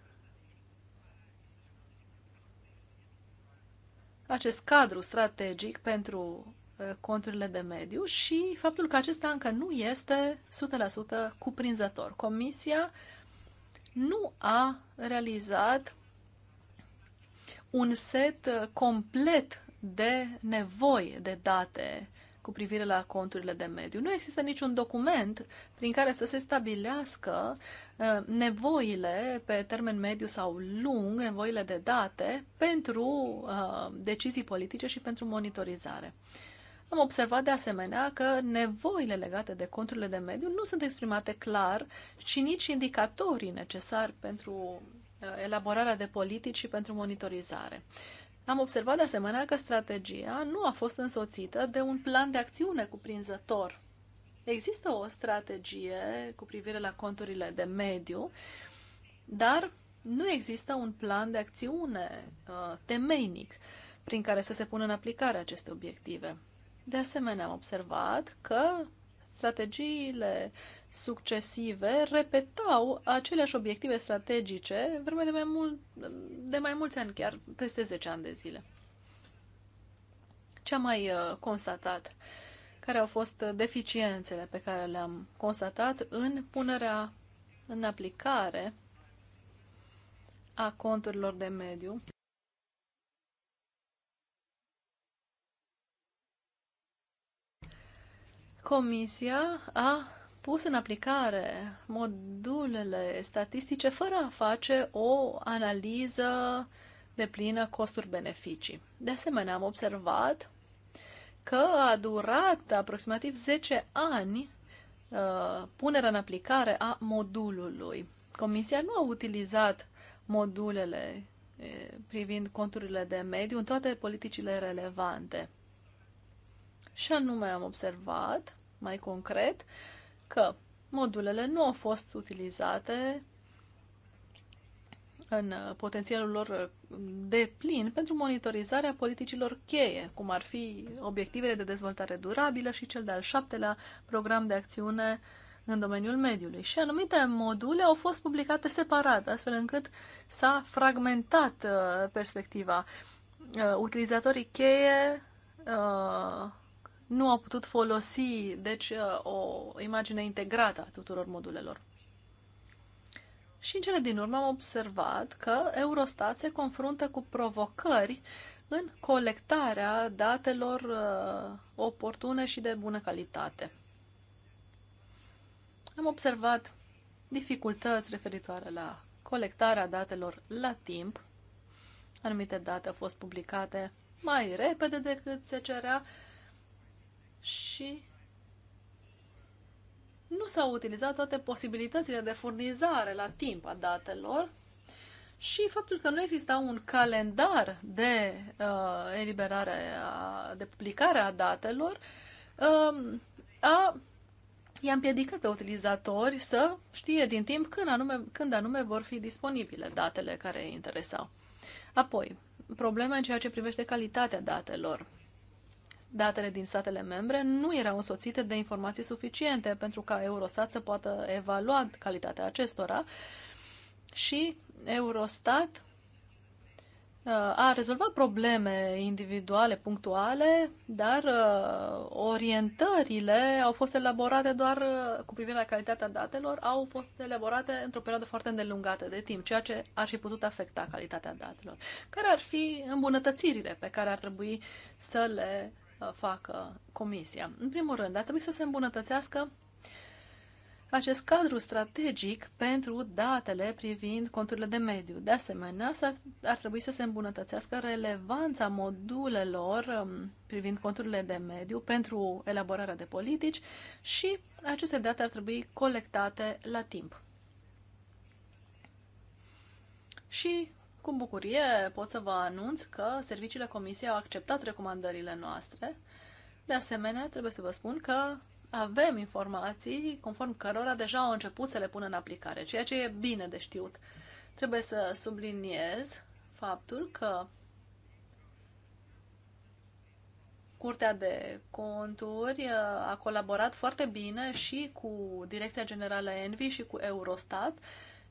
acest cadru strategic pentru uh, conturile de mediu și faptul că acesta încă nu este 100% cuprinzător. Comisia nu a realizat un set uh, complet de nevoi de date cu privire la conturile de mediu. Nu există niciun document prin care să se stabilească uh, nevoile pe termen mediu sau lung, nevoile de date pentru uh, decizii politice și pentru monitorizare. Am observat de asemenea că nevoile legate de conturile de mediu nu sunt exprimate clar și nici indicatorii necesari pentru uh, elaborarea de politici și pentru monitorizare. Am observat de asemenea că strategia nu a fost însoțită de un plan de acțiune cuprinzător. Există o strategie cu privire la conturile de mediu, dar nu există un plan de acțiune uh, temeinic prin care să se pună în aplicare aceste obiective. De asemenea, am observat că strategiile succesive repetau aceleași obiective strategice vreme de mai, mult, de mai mulți ani, chiar peste 10 ani de zile. Ce am mai uh, constatat? Care au fost deficiențele pe care le-am constatat în punerea în aplicare a conturilor de mediu? Comisia a pus în aplicare modulele statistice fără a face o analiză de plină costuri-beneficii. De asemenea, am observat că a durat aproximativ 10 ani uh, punerea în aplicare a modulului. Comisia nu a utilizat modulele privind conturile de mediu în toate politicile relevante. Și anume am observat, mai concret, că modulele nu au fost utilizate în potențialul lor de plin pentru monitorizarea politicilor cheie, cum ar fi obiectivele de dezvoltare durabilă și cel de-al șaptelea program de acțiune în domeniul mediului. Și anumite module au fost publicate separat, astfel încât s-a fragmentat uh, perspectiva. Uh, utilizatorii cheie uh, nu au putut folosi, deci, uh, o imagine integrată a tuturor modulelor. Și în cele din urmă am observat că Eurostat se confruntă cu provocări în colectarea datelor uh, oportune și de bună calitate. Am observat dificultăți referitoare la colectarea datelor la timp. Anumite date au fost publicate mai repede decât se cerea, și nu s-au utilizat toate posibilitățile de furnizare la timp a datelor și faptul că nu exista un calendar de uh, eliberare, a, de publicare a datelor, uh, a, i-a împiedicat pe utilizatori să știe din timp când anume, când anume vor fi disponibile datele care îi interesau. Apoi, probleme în ceea ce privește calitatea datelor datele din statele membre nu erau însoțite de informații suficiente pentru ca Eurostat să poată evalua calitatea acestora și Eurostat uh, a rezolvat probleme individuale, punctuale, dar uh, orientările au fost elaborate doar uh, cu privire la calitatea datelor, au fost elaborate într-o perioadă foarte îndelungată de timp, ceea ce ar fi putut afecta calitatea datelor. Care ar fi îmbunătățirile pe care ar trebui să le Uh, facă Comisia. În primul rând, ar trebui să se îmbunătățească acest cadru strategic pentru datele privind conturile de mediu. De asemenea, ar trebui să se îmbunătățească relevanța modulelor um, privind conturile de mediu pentru elaborarea de politici și aceste date ar trebui colectate la timp. Și cu bucurie pot să vă anunț că serviciile Comisiei au acceptat recomandările noastre. De asemenea, trebuie să vă spun că avem informații conform cărora deja au început să le pună în aplicare, ceea ce e bine de știut. Trebuie să subliniez faptul că Curtea de Conturi uh, a colaborat foarte bine și cu Direcția Generală Envi și cu Eurostat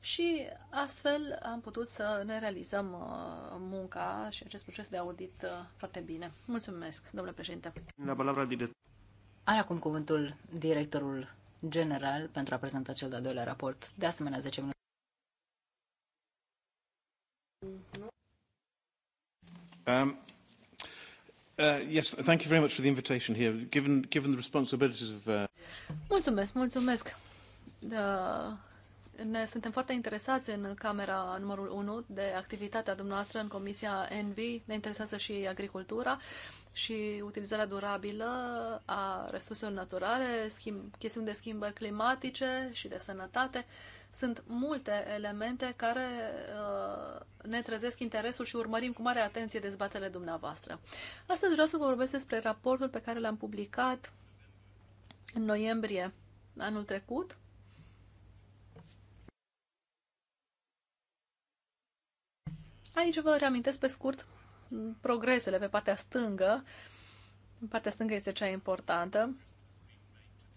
și astfel am putut să ne realizăm uh, munca și acest proces de audit uh, foarte bine. Mulțumesc, domnule președinte. La palabra direct. Are acum cuvântul directorul general pentru a prezenta cel de-al doilea raport. De asemenea, 10 minute. Um, uh, yes, thank you very much for the invitation here. Given, given the responsibilities of... Uh... Mulțumesc, mulțumesc. Uh, ne suntem foarte interesați în Camera numărul 1 de activitatea dumneavoastră în Comisia ENVI. Ne interesează și agricultura și utilizarea durabilă a resurselor naturale, schimb, chestiuni de schimbări climatice și de sănătate. Sunt multe elemente care uh, ne trezesc interesul și urmărim cu mare atenție dezbatele dumneavoastră. Astăzi vreau să vă vorbesc despre raportul pe care l-am publicat în noiembrie anul trecut Aici vă reamintesc pe scurt progresele pe partea stângă. Partea stângă este cea importantă.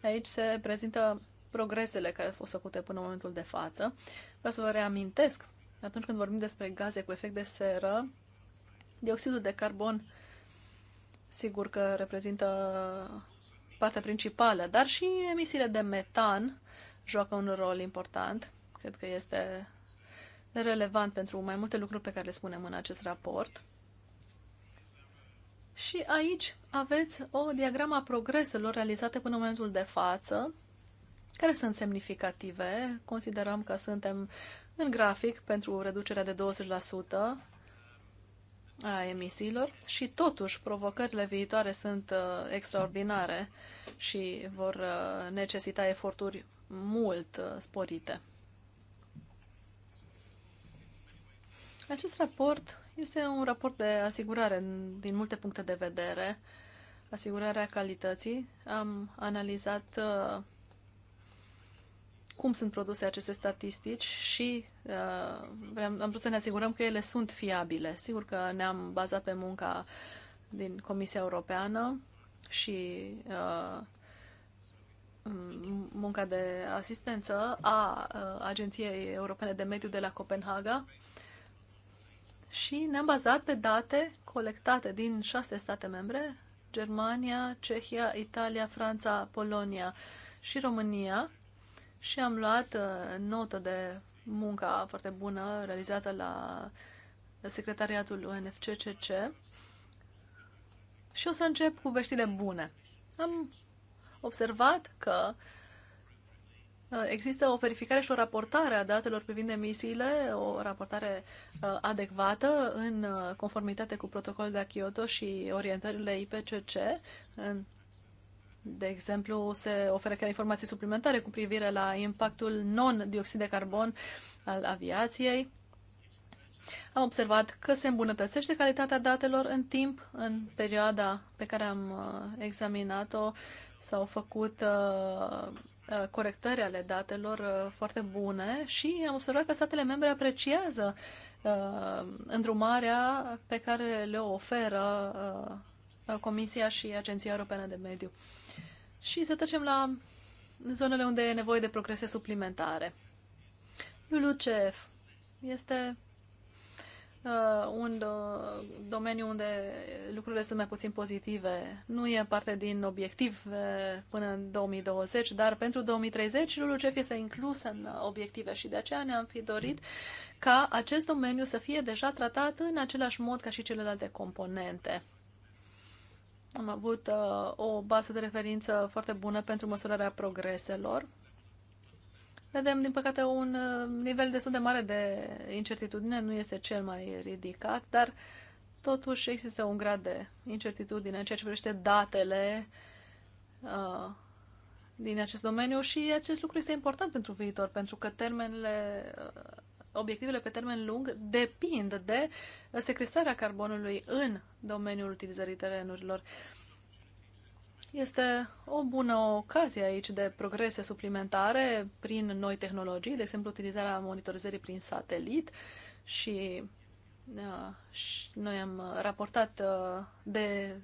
Aici se prezintă progresele care au fost făcute până în momentul de față. Vreau să vă reamintesc, atunci când vorbim despre gaze cu efect de seră, dioxidul de carbon sigur că reprezintă partea principală, dar și emisiile de metan joacă un rol important. Cred că este relevant pentru mai multe lucruri pe care le spunem în acest raport. Și aici aveți o diagramă a progreselor realizate până în momentul de față, care sunt semnificative. Considerăm că suntem în grafic pentru reducerea de 20% a emisiilor și totuși provocările viitoare sunt uh, extraordinare și vor uh, necesita eforturi mult uh, sporite. Acest raport este un raport de asigurare din multe puncte de vedere, asigurarea calității. Am analizat uh, cum sunt produse aceste statistici și uh, am, vrut să ne asigurăm că ele sunt fiabile. Sigur că ne-am bazat pe munca din Comisia Europeană și uh, munca de asistență a uh, Agenției Europene de Mediu de la Copenhaga și ne-am bazat pe date colectate din șase state membre, Germania, Cehia, Italia, Franța, Polonia și România și am luat uh, notă de munca foarte bună realizată la secretariatul UNFCCC și o să încep cu veștile bune. Am observat că uh, Uh, există o verificare și o raportare a datelor privind emisiile, o raportare uh, adecvată în uh, conformitate cu protocolul de la Kyoto și orientările IPCC. De exemplu, se oferă chiar informații suplimentare cu privire la impactul non-dioxid de carbon al aviației. Am observat că se îmbunătățește calitatea datelor în timp, în perioada pe care am examinat-o. S-au făcut uh, Uh, corectări ale datelor uh, foarte bune și am observat că statele membre apreciază uh, îndrumarea pe care le oferă Comisia și Agenția Europeană de Mediu. Și să trecem la zonele unde e nevoie de progrese suplimentare. LULUCF este Uh, un domeniu unde lucrurile sunt mai puțin pozitive. Nu e parte din obiectiv uh, până în 2020, dar pentru 2030 LULUCEF este inclus în obiective și de aceea ne-am fi dorit ca acest domeniu să fie deja tratat în același mod ca și celelalte componente. Am avut uh, o bază de referință foarte bună pentru măsurarea progreselor vedem, din păcate, un uh, nivel destul de mare de incertitudine, nu este cel mai ridicat, dar totuși există un grad de incertitudine în ceea ce privește datele uh, din acest domeniu și acest lucru este important pentru viitor, pentru că termenele, uh, obiectivele pe termen lung depind de sequestrarea carbonului în domeniul utilizării terenurilor. Uh, este o bună ocazie aici de progrese suplimentare prin noi tehnologii, de exemplu utilizarea monitorizării prin satelit și, uh, și noi am raportat uh, de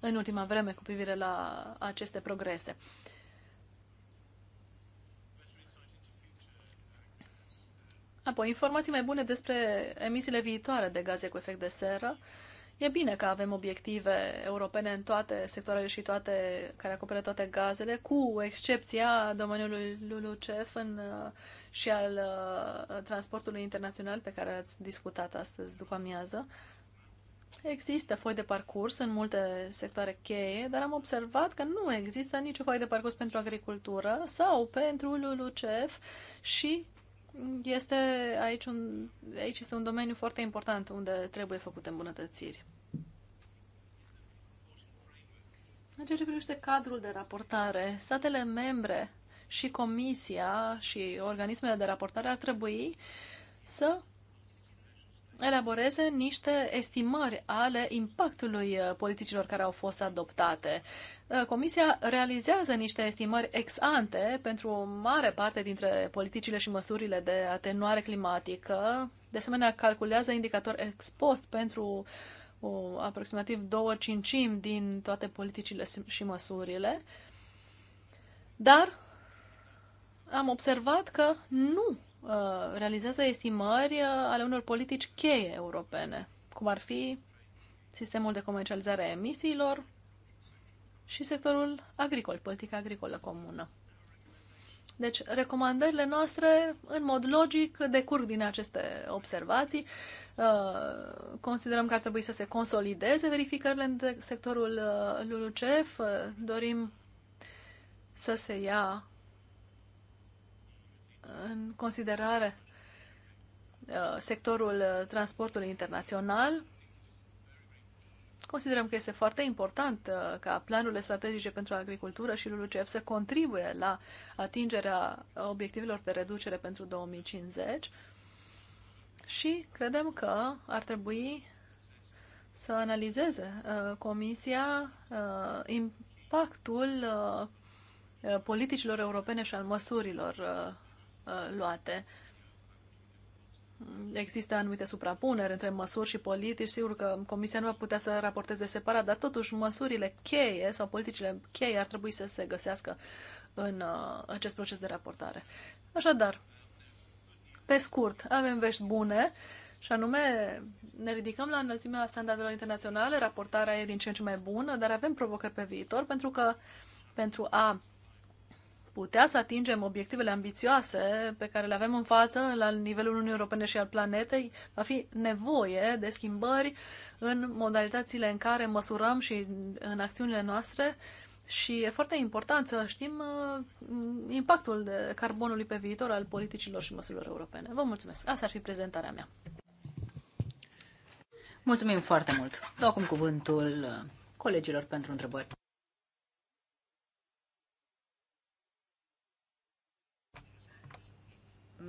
în ultima vreme cu privire la aceste progrese. Apoi, informații mai bune despre emisiile viitoare de gaze cu efect de seră. Uh, E bine că avem obiective europene în toate sectoarele și toate, care acoperă toate gazele, cu excepția domeniului LULUCEF în, uh, și al uh, transportului internațional pe care ați discutat astăzi după amiază. Există foi de parcurs în multe sectoare cheie, dar am observat că nu există nicio foi de parcurs pentru agricultură sau pentru LULUCEF și este aici, un, aici este un domeniu foarte important unde trebuie făcute îmbunătățiri. În ceea ce privește cadrul de raportare, statele membre și Comisia și organismele de raportare ar trebui să elaboreze niște estimări ale impactului uh, politicilor care au fost adoptate. Uh, Comisia realizează niște estimări ex ante pentru o mare parte dintre politicile și măsurile de atenuare climatică. De asemenea, calculează indicator ex post pentru uh, aproximativ două cincimi din toate politicile și măsurile. Dar am observat că nu Uh, realizează estimări uh, ale unor politici cheie europene, cum ar fi sistemul de comercializare a emisiilor și sectorul agricol, politica agricolă comună. Deci, recomandările noastre, în mod logic, decurg din aceste observații. Uh, considerăm că ar trebui să se consolideze verificările în sectorul LULUCEF. Dorim să se ia în considerare uh, sectorul uh, transportului internațional. Considerăm că este foarte important uh, ca planurile strategice pentru agricultură și LULUCF să contribuie la atingerea obiectivelor de reducere pentru 2050 și credem că ar trebui să analizeze Comisia impactul politicilor europene și al măsurilor Uh, luate. Există anumite suprapuneri între măsuri și politici. Sigur că Comisia nu va putea să raporteze separat, dar totuși măsurile cheie sau politicile cheie ar trebui să se găsească în uh, acest proces de raportare. Așadar, pe scurt, avem vești bune și anume ne ridicăm la înălțimea standardelor internaționale, raportarea e din ce în ce mai bună, dar avem provocări pe viitor pentru că pentru a putea să atingem obiectivele ambițioase pe care le avem în față la nivelul Uniunii Europene și al planetei, va fi nevoie de schimbări în modalitățile în care măsurăm și în acțiunile noastre și e foarte important să știm uh, impactul de carbonului pe viitor al politicilor și măsurilor europene. Vă mulțumesc. Asta ar fi prezentarea mea. Mulțumim foarte mult. Dau acum cuvântul uh, colegilor pentru întrebări.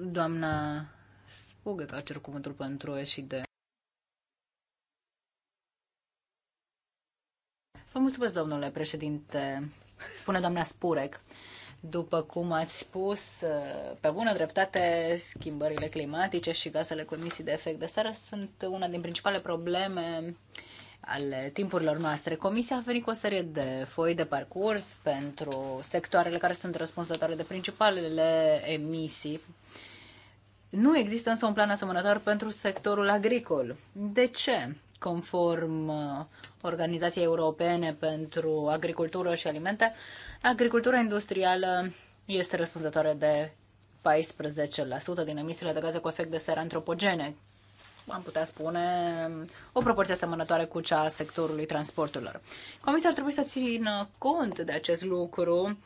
Doamna Spugă, că a cuvântul pentru o de. Vă mulțumesc, domnule președinte, spune doamna Spurec. După cum ați spus, pe bună dreptate, schimbările climatice și gazele cu emisii de efect de seară sunt una din principale probleme uh, al timpurilor noastre. Comisia a venit cu o serie de foi de parcurs pentru sectoarele care sunt răspunsătoare de principalele emisii. Nu există însă un plan asemănător pentru sectorul agricol. De ce? Conform uh, Organizației Europene pentru Agricultură și Alimente, agricultura industrială este răspunzătoare de 14% din emisiile de gaze cu efect de seră antropogene, am putea spune, o proporție asemănătoare cu cea a sectorului transporturilor. Comisia ar trebui să țină cont de acest lucru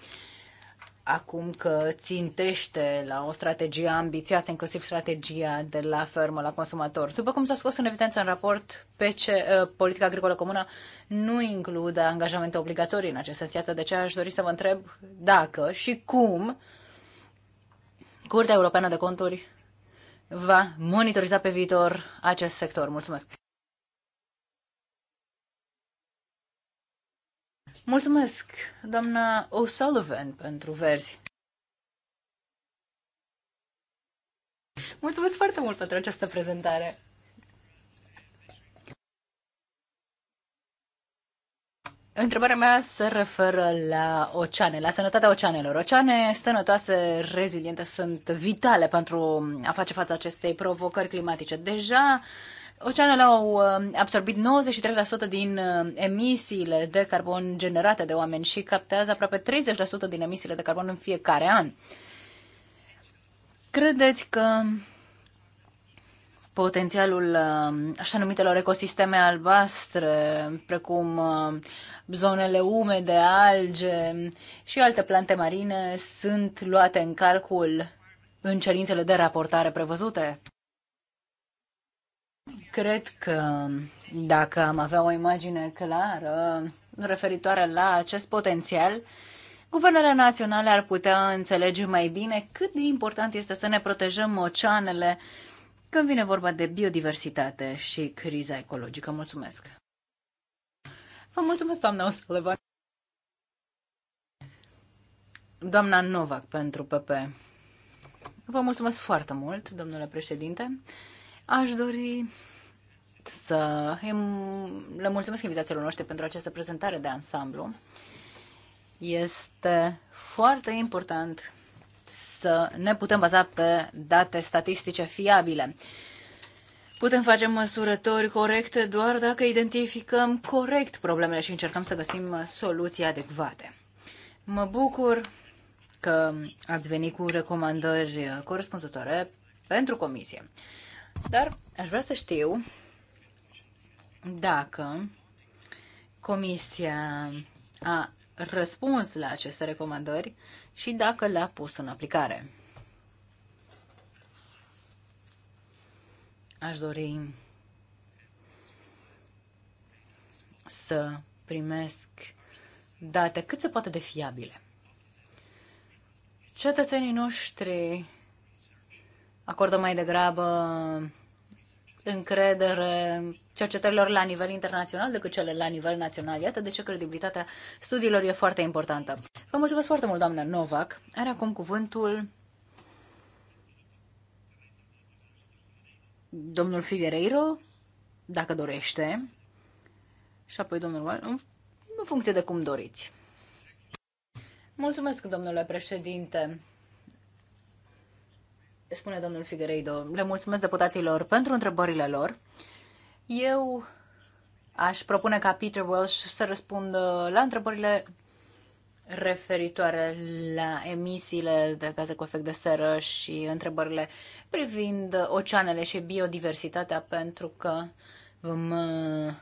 acum că țintește la o strategie ambițioasă, inclusiv strategia de la fermă la consumator. După cum s-a scos în evidență în raport, PC, eh, politica agricolă comună nu include angajamente obligatorii în acest sens. Iată de ce aș dori să vă întreb dacă și cum Curtea Europeană de Conturi va monitoriza pe viitor acest sector. Mulțumesc! Mulțumesc, doamna O'Sullivan, pentru verzi. Mulțumesc foarte mult pentru această prezentare. Întrebarea mea se referă la oceane, la sănătatea oceanelor. Oceane sănătoase, reziliente, sunt vitale pentru a face față acestei provocări climatice. Deja Oceanele au uh, absorbit 93% din uh, emisiile de carbon generate de oameni și captează aproape 30% din emisiile de carbon în fiecare an. Credeți că potențialul uh, așa numitelor ecosisteme albastre, precum uh, zonele umede, alge și alte plante marine, sunt luate în calcul în cerințele de raportare prevăzute? Cred că dacă am avea o imagine clară referitoare la acest potențial, guvernele naționale ar putea înțelege mai bine cât de important este să ne protejăm oceanele când vine vorba de biodiversitate și criza ecologică. Mulțumesc! Vă mulțumesc, doamna O'Sullivan! Doamna Novak pentru PP. Vă mulțumesc foarte mult, domnule președinte. Aș dori să le mulțumesc invitațiilor noștri pentru această prezentare de ansamblu. Este foarte important să ne putem baza pe date statistice fiabile. Putem face măsurători corecte doar dacă identificăm corect problemele și încercăm să găsim soluții adecvate. Mă bucur că ați venit cu recomandări corespunzătoare pentru comisie. Dar aș vrea să știu dacă comisia a răspuns la aceste recomandări și dacă le-a pus în aplicare. Aș dori să primesc date cât se poate de fiabile. Cetățenii noștri acordă mai degrabă încredere cercetărilor la nivel internațional decât cele la nivel național. Iată de ce credibilitatea studiilor e foarte importantă. Vă mulțumesc foarte mult, doamnă Novak. Are acum cuvântul domnul Figueiredo, dacă dorește, și apoi domnul Wall, în funcție de cum doriți. Mulțumesc, domnule președinte spune domnul Figueiredo. Le mulțumesc deputaților pentru întrebările lor. Eu aș propune ca Peter Welsh să răspundă la întrebările referitoare la emisiile de gaze cu efect de seră și întrebările privind oceanele și biodiversitatea, pentru că vom uh,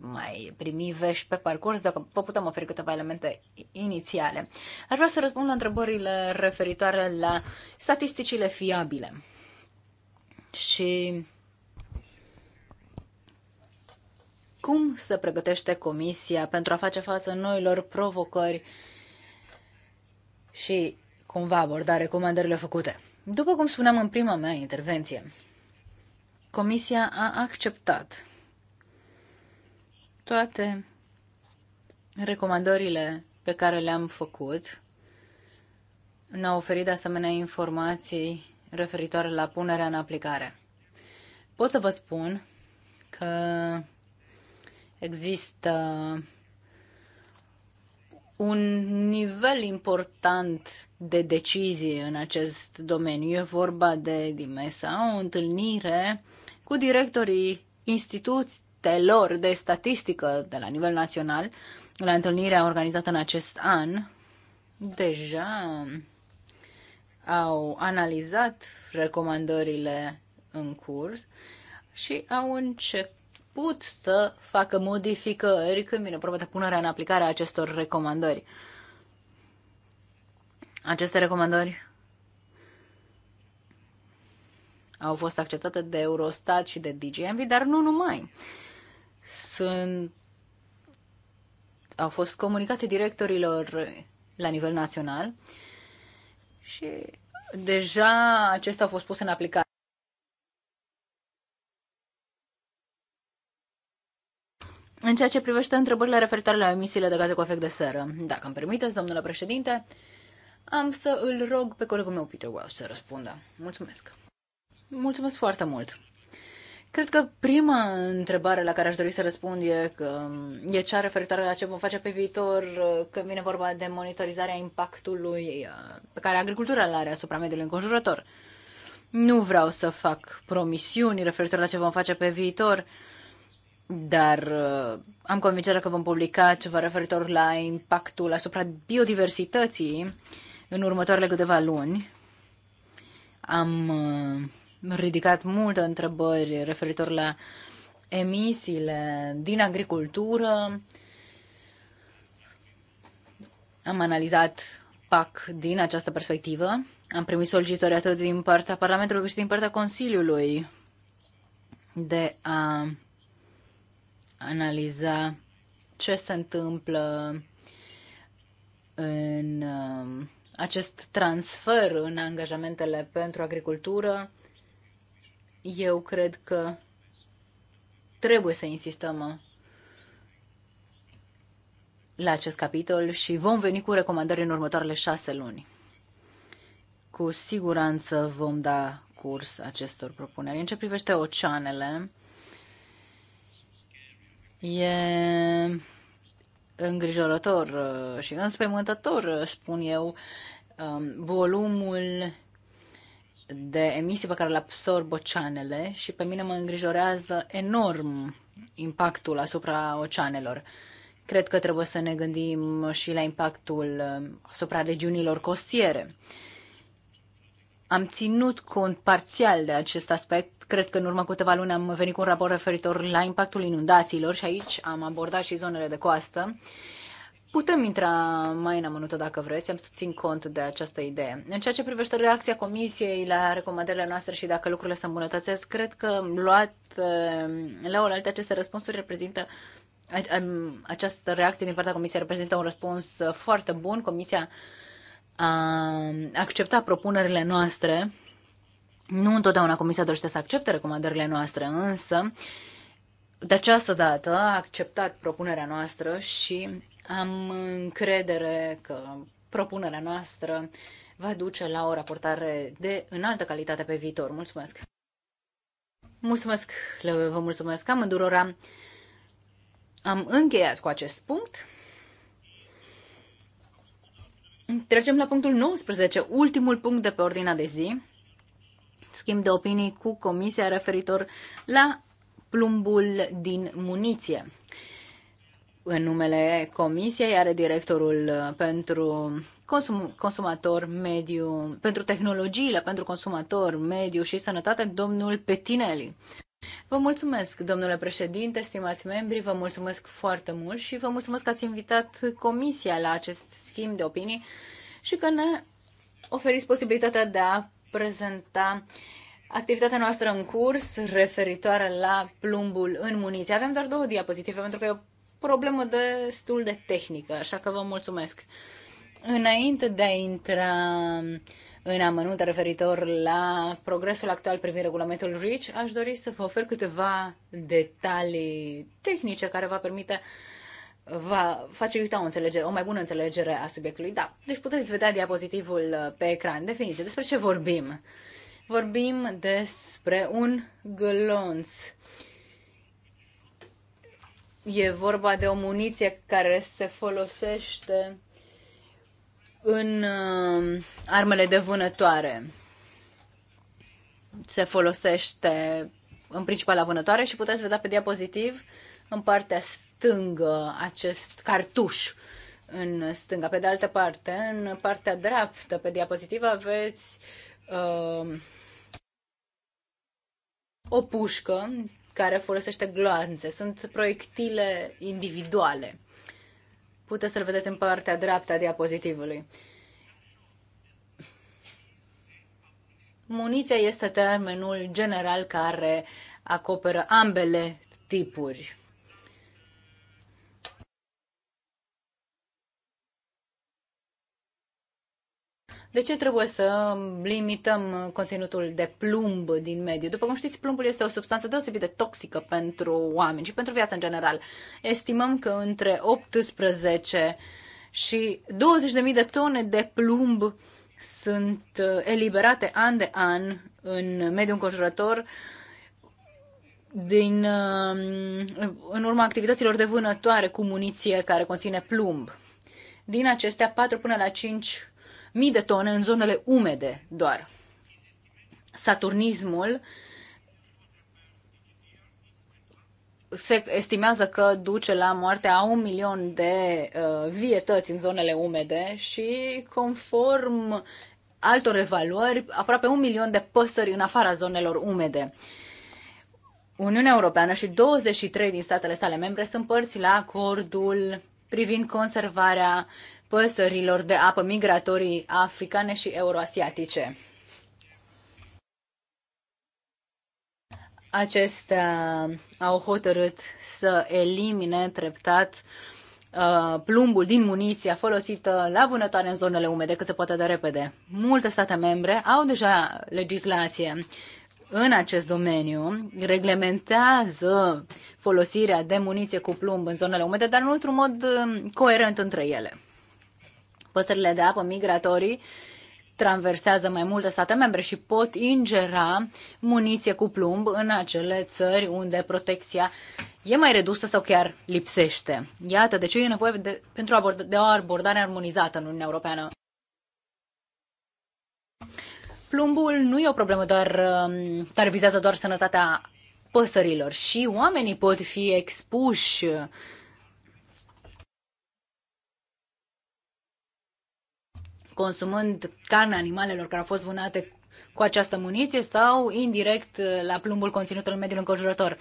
mai primi vești pe parcurs, dacă vă putem oferi câteva elemente inițiale. Aș vrea să răspund la întrebările referitoare la statisticile fiabile. Și cum se pregătește Comisia pentru a face față noilor provocări și cum va aborda recomandările făcute. După cum spuneam în prima mea intervenție, Comisia a acceptat toate recomandările pe care le-am făcut ne-au oferit de asemenea informații referitoare la punerea în aplicare. Pot să vă spun că există un nivel important de decizie în acest domeniu. E vorba de DIMESA, o întâlnire cu directorii instituți, Telor de statistică de la nivel național, la întâlnirea organizată în acest an, deja au analizat recomandările în curs și au început să facă modificări când vine vorba de punerea în aplicare a acestor recomandări. Aceste recomandări au fost acceptate de Eurostat și de DGMV, dar nu numai sunt, au fost comunicate directorilor la nivel național și deja acestea au fost puse în aplicare. În ceea ce privește întrebările referitoare la emisiile de gaze cu efect de seră, dacă îmi permiteți, domnule președinte, am să îl rog pe colegul meu, Peter Wells să răspundă. Mulțumesc! Mulțumesc foarte mult! Cred că prima întrebare la care aș dori să răspund e, că e cea referitoare la ce vom face pe viitor când vine vorba de monitorizarea impactului uh, pe care agricultura îl are asupra mediului înconjurător. Nu vreau să fac promisiuni referitor la ce vom face pe viitor, dar uh, am convingerea că vom publica ceva referitor la impactul asupra biodiversității în următoarele câteva luni. Am uh, ridicat multe întrebări referitor la emisiile din agricultură. Am analizat PAC din această perspectivă. Am primit solicitări atât din partea Parlamentului cât și din partea Consiliului de a analiza ce se întâmplă în uh, acest transfer în angajamentele pentru agricultură eu cred că trebuie să insistăm la acest capitol și vom veni cu recomandări în următoarele șase luni. Cu siguranță vom da curs acestor propuneri. În ce privește oceanele, e îngrijorător și înspăimântător, spun eu, um, volumul de emisii pe care le absorb oceanele și pe mine mă îngrijorează enorm impactul asupra oceanelor. Cred că trebuie să ne gândim și la impactul uh, asupra regiunilor costiere. Am ținut cont parțial de acest aspect. Cred că în urmă câteva luni am venit cu un raport referitor la impactul inundațiilor și aici am abordat și zonele de coastă. Uh, Putem intra mai în amănuntă dacă vreți, am să țin cont de această idee. În ceea ce privește reacția comisiei la recomandările noastre și dacă lucrurile se îmbunătățesc, cred că luat eh, la oaltă aceste răspunsuri reprezintă această reacție din partea comisiei reprezintă un răspuns eh, foarte bun. Comisia a acceptat propunerile noastre. Nu întotdeauna comisia dorește să accepte recomandările noastre, însă de această dată a acceptat propunerea noastră și am încredere că propunerea noastră va duce la o raportare de înaltă calitate pe viitor. Mulțumesc! Mulțumesc, le vă mulțumesc amândurora. Am încheiat cu acest punct. Trecem la punctul 19, ultimul punct de pe ordinea de zi. Schimb de opinii cu comisia referitor la plumbul din muniție în numele Comisiei are directorul uh, pentru consum, consumator, mediu, pentru tehnologiile, pentru consumator, mediu și sănătate, domnul Petinelli. Vă mulțumesc, domnule președinte, stimați membri, vă mulțumesc foarte mult și vă mulțumesc că ați invitat Comisia la acest schimb de opinii și că ne oferiți posibilitatea de a prezenta activitatea noastră în curs referitoare la plumbul în muniție. Avem doar două diapozitive pentru că e o problemă destul de tehnică, așa că vă mulțumesc. Înainte de a intra în amănunt referitor la progresul actual privind regulamentul REACH, aș dori să vă ofer câteva detalii tehnice care va permite va facilita o înțelegere, o mai bună înțelegere a subiectului. Da, deci puteți vedea diapozitivul pe ecran. Definiție, despre ce vorbim? Vorbim despre un glonț E vorba de o muniție care se folosește în uh, armele de vânătoare. Se folosește în principal la vânătoare și puteți vedea pe diapozitiv în partea stângă acest cartuș în stânga. Pe de altă parte, în partea dreaptă pe diapozitiv aveți uh, o pușcă care folosește gloanțe. Sunt proiectile individuale. Puteți să-l vedeți în partea dreaptă a diapozitivului. Muniția este termenul general care acoperă ambele tipuri. De ce trebuie să limităm conținutul de plumb din mediu? După cum știți, plumbul este o substanță deosebit de toxică pentru oameni și pentru viața în general. Estimăm că între 18 și 20.000 de tone de plumb sunt uh, eliberate an de an în mediul înconjurător din, uh, în urma activităților de vânătoare cu muniție care conține plumb. Din acestea, 4 până la 5 mii de tone în zonele umede doar. Saturnismul se estimează că duce la moartea a un milion de uh, vietăți în zonele umede și conform altor evaluări, aproape un milion de păsări în afara zonelor umede. Uniunea Europeană și 23 din statele sale membre sunt părți la acordul privind conservarea păsărilor de apă migratorii africane și euroasiatice. Acestea au hotărât să elimine treptat uh, plumbul din muniția folosită la vânătoare în zonele umede cât se poate de repede. Multe state membre au deja legislație în acest domeniu, reglementează folosirea de muniție cu plumb în zonele umede, dar în într-un mod uh, coerent între ele. Păsările de apă migratorii traversează mai multe state membre și pot ingera muniție cu plumb în acele țări unde protecția e mai redusă sau chiar lipsește. Iată de ce e nevoie de, pentru abord, de o abordare armonizată în Uniunea Europeană. Plumbul nu e o problemă doar care um, vizează doar sănătatea păsărilor și oamenii pot fi expuși uh, consumând carne animalelor care au fost vânate cu această muniție sau indirect uh, la plumbul conținutului în mediul înconjurător.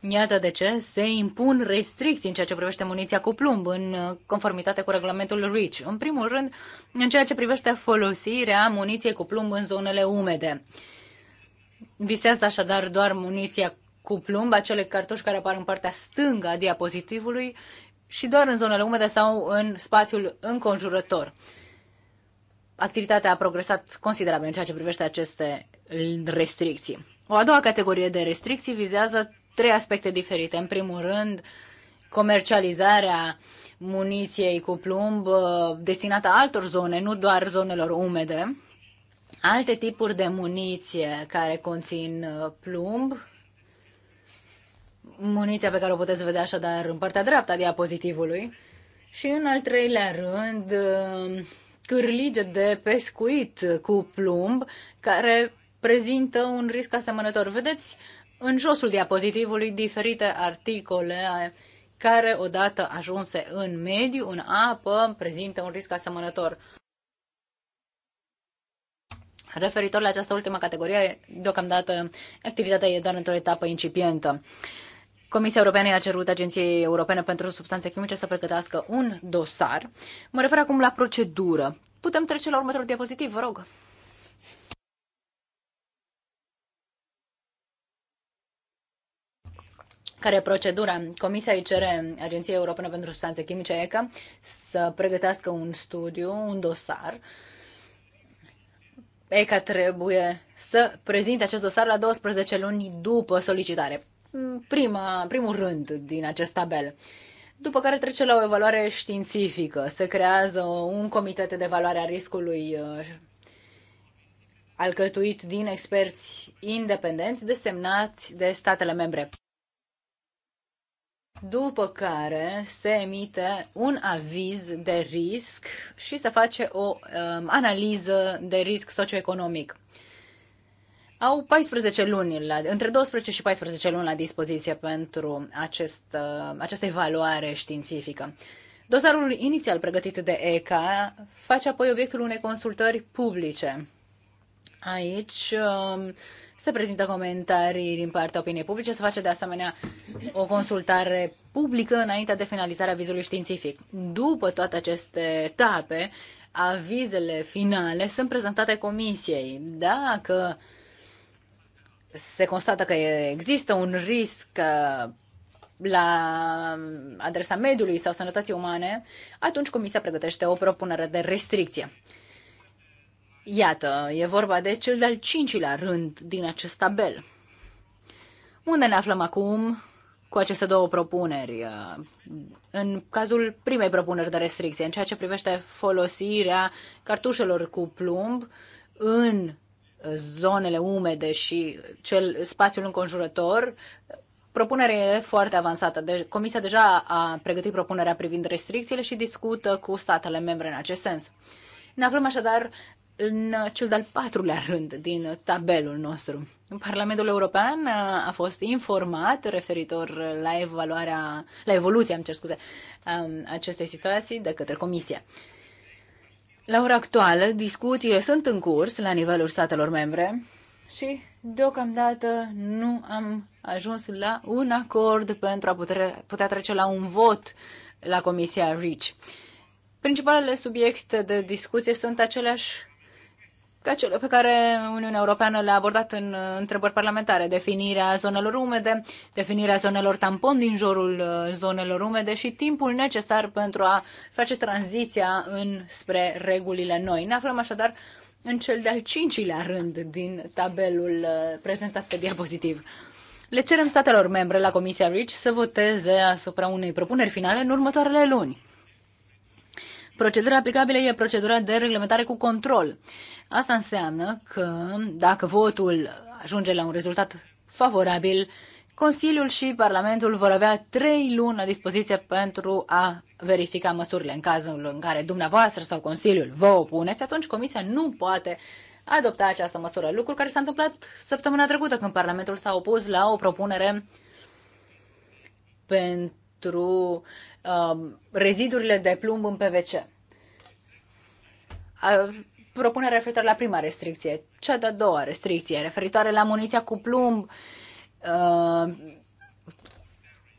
Iată de ce se impun restricții în ceea ce privește muniția cu plumb, în uh, conformitate cu regulamentul REACH. În primul rând, în ceea ce privește folosirea muniției cu plumb în zonele umede. Visează așadar doar muniția cu plumb, acele cartuși care apar în partea stângă a diapozitivului și doar în zonele umede sau în spațiul înconjurător activitatea a progresat considerabil în ceea ce privește aceste restricții. O a doua categorie de restricții vizează trei aspecte diferite. În primul rând, comercializarea muniției cu plumb uh, destinată altor zone, nu doar zonelor umede. Alte tipuri de muniție care conțin uh, plumb, muniția pe care o puteți vedea așadar în partea dreaptă a diapozitivului. Și în al treilea rând, uh, scârlige de pescuit cu plumb, care prezintă un risc asemănător. Vedeți în josul diapozitivului diferite articole care, odată ajunse în mediu, în apă, prezintă un risc asemănător. Referitor la această ultimă categorie, deocamdată activitatea e doar într-o etapă incipientă. Uh, Comisia Europeană i-a cerut Agenției Europene pentru Substanțe Chimice să pregătească un dosar. Mă refer acum la procedură. Putem trece la următorul diapozitiv, vă rog. care e procedura. Comisia îi cere Agenției Europene pentru Substanțe Chimice ECA să pregătească un studiu, un dosar. ECA trebuie să prezinte acest dosar la 12 luni după solicitare prima, primul rând din acest tabel. După care trece la o evaluare științifică. Se creează un comitet de evaluare a riscului uh, alcătuit din experți independenți desemnați de statele membre. După care se emite un aviz de risc și se face o um, analiză de risc socioeconomic au 14 luni, la, între 12 și 14 luni la dispoziție pentru acest, uh, această evaluare științifică. Dosarul inițial pregătit de ECA face apoi obiectul unei consultări publice. Aici um, se prezintă comentarii din partea opiniei publice, se face de asemenea o consultare publică înainte de finalizarea vizului științific. După toate aceste etape, avizele finale sunt prezentate comisiei. Dacă uh, se constată că există un risc uh, la adresa mediului sau sănătății umane, atunci Comisia pregătește o propunere de restricție. Iată, e vorba de cel de-al cincilea rând din acest tabel. Unde ne aflăm acum cu aceste două propuneri? Uh, în cazul primei propuneri de restricție, în ceea ce privește folosirea cartușelor cu plumb în zonele umede și cel, spațiul înconjurător, propunerea e foarte avansată. De- deci, Comisia deja a pregătit propunerea privind restricțiile și discută cu statele membre în acest sens. Ne aflăm așadar în cel de-al patrulea rând din tabelul nostru. Parlamentul European a fost informat referitor la evaluarea, la evoluția, am cer scuze, acestei situații de către Comisie. La ora actuală, discuțiile sunt în curs la nivelul statelor membre și deocamdată nu am ajuns la un acord pentru a putea, putea trece la un vot la Comisia RICH. Principalele subiecte de discuție sunt aceleași ca cele pe care Uniunea Europeană le-a abordat în uh, întrebări parlamentare, definirea zonelor umede, definirea zonelor tampon din jurul uh, zonelor umede și timpul necesar pentru a face tranziția în spre regulile noi. Ne aflăm așadar în cel de-al cincilea rând din tabelul uh, prezentat pe diapozitiv. Le cerem statelor membre la Comisia RICH să voteze asupra unei propuneri finale în următoarele luni. Procedura aplicabilă e procedura de reglementare cu control. Asta înseamnă că dacă votul ajunge la un rezultat favorabil, Consiliul și Parlamentul vor avea trei luni la dispoziție pentru a verifica măsurile. În cazul în care dumneavoastră sau Consiliul vă opuneți, atunci Comisia nu poate adopta această măsură. Lucru care s-a întâmplat săptămâna trecută când Parlamentul s-a opus la o propunere pentru uh, rezidurile de plumb în PVC propunere referitoare la prima restricție, cea de-a doua restricție, referitoare la muniția cu plumb, uh,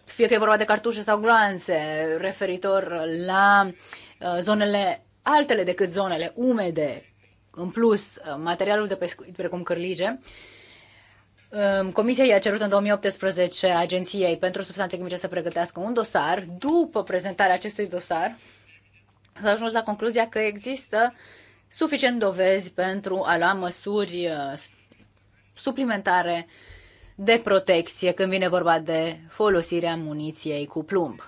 fie că e vorba de cartușe sau gloanțe, referitor la uh, zonele altele decât zonele umede, în plus uh, materialul de pescuit, precum cărlige. Um, comisia i-a cerut în 2018 Agenției pentru Substanțe Chimice să pregătească un dosar. După prezentarea acestui dosar, s-a ajuns la concluzia că există uh, suficient dovezi pentru a lua măsuri uh, suplimentare de protecție când vine vorba de folosirea muniției cu plumb.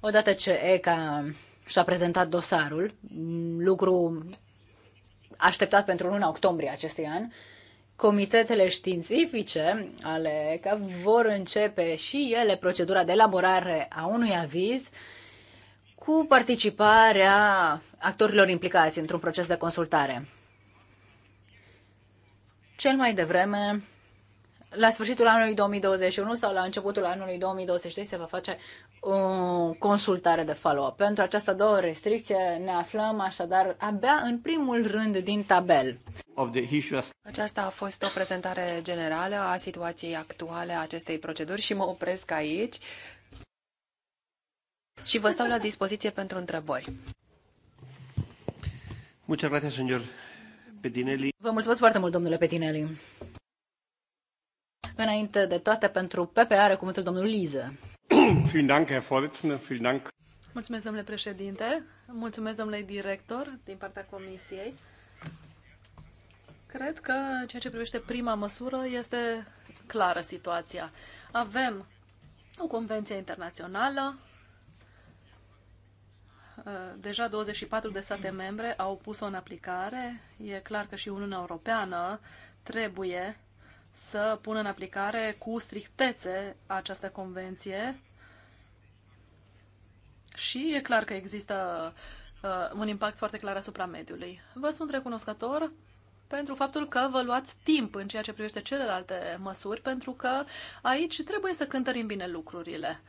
Odată ce ECA și-a prezentat dosarul, lucru așteptat pentru luna octombrie acestui an, comitetele științifice ale ECA vor începe și ele procedura de elaborare a unui aviz uh, cu participarea actorilor implicați într-un proces de consultare. Cel mai devreme, la sfârșitul anului 2021 sau la începutul anului 2023 se va face o consultare de follow-up. Pentru această două restricție ne aflăm așadar abia în primul rând din tabel. Aceasta a fost o prezentare generală a situației actuale a acestei proceduri și mă opresc aici și vă stau la dispoziție pentru întrebări. Muchas gracias, señor Petinelli. Vă mulțumesc foarte mult, domnule Petinelli. Înainte de toate, pentru PPA are cuvântul domnul Liză. Vielen Dank, Herr Vielen Dank. Mulțumesc, domnule președinte. Mulțumesc, domnule director, din partea comisiei. Cred că ceea ce privește prima măsură este clară situația. Avem o convenție internațională Uh, deja 24 de state membre au pus-o în aplicare. E clar că și Uniunea Europeană trebuie să pună în aplicare cu strictețe această convenție. Și e clar că există uh, un impact foarte clar asupra mediului. Vă sunt recunoscător pentru faptul că vă luați timp în ceea ce privește celelalte măsuri, pentru că aici trebuie să cântărim bine lucrurile.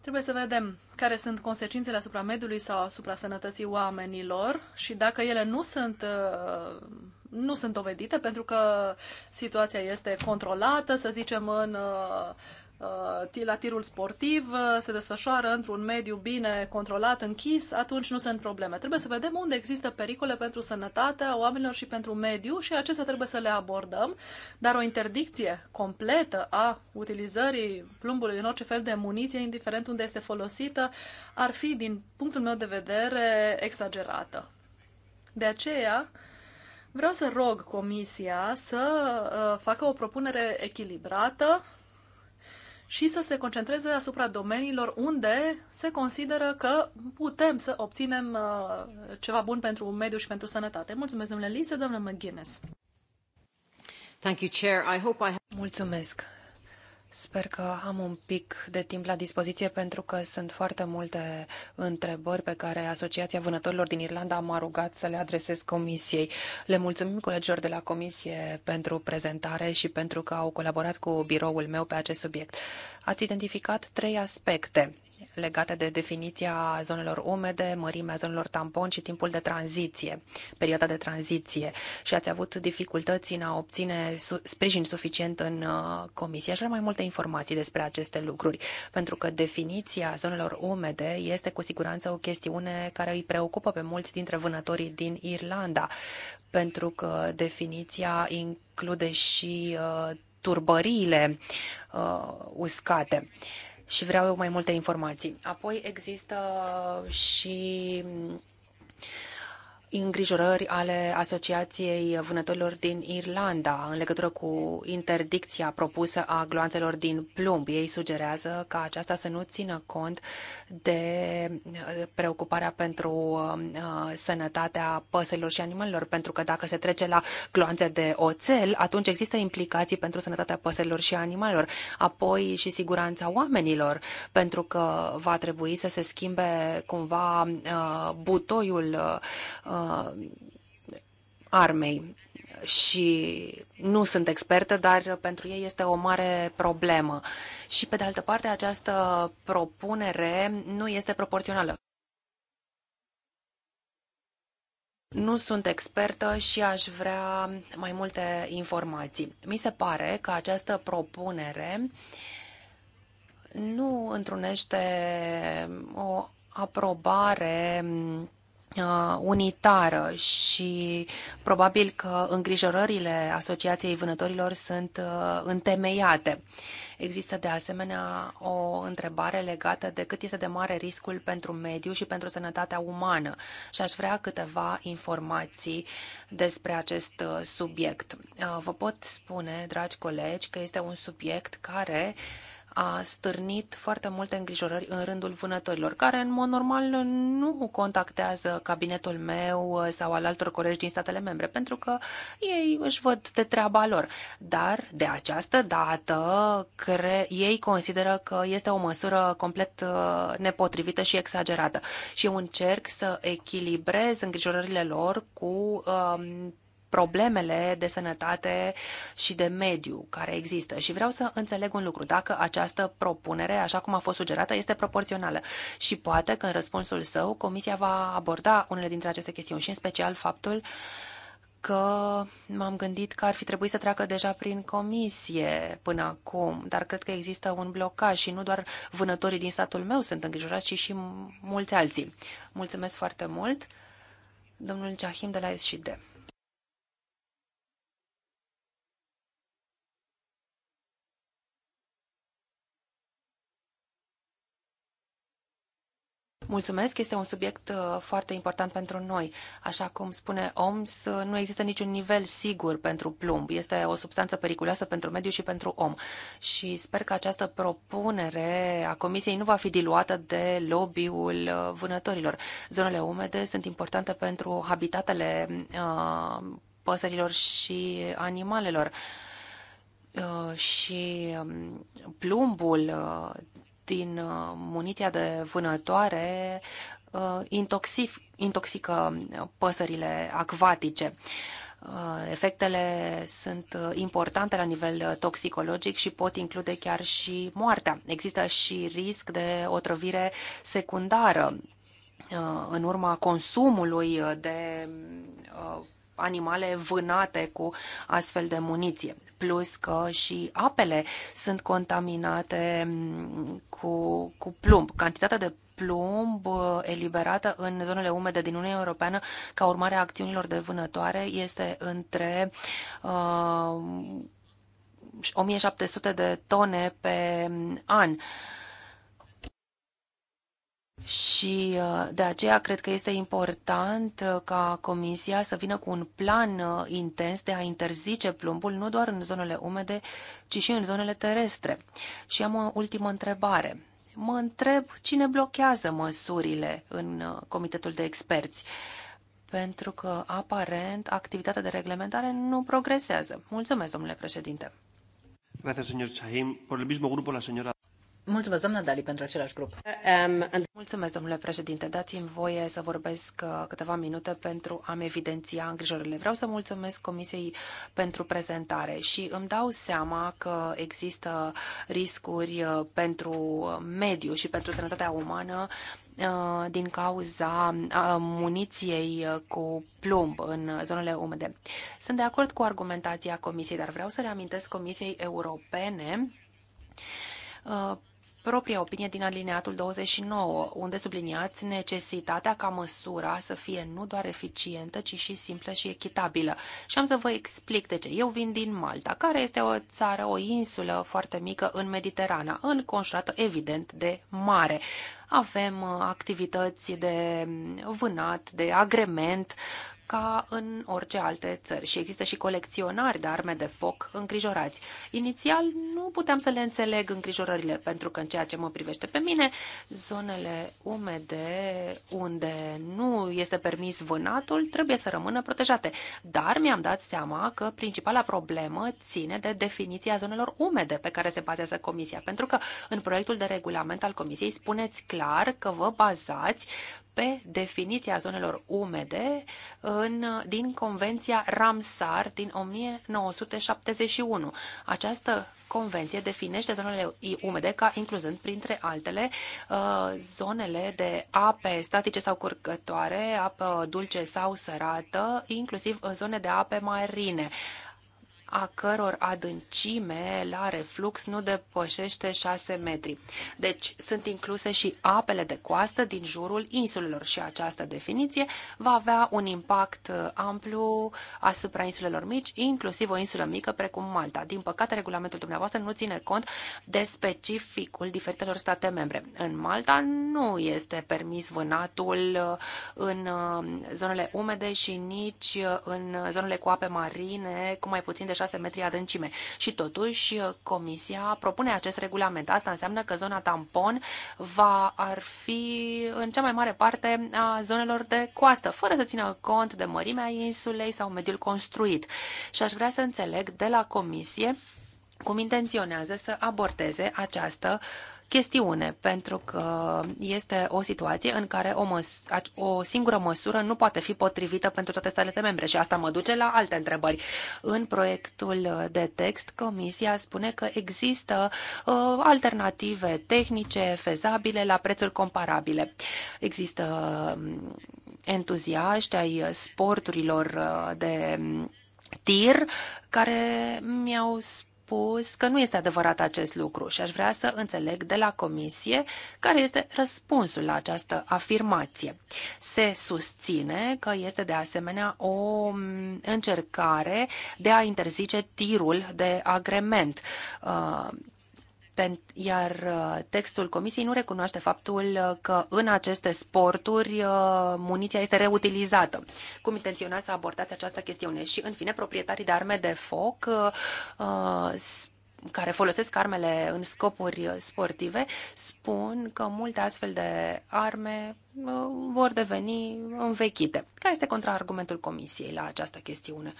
Trebuie să vedem care sunt consecințele asupra mediului sau asupra sănătății oamenilor și dacă ele nu sunt, uh, nu sunt dovedite, pentru că situația este controlată, să zicem, în uh, Uh, la tirul sportiv uh, se desfășoară într-un mediu bine controlat, închis, atunci nu sunt probleme. Trebuie să vedem unde există pericole pentru sănătatea oamenilor și pentru mediu și acestea trebuie să le abordăm, dar o interdicție completă a utilizării plumbului în orice fel de muniție, indiferent unde este folosită, ar fi, din punctul meu de vedere, exagerată. De aceea, vreau să rog Comisia să uh, facă o propunere echilibrată și să se concentreze asupra domeniilor unde se consideră că putem să obținem uh, ceva bun pentru mediu și pentru sănătate. Mulțumesc, domnule Lise, domnule McGuinness. Mulțumesc. Sper că am un pic de timp la dispoziție pentru că sunt foarte multe întrebări pe care Asociația Vânătorilor din Irlanda m-a rugat să le adresez comisiei. Le mulțumim colegilor de la comisie pentru prezentare și pentru că au colaborat cu biroul meu pe acest subiect. Ați identificat trei aspecte legate de definiția zonelor umede, mărimea zonelor tampon și timpul de tranziție, perioada de tranziție și ați avut dificultăți în a obține sprijin suficient în uh, comisie. Aș vrea mai multe informații despre aceste lucruri, pentru că definiția zonelor umede este cu siguranță o chestiune care îi preocupă pe mulți dintre vânătorii din Irlanda, pentru că definiția include și uh, turbăriile uh, uscate. Uh, și vreau mai multe informații. Apoi există și îngrijorări ale Asociației Vânătorilor din Irlanda în legătură cu interdicția propusă a gloanțelor din plumb. Ei sugerează ca aceasta să nu țină cont de preocuparea pentru um, uh, sănătatea păsărilor și animalelor, pentru că dacă se trece la gloanțe de oțel, atunci există implicații pentru sănătatea păsărilor și animalelor, apoi și siguranța oamenilor, pentru că va trebui să se schimbe cumva uh, butoiul uh, uh, armei și nu sunt expertă, dar pentru ei este o mare problemă. Și pe de altă parte, această propunere nu este proporțională. Nu sunt expertă și aș vrea mai multe informații. Mi se pare că această propunere nu întrunește o aprobare Uh, unitară și probabil că îngrijorările Asociației Vânătorilor sunt uh, întemeiate. Există de asemenea o întrebare legată de cât este de mare riscul pentru mediu și pentru sănătatea umană și aș vrea câteva informații despre acest uh, subiect. Vă pot spune, dragi colegi, că este un subiect care a stârnit foarte multe îngrijorări în rândul vânătorilor, care în mod normal nu contactează cabinetul meu uh, sau al altor colegi din statele membre, pentru că ei își văd de treaba lor. Dar de această dată cre- ei consideră că este o măsură complet uh, nepotrivită și exagerată. Și eu încerc să echilibrez îngrijorările lor cu um, problemele de sănătate și de mediu care există. Și vreau să înțeleg un lucru, dacă această propunere, așa cum a fost sugerată, este proporțională. Și poate că în răspunsul său Comisia va aborda unele dintre aceste chestiuni și în special faptul că m-am gândit că ar fi trebuit să treacă deja prin comisie până acum, dar cred că există un blocaj și nu doar vânătorii din statul meu sunt îngrijorați, ci și mulți alții. Mulțumesc foarte mult, domnul Ceahim de la SD. Mulțumesc, este un subiect uh, foarte important pentru noi. Așa cum spune OMS, uh, nu există niciun nivel sigur pentru plumb. Este o substanță periculoasă pentru mediu și pentru om. Și sper că această propunere a Comisiei nu va fi diluată de lobby-ul uh, vânătorilor. Zonele umede sunt importante pentru habitatele păsărilor și animalelor și um, plumbul din uh, muniția de vânătoare uh, intoxică uh, păsările acvatice. Efectele sunt importante la nivel toxicologic și pot include chiar și moartea. Există și risc de otrăvire secundară în urma consumului de animale vânate cu astfel de muniție plus că și apele sunt contaminate mm, cu, cu plumb. Cantitatea de plumb uh, eliberată în zonele umede din Uniunea Europeană ca urmare a acțiunilor de vânătoare este între uh, 1700 de tone pe mm, an. Uh, și uh, de aceea cred că este important uh, ca Comisia să vină cu un plan uh, intens de a interzice plumbul nu doar în zonele umede, ci și în zonele terestre. Și am o ultimă întrebare. Mă întreb cine blochează măsurile în Comitetul de Experți, pentru că, aparent, activitatea de reglementare nu progresează. Mulțumesc, domnule președinte. Gracias, señor Chahim. Por el mismo grupo, la señora... Mulțumesc, doamna Dali, pentru același grup. Mulțumesc, domnule președinte. Dați-mi voie să vorbesc uh, câteva minute pentru a-mi evidenția îngrijorările. Vreau să mulțumesc Comisiei pentru prezentare și îmi dau seama că există riscuri uh, pentru mediu și pentru sănătatea umană uh, din cauza muniției cu plumb în zonele umede. Sunt de acord cu argumentația Comisiei, dar vreau să reamintesc Comisiei Europene propria opinie din alineatul 29, unde subliniați necesitatea ca măsura să fie nu doar eficientă, ci și simplă și echitabilă. Și am să vă explic de ce. Eu vin din Malta, care este o țară, o insulă foarte mică în Mediterana, înconjurată evident de mare avem uh, activități de mm, vânat, de agrement, ca în orice alte țări și există și colecționari de arme de foc îngrijorați. Inițial nu puteam să le înțeleg îngrijorările, pentru că în ceea ce mă privește pe mine, zonele umede unde nu este permis vânatul trebuie să rămână protejate. Dar mi-am dat seama că principala problemă ține de definiția zonelor umede pe care se bazează Comisia, pentru că în proiectul de regulament al Comisiei spuneți clar că vă bazați pe definiția zonelor umede în, din Convenția Ramsar din 1971. Această convenție definește zonele umede ca incluzând, printre altele, uh, zonele de ape statice sau curgătoare, apă dulce sau sărată, inclusiv uh, zone de ape marine, a căror adâncime la reflux nu depășește 6 metri. Deci sunt incluse și apele de coastă din jurul insulelor și această definiție va avea un impact uh, amplu asupra insulelor mici, inclusiv o insulă mică precum Malta. Din păcate, regulamentul dumneavoastră nu ține cont de specificul diferitelor state membre. În Malta nu este permis vânatul uh, în uh, zonele umede și nici în zonele cu ape marine cu mai puțin de 6 metri adâncime. Și totuși, uh, Comisia propune acest regulament. Asta înseamnă că zona tampon va ar fi în cea mai mare parte a zonelor de coastă, fără să țină cont de mărimea insulei sau mediul construit. Și aș vrea să înțeleg de la Comisie cum intenționează să abordeze această uh, chestiune, pentru că este o situație în care o, măs- o singură măsură nu poate fi potrivită pentru toate statele membre și asta mă duce la alte întrebări. În proiectul de text, Comisia spune că există uh, alternative tehnice fezabile la prețuri comparabile. Există hm, entuziaști ai sporturilor ă, de tir care mi-au spus spus că nu este adevărat acest lucru și aș vrea să înțeleg de la comisie care este răspunsul la această afirmație. Se susține că este de asemenea o încercare de a interzice tirul de agrement uh, iar uh, textul comisiei nu recunoaște faptul uh, că în aceste sporturi uh, muniția este reutilizată. Cum intenționați să abordați această chestiune? Și, în fine, proprietarii de arme de foc care folosesc armele în scopuri sportive spun că multe astfel de arme vor deveni învechite. Care este contraargumentul comisiei la această chestiune?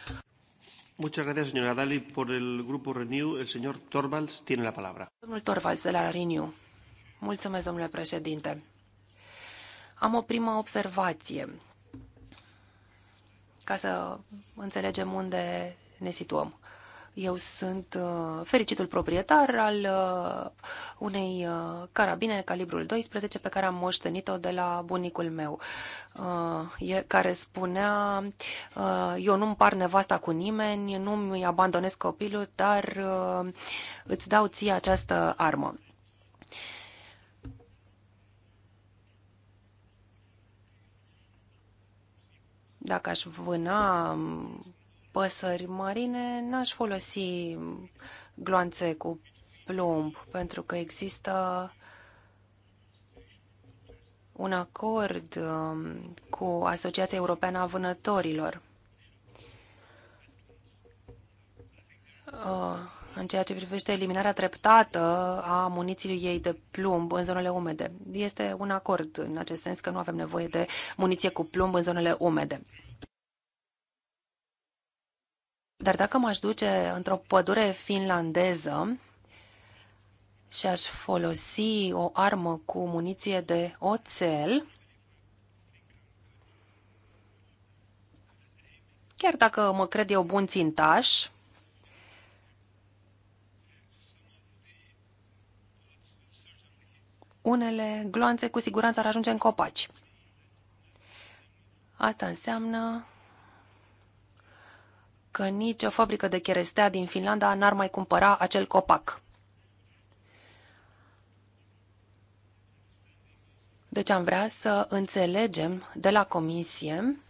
Muchas gracias, señora Dali. Por el grupo Renew, el señor Torvalds tiene la palabra. Domnul Torvalds, de la Renew. Mulțumesc, domnule președinte. Am o primă observație ca să înțelegem unde ne situăm. Eu sunt uh, fericitul proprietar al uh, unei uh, carabine calibrul 12 pe care am moștenit-o de la bunicul meu, care spunea eu nu-mi par nevasta cu nimeni, nu-mi abandonez copilul, dar îți dau ție această armă. Dacă aș vâna um, păsări marine, n-aș folosi gloanțe cu plumb, pentru că există un acord um, cu Asociația Europeană a Vânătorilor. Uh, în ceea ce privește eliminarea treptată a muniției ei de plumb în zonele umede. Este un acord în acest sens că nu avem nevoie de muniție cu plumb în zonele umede. Dar dacă m-aș duce într-o pădure finlandeză și aș folosi o armă cu muniție de oțel, chiar dacă mă cred eu bun țintaș, unele gloanțe cu siguranță ar ajunge în copaci. Asta înseamnă că nici o fabrică de cherestea din Finlanda n-ar mai cumpăra acel copac. Deci am vrea să înțelegem de la comisie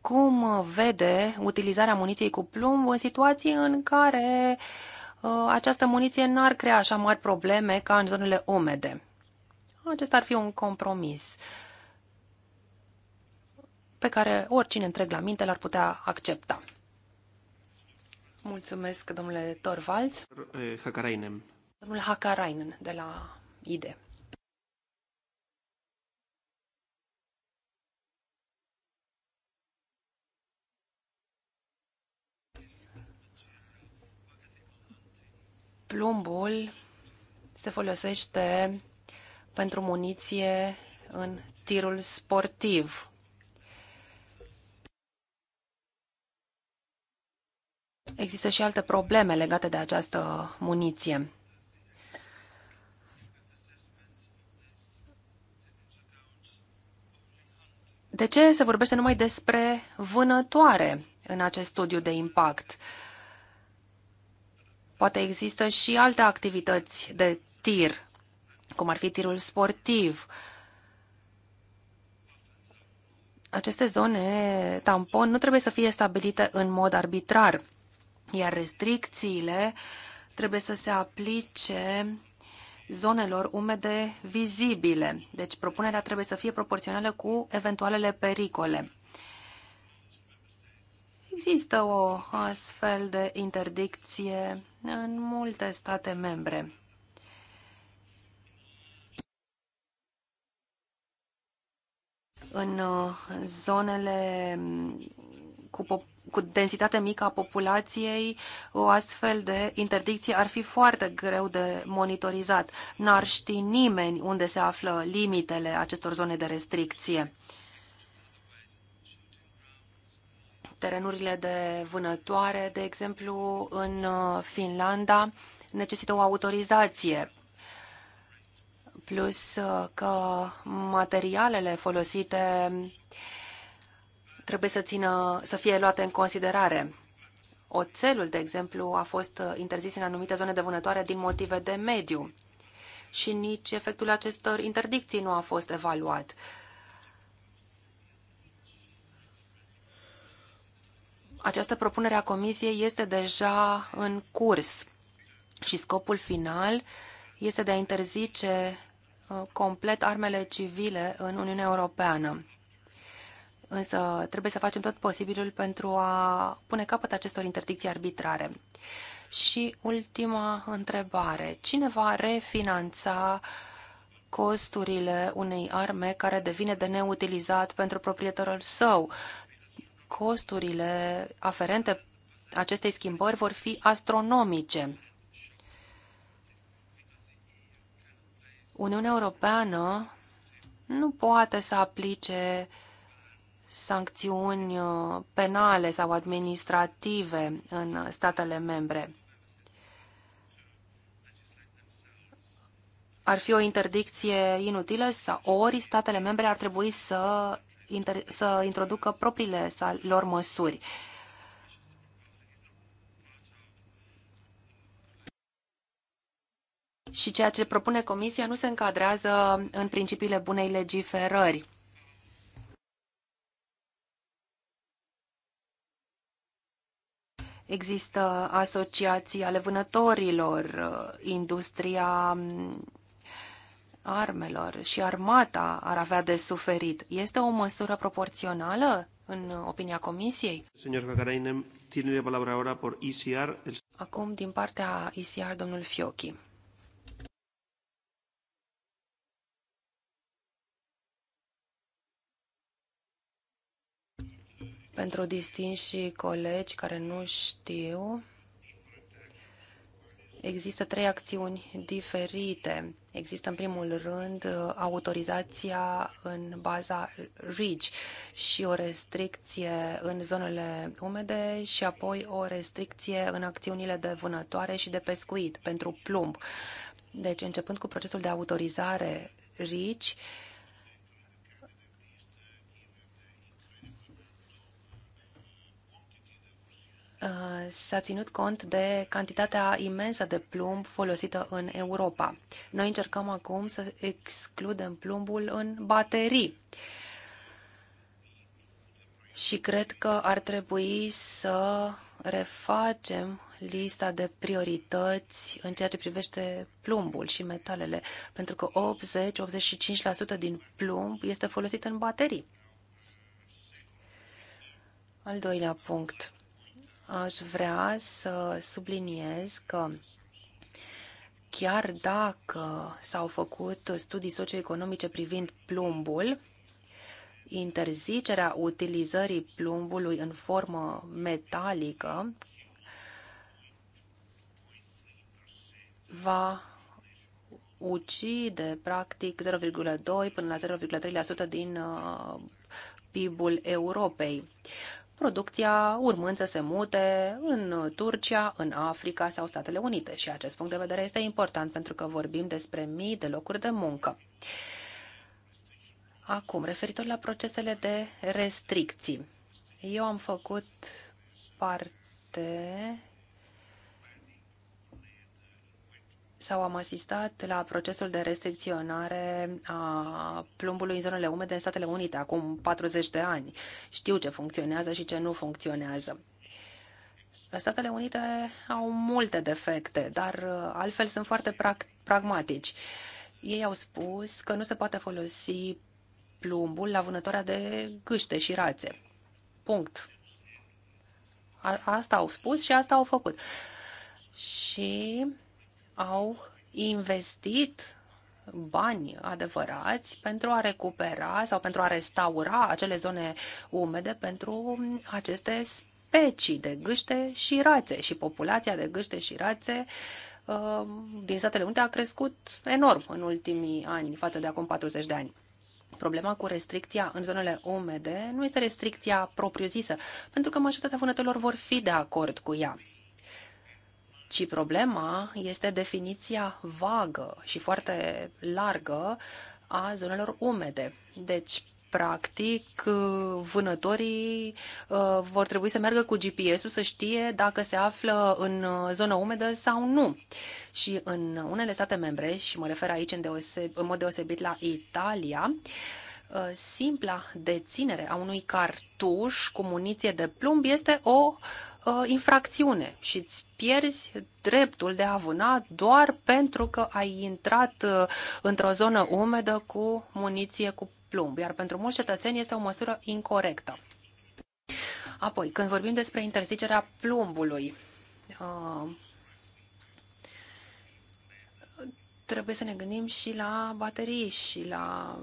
cum vede utilizarea muniției cu plumb în situații în care uh, această muniție n-ar crea așa mari probleme ca în zonele umede. Acesta ar fi un compromis. Uh, pe care oricine întreg la minte l-ar putea accepta. Mulțumesc, domnule Torvalds. Eh, Hakarainen. Domnul Hakarainen de la IDE. plumbul se folosește pentru muniție în tirul sportiv. există și alte probleme legate de această muniție. De ce se vorbește numai despre vânătoare în acest studiu de impact? Poate există și alte activități de tir, cum ar fi tirul sportiv. Aceste zone tampon nu trebuie să fie stabilite în mod arbitrar iar restricțiile trebuie să se aplice zonelor umede vizibile. Deci propunerea trebuie să fie proporțională cu eventualele pericole. Există o astfel de interdicție în multe state membre. În uh, zonele cu cu densitate mică a populației, o astfel de interdicție ar fi foarte greu de monitorizat. N-ar ști nimeni unde se află limitele acestor zone de restricție. Terenurile de vânătoare, de exemplu, în uh, Finlanda, necesită o autorizație plus uh, că materialele folosite trebuie să, țină, să fie luate în considerare. Oțelul, de exemplu, a fost interzis în anumite zone de vânătoare din motive de mediu și nici efectul acestor interdicții nu a fost evaluat. Această propunere a Comisiei este deja în curs și scopul final este de a interzice uh, complet armele civile în Uniunea Europeană. Însă trebuie să facem tot posibilul pentru a pune capăt acestor interdicții arbitrare. Și ultima întrebare. Cine va refinanța costurile unei arme care devine de neutilizat pentru proprietarul său? Costurile aferente acestei schimbări vor fi astronomice. Uniunea Europeană nu poate să aplice uh, sancțiuni uh, penale sau administrative în statele membre. Ar fi o interdicție inutilă sau ori statele membre ar trebui să, să introducă propriile lor măsuri. Și ceea ce propune Comisia nu se încadrează în principiile bunei legiferări Există asociații ale vânătorilor, uh, industria mm, armelor și armata ar avea de suferit. Este o măsură proporțională în opinia Comisiei? Acum, din partea ICR, domnul Fiochi. Pentru distinși colegi care nu știu, există trei acțiuni diferite. Există, în primul rând, autorizația în baza RIGE și o restricție în zonele umede și apoi o restricție în acțiunile de vânătoare și de pescuit pentru plumb. Deci, începând cu procesul de autorizare RIGE, Uh, s-a ținut cont de cantitatea imensă de plumb folosită în Europa. Noi încercăm acum să excludem plumbul în baterii. Și cred că ar trebui să refacem lista de priorități în ceea ce privește plumbul și metalele, pentru că 80-85% din plumb este folosit în baterii. Al doilea punct aș vrea să subliniez că chiar dacă s-au făcut studii socioeconomice privind plumbul, interzicerea utilizării plumbului în formă metalică va ucide practic 0,2 până la 0,3% din uh, PIB-ul Europei producția urmând să se mute în Turcia, în Africa sau Statele Unite. Și acest punct de vedere este important pentru că vorbim despre mii de locuri de muncă. Acum, referitor la procesele de restricții. Eu am făcut parte sau am asistat la procesul de restricționare a plumbului în zonele umede în Statele Unite acum 40 de ani. Știu ce funcționează și ce nu funcționează. Statele Unite au multe defecte, dar uh, altfel sunt foarte pragmatici. Ei au spus că nu se poate folosi plumbul la vânătoarea de gâște și rațe. Punct. A asta au spus și asta au făcut. Și au investit bani adevărați pentru a recupera sau pentru a restaura acele zone umede pentru aceste specii de gâște și rațe. Și populația de gâște și rațe uh, din Statele Unite a crescut enorm în ultimii ani, față de acum 40 de ani. Problema cu restricția în zonele umede nu este restricția propriu-zisă, pentru că majoritatea vânătorilor vor fi de acord cu ea ci problema este definiția vagă și foarte largă a zonelor umede. Deci, practic, vânătorii uh, vor trebui să meargă cu GPS-ul să știe dacă se află în zonă umedă sau nu. Și în unele state membre, și mă refer aici în, deoseb- în mod deosebit la Italia, uh, Uh, simpla deținere a unui cartuș cu muniție de plumb este o uh, infracțiune și îți pierzi dreptul de a vâna doar pentru că ai intrat uh, într-o zonă umedă cu muniție cu plumb, iar pentru mulți cetățeni este o măsură incorrectă. Apoi, când vorbim despre interzicerea plumbului, trebuie să ne gândim și la baterii și la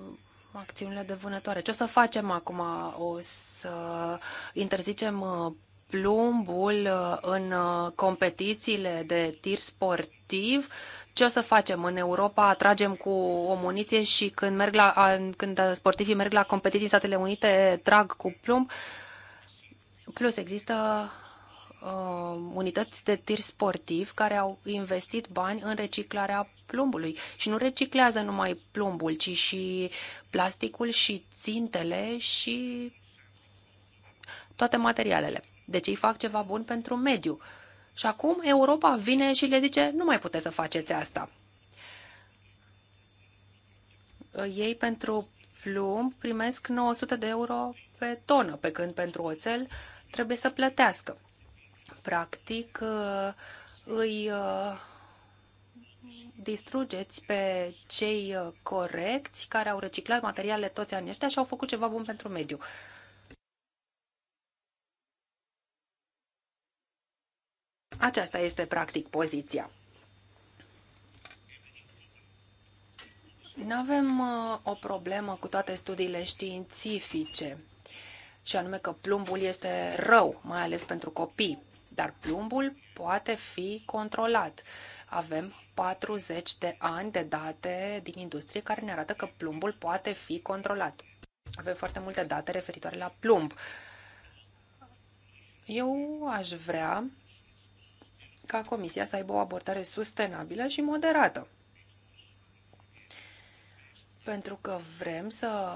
acțiunile de vânătoare. Ce o să facem acum? O să interzicem uh, plumbul uh, în uh, competițiile de tir sportiv. Ce o să facem? În Europa Tragem cu o muniție și când, merg la, când sportivii merg la competiții în Statele Unite, trag cu plumb. Plus, există uh, unități de tir sportiv care au investit bani în reciclarea plumbului și nu reciclează numai plumbul, ci și plasticul și țintele și toate materialele. Deci ei fac ceva bun pentru mediu. Și acum Europa vine și le zice, nu mai puteți să faceți asta. Uh, ei pentru plumb primesc 900 de euro pe tonă, pe când pentru oțel trebuie să plătească practic, uh, îi uh, distrugeți pe cei uh, corecți care au reciclat materialele toți anii ăștia și au făcut ceva bun pentru mediu. Aceasta este practic poziția. Nu avem o problemă cu toate studiile științifice, și anume că plumbul este rău, mai ales pentru copii dar plumbul poate fi controlat. Avem 40 de ani de date din industrie care ne arată că plumbul poate fi controlat. Avem foarte multe date referitoare la plumb. Eu aș vrea ca Comisia să aibă o abordare sustenabilă și moderată. Pentru că vrem să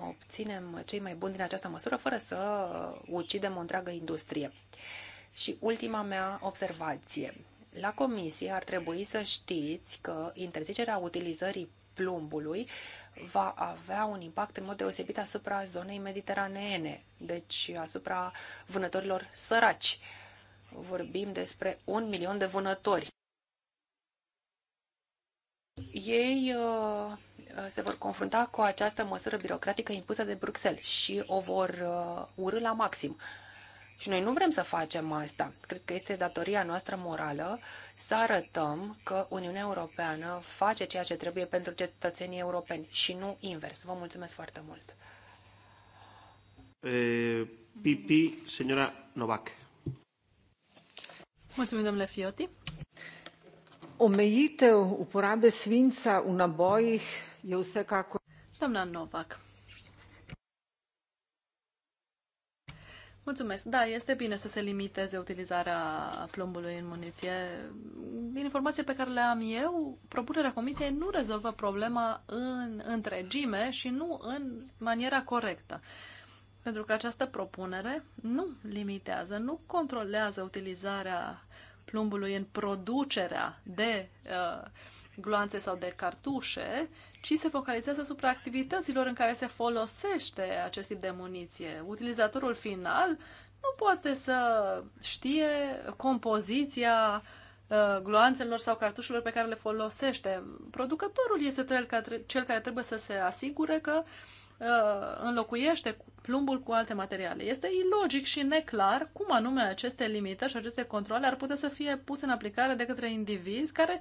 obținem cei mai buni din această măsură fără să ucidem o întreagă industrie. Și ultima mea observație. La comisie ar trebui să știți că interzicerea utilizării plumbului va avea un impact în mod deosebit asupra zonei mediteraneene, deci asupra vânătorilor săraci. Vorbim despre un milion de vânători. Ei uh, se vor confrunta cu această măsură birocratică impusă de Bruxelles și o vor uh, urâ la maxim. Uh, și noi nu vrem să facem asta. Cred că este datoria noastră morală să arătăm că Uniunea Europeană face ceea ce trebuie pentru cetățenii europeni și nu invers. Vă mulțumesc foarte mult. Pipi, senora Novak. Mulțumim, domnule Fioti. Omejitev uporabe svinca v nabojih je cu. Doamna Novak, Mulțumesc. Da, este bine să se limiteze utilizarea plumbului în muniție. Din informații pe care le am eu, propunerea comisiei nu rezolvă problema în întregime și nu în maniera corectă. Pentru că această propunere nu limitează, nu controlează utilizarea plumbului în producerea de uh, gloanțe sau de cartușe, ci se focalizează asupra activităților în care se folosește acest tip de muniție. Utilizatorul final nu poate să știe compoziția uh, gloanțelor sau cartușelor pe care le folosește. Producătorul este cel care trebuie să se asigure că uh, înlocuiește plumbul cu alte materiale. Este ilogic și neclar cum anume aceste limitări și aceste controle ar putea să fie puse în aplicare de către indivizi care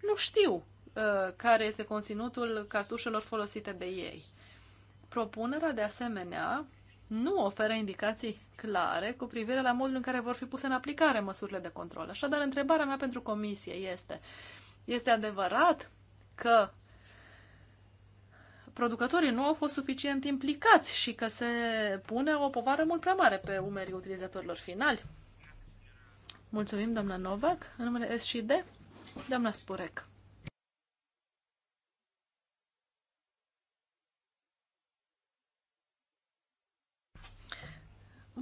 nu știu uh, care este conținutul cartușelor folosite de ei. Propunerea, de asemenea, nu oferă indicații clare cu privire la modul în care vor fi puse în aplicare măsurile de control. Așadar, întrebarea mea pentru comisie este, este adevărat că producătorii nu au fost suficient implicați și că se pune o povară mult prea mare pe umerii utilizatorilor finali? Mulțumim, doamna Novak. În numele S și D. Doamna sporec.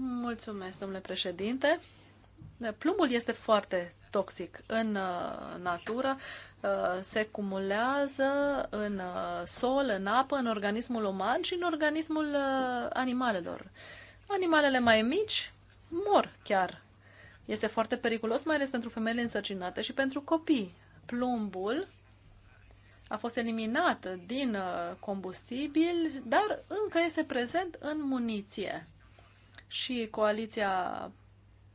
Mulțumesc, domnule președinte. Plumbul este foarte toxic în uh, natură, uh, se cumulează în uh, sol, în apă, în organismul uman și în organismul animalelor. Animalele mai mici mor chiar este foarte periculos, mai ales pentru femeile însărcinate și pentru copii. Plumbul a fost eliminat din uh, combustibil, dar încă este prezent în muniție. Și coaliția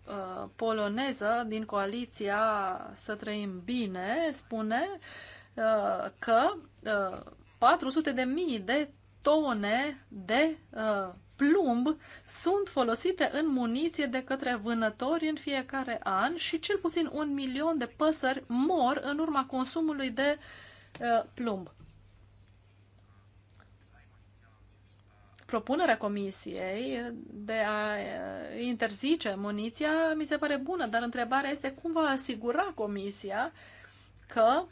uh, poloneză din coaliția Să trăim bine spune uh, că 400 de mii de tone de plumb sunt folosite în muniție de către vânători în fiecare an și cel puțin un milion de păsări mor în urma consumului de uh, plumb. Propunerea comisiei de a uh, interzice muniția mi se pare bună, dar întrebarea este cum va asigura comisia că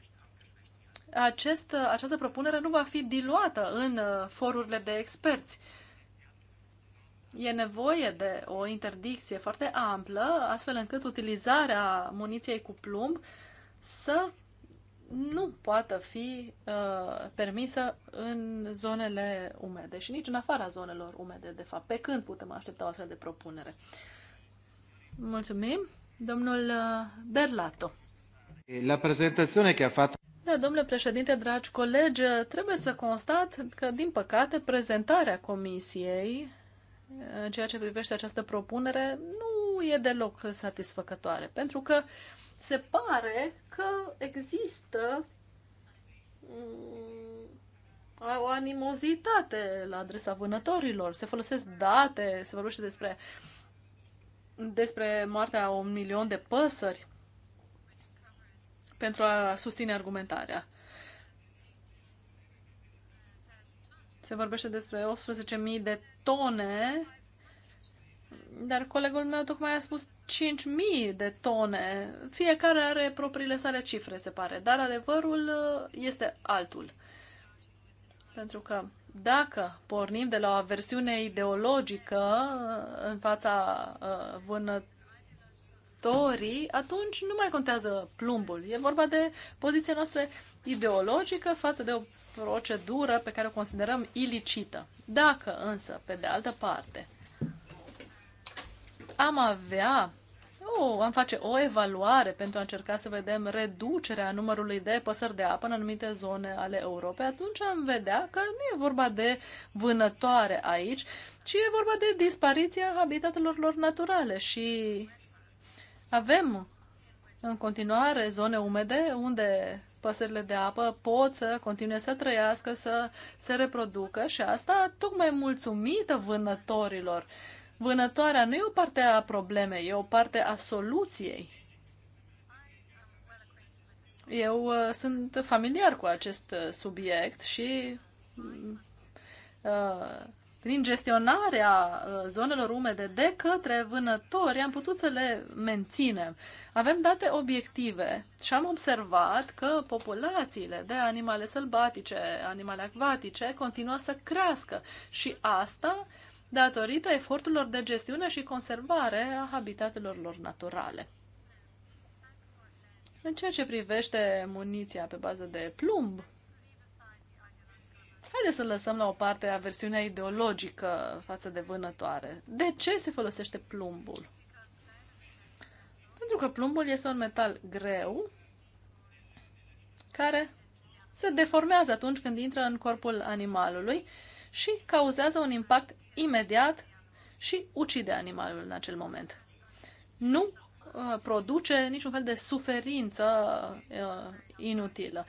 acest, această propunere nu va fi diluată în uh, forurile de experți e nevoie de o interdicție foarte amplă, astfel încât utilizarea muniției cu plumb să nu poată fi uh, permisă în zonele umede și nici în afara zonelor umede, de fapt. Pe când putem aștepta o astfel de propunere? Mulțumim. Domnul uh, Berlato. La prezentațiune care a făcut. da, domnule președinte, dragi colegi, trebuie să constat că, din păcate, prezentarea comisiei în ceea ce privește această propunere nu e deloc satisfăcătoare, pentru că se pare că există mm, o animozitate la adresa vânătorilor. Se folosesc date, se vorbește despre, despre moartea a un milion de păsări pentru a susține argumentarea. Se vorbește despre 18.000 de tone, dar colegul meu tocmai a spus 5.000 de tone. Fiecare are propriile sale cifre, se pare, dar adevărul uh, este altul. Pentru că dacă pornim de la o versiune ideologică uh, în fața uh, vânătorii, atunci nu mai contează plumbul. E vorba de poziția noastră ideologică față de o procedură pe care o considerăm ilicită. Dacă însă, pe de altă parte, am avea o, am face o evaluare pentru a încerca să vedem reducerea numărului de păsări de apă în anumite zone ale Europei, atunci am vedea că nu e vorba de vânătoare aici, ci e vorba de dispariția habitatelor lor naturale și avem în continuare zone umede unde păsările de apă pot să continue să trăiască, să se reproducă și asta tocmai mulțumită vânătorilor. Vânătoarea nu e o parte a problemei, e o parte a soluției. Eu uh, sunt familiar cu acest uh, subiect și mm, uh, prin gestionarea uh, zonelor umede de către vânători, am putut să le menținem. Avem date obiective și am observat că populațiile de animale sălbatice, animale acvatice, continuă să crească și asta datorită eforturilor de gestiune și conservare a habitatelor lor naturale. În ceea ce privește muniția pe bază de plumb, Haideți să lăsăm la o parte aversiunea ideologică față de vânătoare. De ce se folosește plumbul? Pentru că plumbul este un metal greu care se deformează atunci când intră în corpul animalului și cauzează un impact imediat și ucide animalul în acel moment. Nu uh, produce niciun fel de suferință uh, inutilă.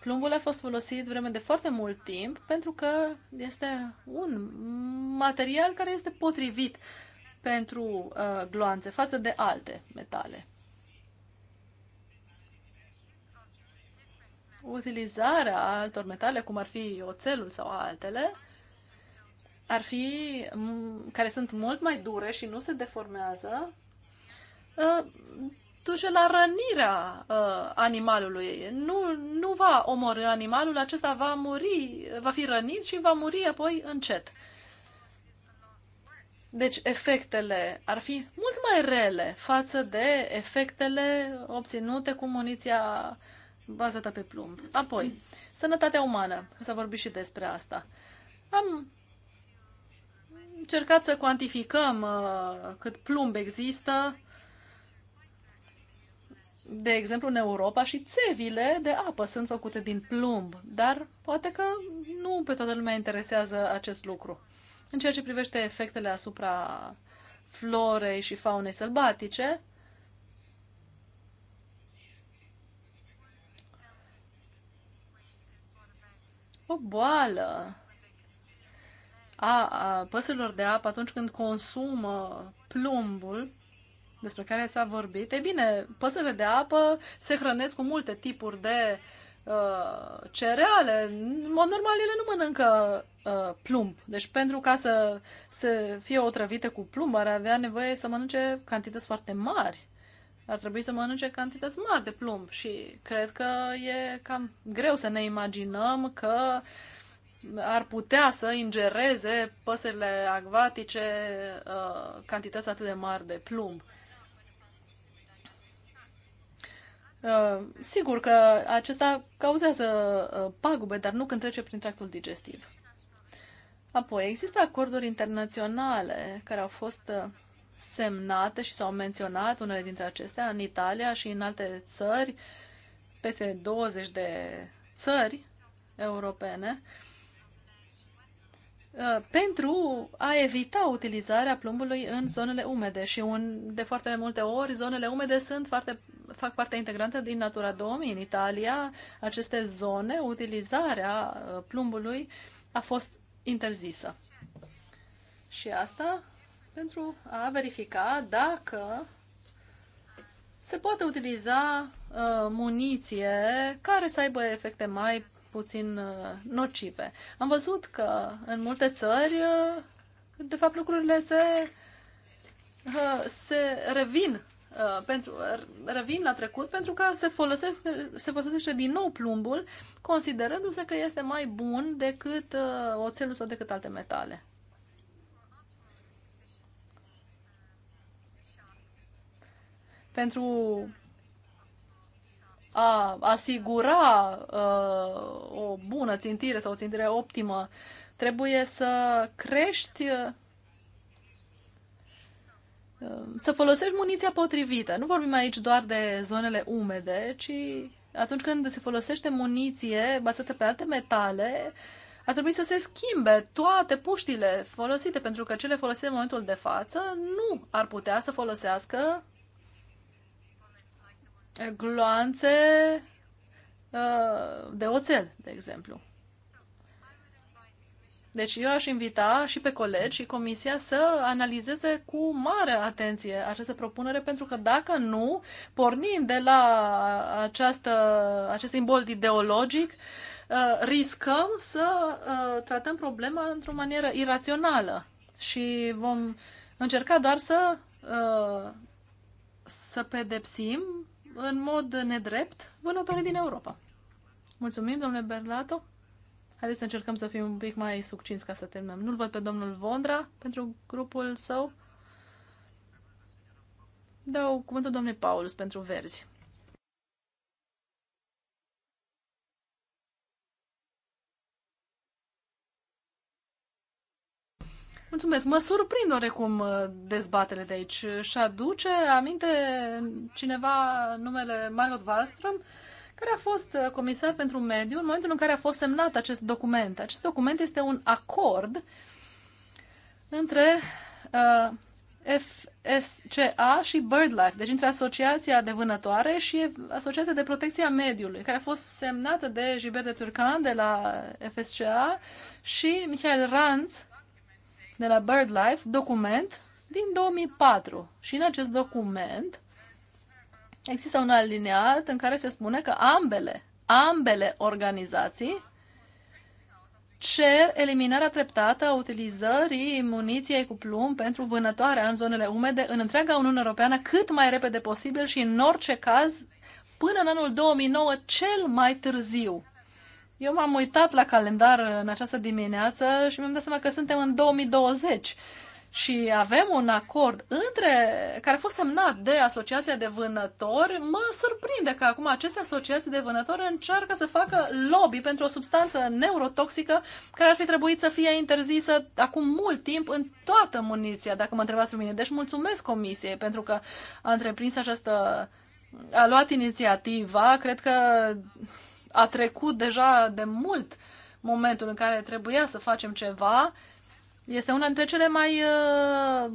Plumbul a fost folosit vreme de foarte mult timp pentru că este un material care este potrivit pentru uh, gloanțe față de alte metale. Utilizarea altor metale, cum ar fi oțelul sau altele, ar fi, care sunt mult mai dure și nu se deformează, uh, duce la rănirea uh, animalului. Nu, nu va omorâ animalul, acesta va muri, va fi rănit și va muri apoi încet. Deci efectele ar fi mult mai rele față de efectele obținute cu muniția bazată pe plumb. Apoi, sănătatea umană, Să vorbi și despre asta. Am încercat să cuantificăm uh, cât plumb există de exemplu, în Europa și țevile de apă sunt făcute din plumb, dar poate că nu pe toată lumea interesează acest lucru. În ceea ce privește efectele asupra florei și faunei sălbatice, o boală a, a păsărilor de apă atunci când consumă plumbul despre care s-a vorbit. E bine, păsările de apă se hrănesc cu multe tipuri de uh, cereale. În mod normal, ele nu mănâncă uh, plumb. Deci, pentru ca să, să fie otrăvite cu plumb, ar avea nevoie să mănânce cantități foarte mari. Ar trebui să mănânce cantități mari de plumb și cred că e cam greu să ne imaginăm că ar putea să ingereze păsările acvatice uh, cantități atât de mari de plumb. Uh, Uh, sigur că acesta cauzează uh, pagube, dar nu când trece prin tractul digestiv. Apoi, există acorduri internaționale care au fost uh, semnate și s-au menționat unele dintre acestea în Italia și în alte țări, peste 20 de țări europene, uh, Uh, pentru a evita utilizarea plumbului în zonele umede și un, de foarte multe ori zonele umede sunt foarte, fac parte integrantă din Natura 2000. În Italia, aceste zone, utilizarea uh, plumbului a fost interzisă. Și asta pentru a verifica dacă se poate utiliza uh, muniție care să aibă efecte mai puțin uh, nocive. Am văzut că în multe țări, uh, de fapt, lucrurile se, uh, se revin pentru, revin la trecut pentru că se, folosesc, se folosește din nou plumbul, considerându-se că este mai bun decât oțelul sau decât alte metale. Pentru a asigura uh, o bună țintire sau o țintire optimă, trebuie să crești, uh, să folosești muniția potrivită. Nu vorbim aici doar de zonele umede, ci atunci când se folosește muniție bazată pe alte metale, ar trebui să se schimbe toate puștile folosite, pentru că cele folosite în momentul de față nu ar putea să folosească gloanțe uh, de oțel, de exemplu. Deci eu aș invita și pe colegi și comisia să analizeze cu mare atenție această propunere, pentru că dacă nu, pornind de la această, acest imbold ideologic, uh, riscăm să uh, tratăm problema într-o manieră irațională și vom încerca doar să, să pedepsim în mod nedrept vânătorii din Europa. Mulțumim, domnule Berlato. Haideți să încercăm să fim un pic mai succinți ca să terminăm. Nu-l văd pe domnul Vondra pentru grupul său. Dau cuvântul domnului Paulus pentru verzi. Mulțumesc. Mă surprind oarecum uh, dezbatele de aici. Și aduce aminte cineva numele Margot Wallström, care a fost uh, comisar pentru mediu în momentul în care a fost semnat acest document. Acest document este un acord între uh, FSCA și BirdLife, deci între Asociația de Vânătoare și Asociația de Protecție a Mediului, care a fost semnată de Gilbert de Turcan de la FSCA și Michael Ranz de la BirdLife document din 2004. Și în acest document există un alineat în care se spune că ambele, ambele organizații cer eliminarea treptată a utilizării muniției cu plumb pentru vânătoarea în zonele umede în întreaga Uniune Europeană cât mai repede posibil și în orice caz până în anul 2009 cel mai târziu. Eu m-am uitat la calendar în această dimineață și mi-am dat seama că suntem în 2020 și avem un acord între, care a fost semnat de Asociația de Vânători, mă surprinde că acum aceste asociații de vânători încearcă să facă lobby pentru o substanță neurotoxică care ar fi trebuit să fie interzisă acum mult timp în toată muniția, dacă mă întrebați pe mine. Deci mulțumesc Comisiei pentru că a întreprins această a luat inițiativa, cred că a trecut deja de mult momentul în care trebuia să facem ceva, este una dintre cele mai uh,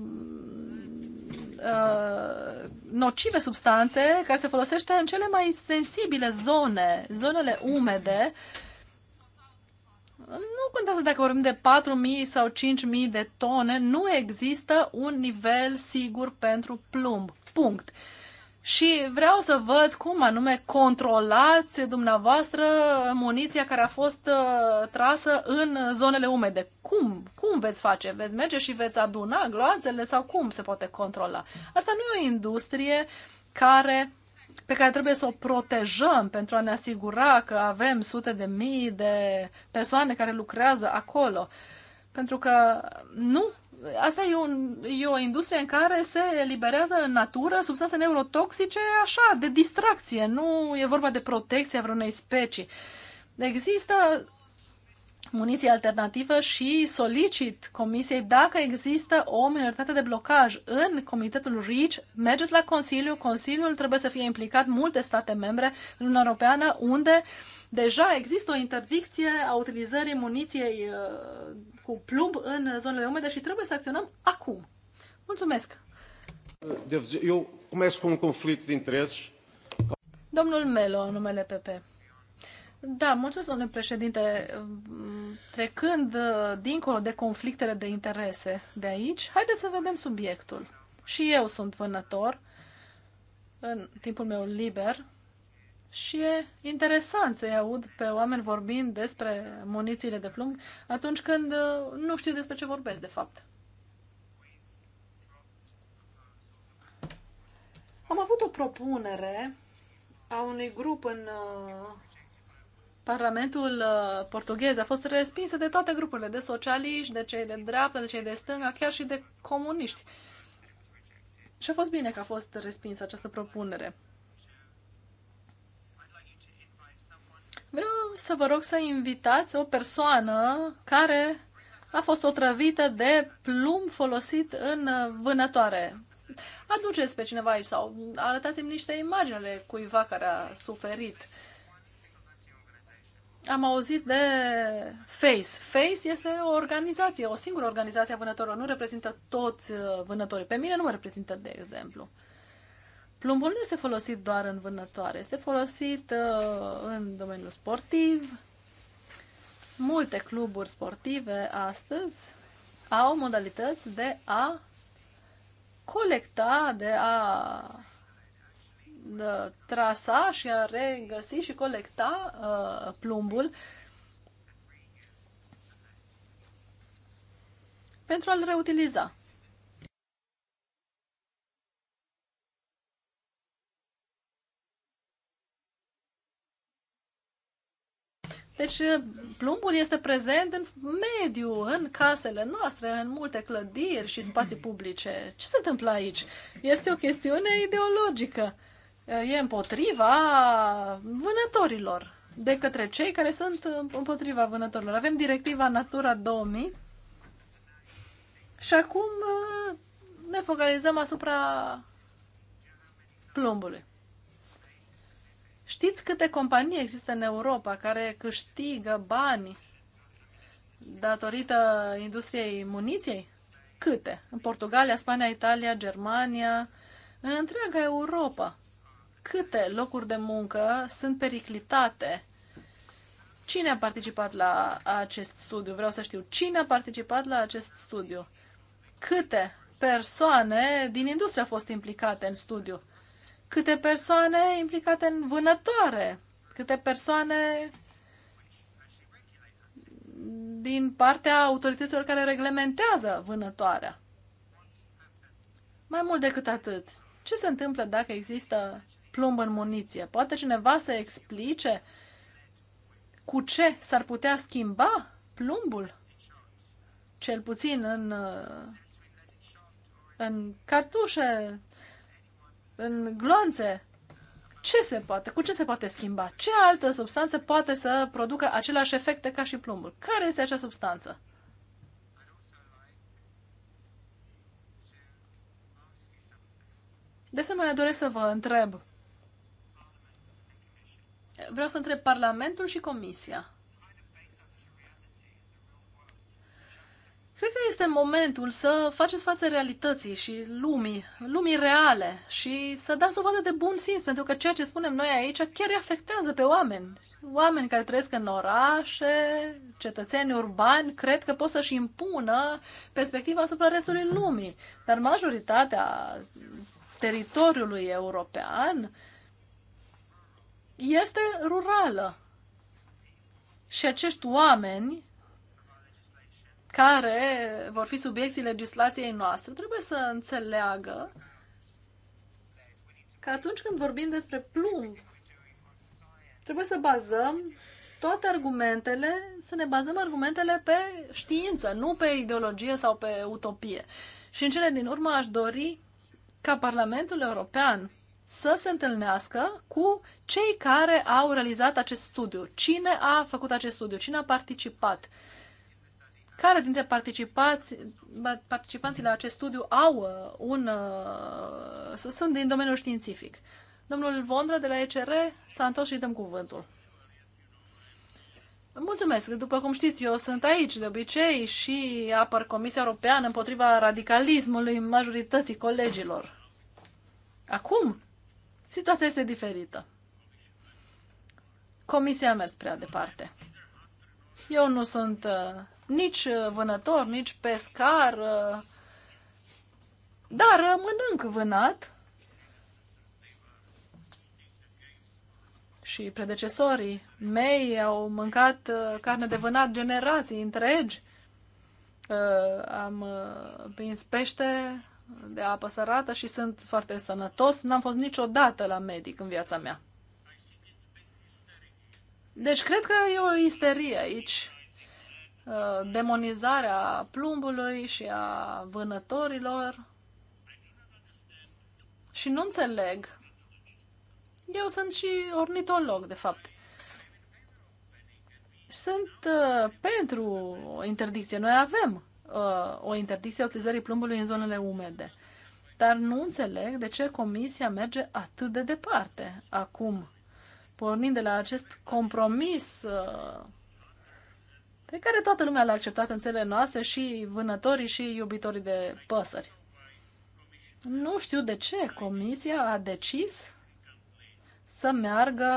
uh, nocive substanțe care se folosește în cele mai sensibile zone, zonele umede. Nu contează dacă vorbim de 4.000 sau 5.000 de tone, nu există un nivel sigur pentru plumb. Punct. Uh, și vreau să văd cum anume controlați dumneavoastră muniția care a fost uh, trasă în zonele umede. Cum? Cum veți face? Veți merge și veți aduna gloanțele sau cum se poate controla? Asta nu e o industrie care, pe care trebuie să o protejăm pentru a ne asigura că avem sute de mii de persoane care lucrează acolo. Pentru că nu asta e, un, e o industrie în care se eliberează în natură substanțe neurotoxice așa, de distracție. Nu e vorba de protecția vreunei specii. Există muniție alternativă și solicit comisiei dacă există o minoritate de blocaj în comitetul RICH, mergeți la Consiliu, Consiliul trebuie să fie implicat multe state membre în Uniunea Europeană unde uh, Deja există o interdicție a utilizării muniției uh, cu plumb în zonele umede și trebuie să acționăm acum. Mulțumesc! Eu comesc cu un um conflict de interes. Domnul Melo, numele PP. Da, mulțumesc, domnule președinte. Trecând uh, dincolo de conflictele de interese de aici, haideți să vedem subiectul. Și eu sunt vânător în timpul meu liber și e interesant să-i aud pe oameni vorbind despre munițiile de plumb atunci când uh, nu știu despre ce vorbesc, de fapt. Am avut o propunere a unui grup în uh, Parlamentul uh, portughez. A fost respinsă de toate grupurile, de socialiști, de cei de dreapta, de cei de stânga, chiar și de comuniști. Și a fost bine că a fost respinsă această propunere. Vreau să vă rog să invitați o persoană care a fost otrăvită de plumb folosit în vânătoare. Aduceți pe cineva aici sau arătați-mi niște imagini ale cuiva care a suferit. Am auzit de FACE. FACE este o organizație, o singură organizație a vânătorilor. Nu reprezintă toți vânătorii. Pe mine nu mă reprezintă, de exemplu. Plumbul nu este folosit doar în vânătoare, este folosit uh, în domeniul sportiv. Multe cluburi sportive astăzi au modalități de a colecta, de a de trasa și a regăsi și colecta uh, plumbul pentru a-l reutiliza. Deci uh, plumbul este prezent în mediu, în casele noastre, în multe clădiri și spații publice. Ce se întâmplă aici? Este o chestiune ideologică. Uh, e împotriva vânătorilor, de către cei care sunt uh, împotriva vânătorilor. Avem directiva Natura 2000 și acum ne focalizăm asupra plumbului. Știți câte companii există în Europa care câștigă bani datorită industriei muniției? Câte? În Portugalia, Spania, Italia, Germania, în întreaga Europa. Câte locuri de muncă sunt periclitate? Cine a participat la acest studiu? Vreau să știu. Cine a participat la acest studiu? Câte persoane din industrie au fost implicate în studiu? câte persoane implicate în vânătoare, câte persoane din partea autorităților care reglementează vânătoarea. Mai mult decât atât, ce se întâmplă dacă există plumb în muniție? Poate cineva să explice cu ce s-ar putea schimba plumbul? Cel puțin în, în cartușe în gloanțe, ce se poate, cu ce se poate schimba? Ce altă substanță poate să producă aceleași efecte ca și plumbul? Care este acea substanță? De asemenea, doresc să vă întreb. Vreau să întreb Parlamentul și Comisia. Cred că este momentul să faceți față realității și lumii, lumii reale și să dați dovadă de bun simț, pentru că ceea ce spunem noi aici chiar îi afectează pe oameni. Oameni care trăiesc în orașe, cetățeni urbani, cred că pot să-și impună perspectiva asupra restului lumii. Dar majoritatea teritoriului european este rurală. Și acești oameni care vor fi subiecții legislației noastre, trebuie să înțeleagă că atunci când vorbim despre plumb, trebuie să bazăm toate argumentele, să ne bazăm argumentele pe știință, nu pe ideologie sau pe utopie. Și în cele din urmă aș dori ca Parlamentul European să se întâlnească cu cei care au realizat acest studiu. Cine a făcut acest studiu? Cine a participat? Care dintre participați, participanții la acest studiu au uh, un... Uh, sunt din domeniul științific? Domnul Vondra de la ECR s-a întors și dăm cuvântul. Mulțumesc. După cum știți, eu sunt aici de obicei și apăr Comisia Europeană împotriva radicalismului majorității colegilor. Acum, situația este diferită. Comisia a mers prea departe. Eu nu sunt uh, nici uh, vânător, nici pescar, uh, dar uh, mănânc vânat. Și predecesorii mei au mâncat carne de vânat generații întregi. Am prins pește de apă sărată și sunt foarte sănătos. N-am fost niciodată la medic în viața mea. Deci cred că e o isterie aici Uh, demonizarea plumbului și a vânătorilor. Și nu înțeleg. Eu sunt și ornitolog, de fapt. Sunt uh, pentru o interdicție. Noi avem uh, o interdicție a utilizării plumbului în zonele umede. Dar nu înțeleg de ce Comisia merge atât de departe acum, pornind de la acest compromis uh, pe care toată lumea l-a acceptat în țările noastre și vânătorii și iubitorii de păsări. Nu știu de ce comisia a decis să meargă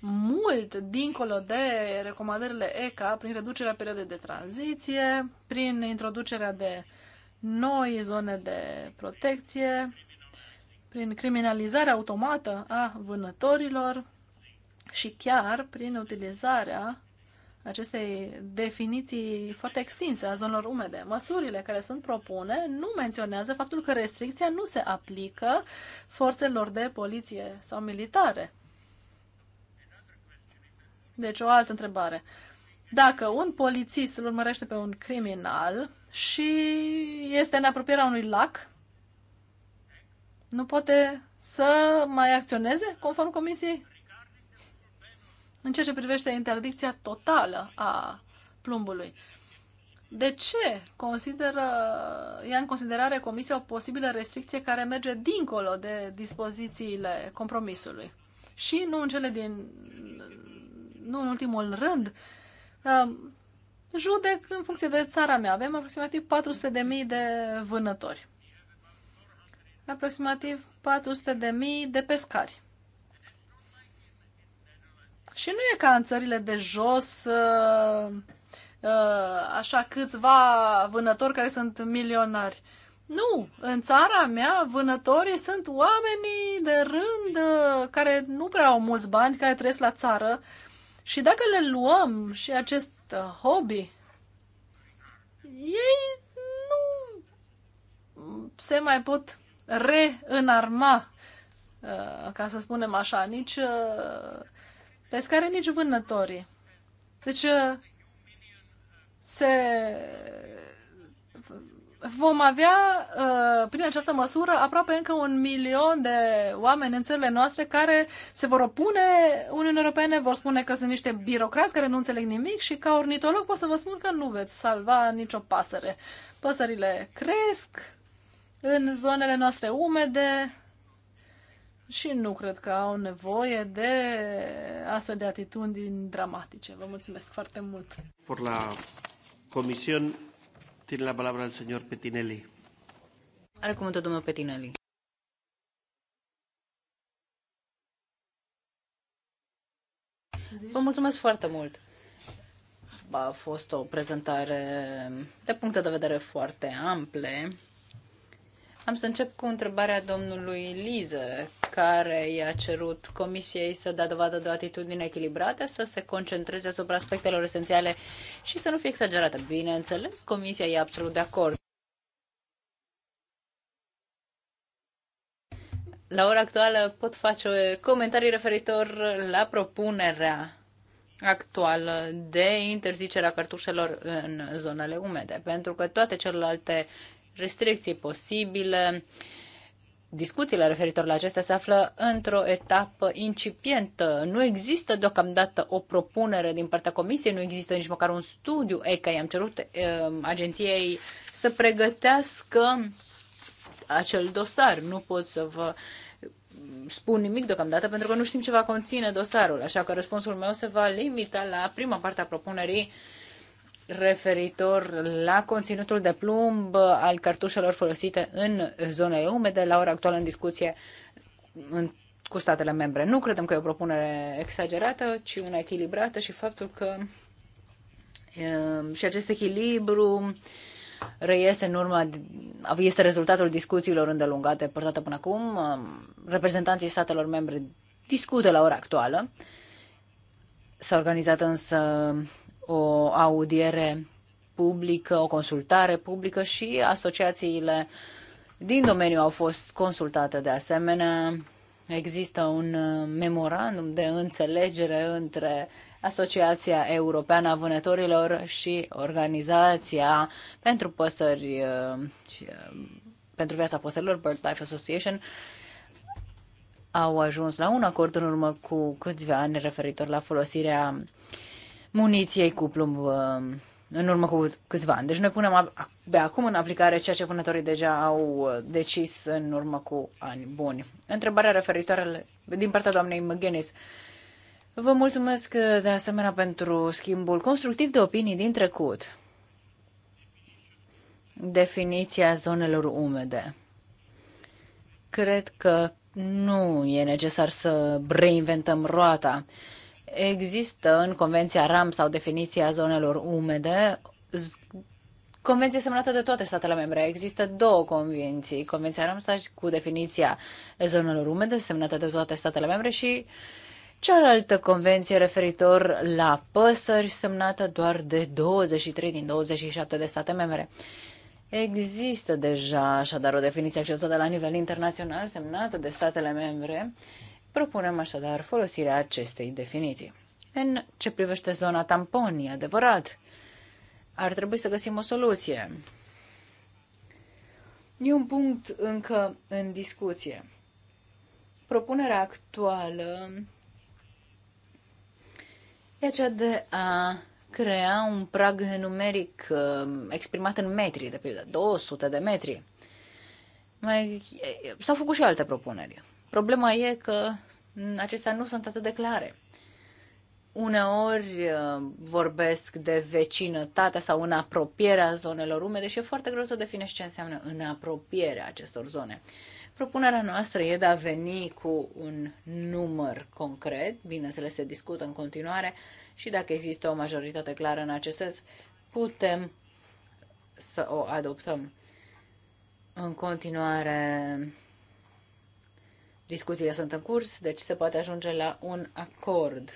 mult dincolo de recomandările ECA prin reducerea perioadei de tranziție, prin introducerea de noi zone de protecție, prin criminalizarea automată a vânătorilor, și chiar prin utilizarea acestei definiții foarte extinse a zonelor umede. Măsurile care sunt propune nu menționează faptul că restricția nu se aplică forțelor de poliție sau militare. Deci o altă întrebare. Dacă un polițist îl urmărește pe un criminal și este în apropierea unui lac, nu poate să mai acționeze conform comisiei? în ceea ce privește interdicția totală a plumbului. De ce consideră, ia în considerare Comisia o posibilă restricție care merge dincolo de dispozițiile compromisului? Și nu în cele din, nu în ultimul rând, um, judec în funcție de țara mea. Avem aproximativ 400.000 de vânători. Aproximativ 400.000 de pescari. Și nu e ca în țările de jos, uh, uh, așa câțiva vânători care sunt milionari. Nu, în țara mea vânătorii sunt oamenii de rând uh, care nu prea au mulți bani, care trăiesc la țară și dacă le luăm și acest hobby, ei nu se mai pot reînarma, ca să spunem așa, nici pescare, nici vânătorii. Deci uh, se vom avea, uh, prin această măsură, aproape încă un milion de oameni în țările noastre care se vor opune Uniunii Europene, vor spune că sunt niște birocrați care nu înțeleg nimic și ca ornitolog pot să vă spun că nu veți salva nicio pasăre. Păsările cresc în zonele noastre umede, și nu cred că au nevoie de astfel de atitudini dramatice. Vă mulțumesc foarte mult. Por la comisión tiene la palabra el señor Petinelli. Are cuvântul domnul Petinelli. Vă mulțumesc foarte mult. A fost o prezentare de puncte de vedere foarte ample. Am să încep cu întrebarea domnului Lize, care i-a cerut Comisiei să dea dovadă de o atitudine echilibrată, să se concentreze asupra aspectelor esențiale și să nu fie exagerată. Bineînțeles, Comisia e absolut de acord. La ora actuală pot face comentarii referitor la propunerea actuală de interzicerea cartușelor în zonele umede, pentru că toate celelalte restricții posibile uh, discuțiile referitor la acestea se află într-o etapă incipientă. Nu există deocamdată o propunere din partea comisiei, nu există nici măcar un studiu că I-am cerut uh, agenției să pregătească acel dosar. Nu pot să vă spun nimic deocamdată pentru că nu știm ce va conține dosarul, așa că răspunsul meu se va limita la prima parte a propunerii uh, referitor la conținutul de plumb al cartușelor folosite în zonele umede, la ora actuală în discuție în, cu statele membre. Nu credem că e o propunere exagerată, ci una echilibrată și faptul că e, um, și acest echilibru reiese în urma, este rezultatul discuțiilor îndelungate purtate până acum. Um, reprezentanții statelor membre discută la ora actuală. S-a organizat însă o audiere publică, o consultare publică și asociațiile din domeniu au fost consultate de asemenea. Există un memorandum de înțelegere între Asociația Europeană a Vânătorilor și Organizația pentru Păsări uh, și uh, pentru viața păsărilor, BirdLife Association, au ajuns la un acord în urmă cu câțiva ani referitor la folosirea muniției cu plumb uh, în urmă cu câțiva ani. Deci noi punem abia acum în aplicare ceea ce vânătorii deja au uh, decis în urmă cu ani buni. Întrebarea referitoare din partea doamnei McGuinness. Vă mulțumesc uh, de asemenea pentru schimbul constructiv de opinii din trecut. Definiția zonelor umede. Cred că nu e necesar să reinventăm roata. Uh, Există în Convenția RAM sau definiția zonelor umede convenție semnată de toate statele membre. Există două convenții. Convenția Ramsaj cu definiția zonelor umede semnată de toate statele membre și cealaltă convenție referitor la păsări semnată doar de 23 din 27 de state membre. Există deja așadar o definiție acceptată la nivel internațional semnată de statele membre Propunem așadar folosirea acestei definiții. În ce privește zona tamponii, adevărat, ar trebui să găsim o soluție. E un punct încă în discuție. Propunerea actuală e aceea de a crea un prag numeric uh, exprimat în metri, de pildă 200 de metri. Mai, s-au făcut și alte propuneri. Problema e că acestea nu sunt atât de clare. Uneori uh, vorbesc de vecinătatea sau în apropierea zonelor umede și e foarte greu să definești ce înseamnă în apropierea acestor zone. Propunerea noastră e de a veni cu un număr concret, bineînțeles se discută în continuare și dacă există o majoritate clară în acest sens, putem să o adoptăm. În continuare, Discuțiile sunt în curs, deci se poate ajunge la un acord.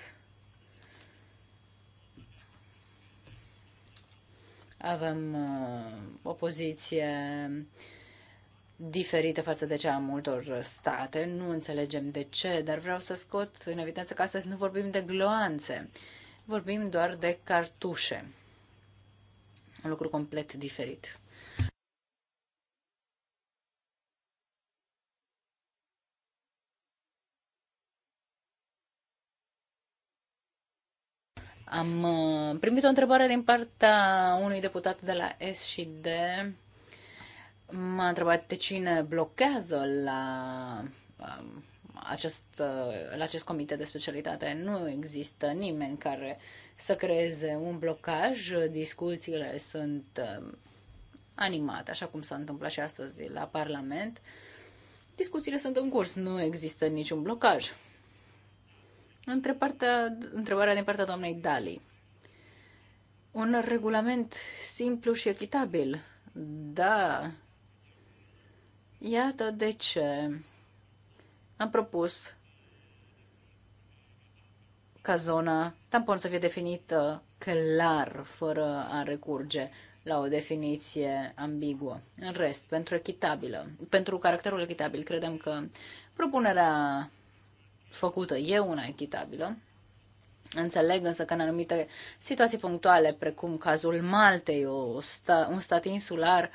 Avem uh, o poziție diferită față de cea a multor state. Nu înțelegem de ce, dar vreau să scot în evidență că astăzi nu vorbim de gloanțe, vorbim doar de cartușe. Un lucru complet diferit. Am uh, primit o întrebare din partea unui deputat de la S și D. M-a întrebat de cine blochează la um, acest, uh, la acest comitet de specialitate. Nu există nimeni care să creeze un blocaj. Discuțiile sunt um, animate, așa cum s-a întâmplat și astăzi la Parlament. Discuțiile sunt în curs, nu există niciun blocaj. Între partea, întrebarea din partea doamnei Dali. Un regulament simplu și echitabil. Da. Iată de ce am propus ca zona tampon să fie definită clar, fără a recurge la o definiție ambiguă. În rest, pentru echitabilă, pentru caracterul echitabil, credem că propunerea făcută e una echitabilă. Înțeleg însă că în anumite situații punctuale, precum cazul Maltei, o sta, un stat insular,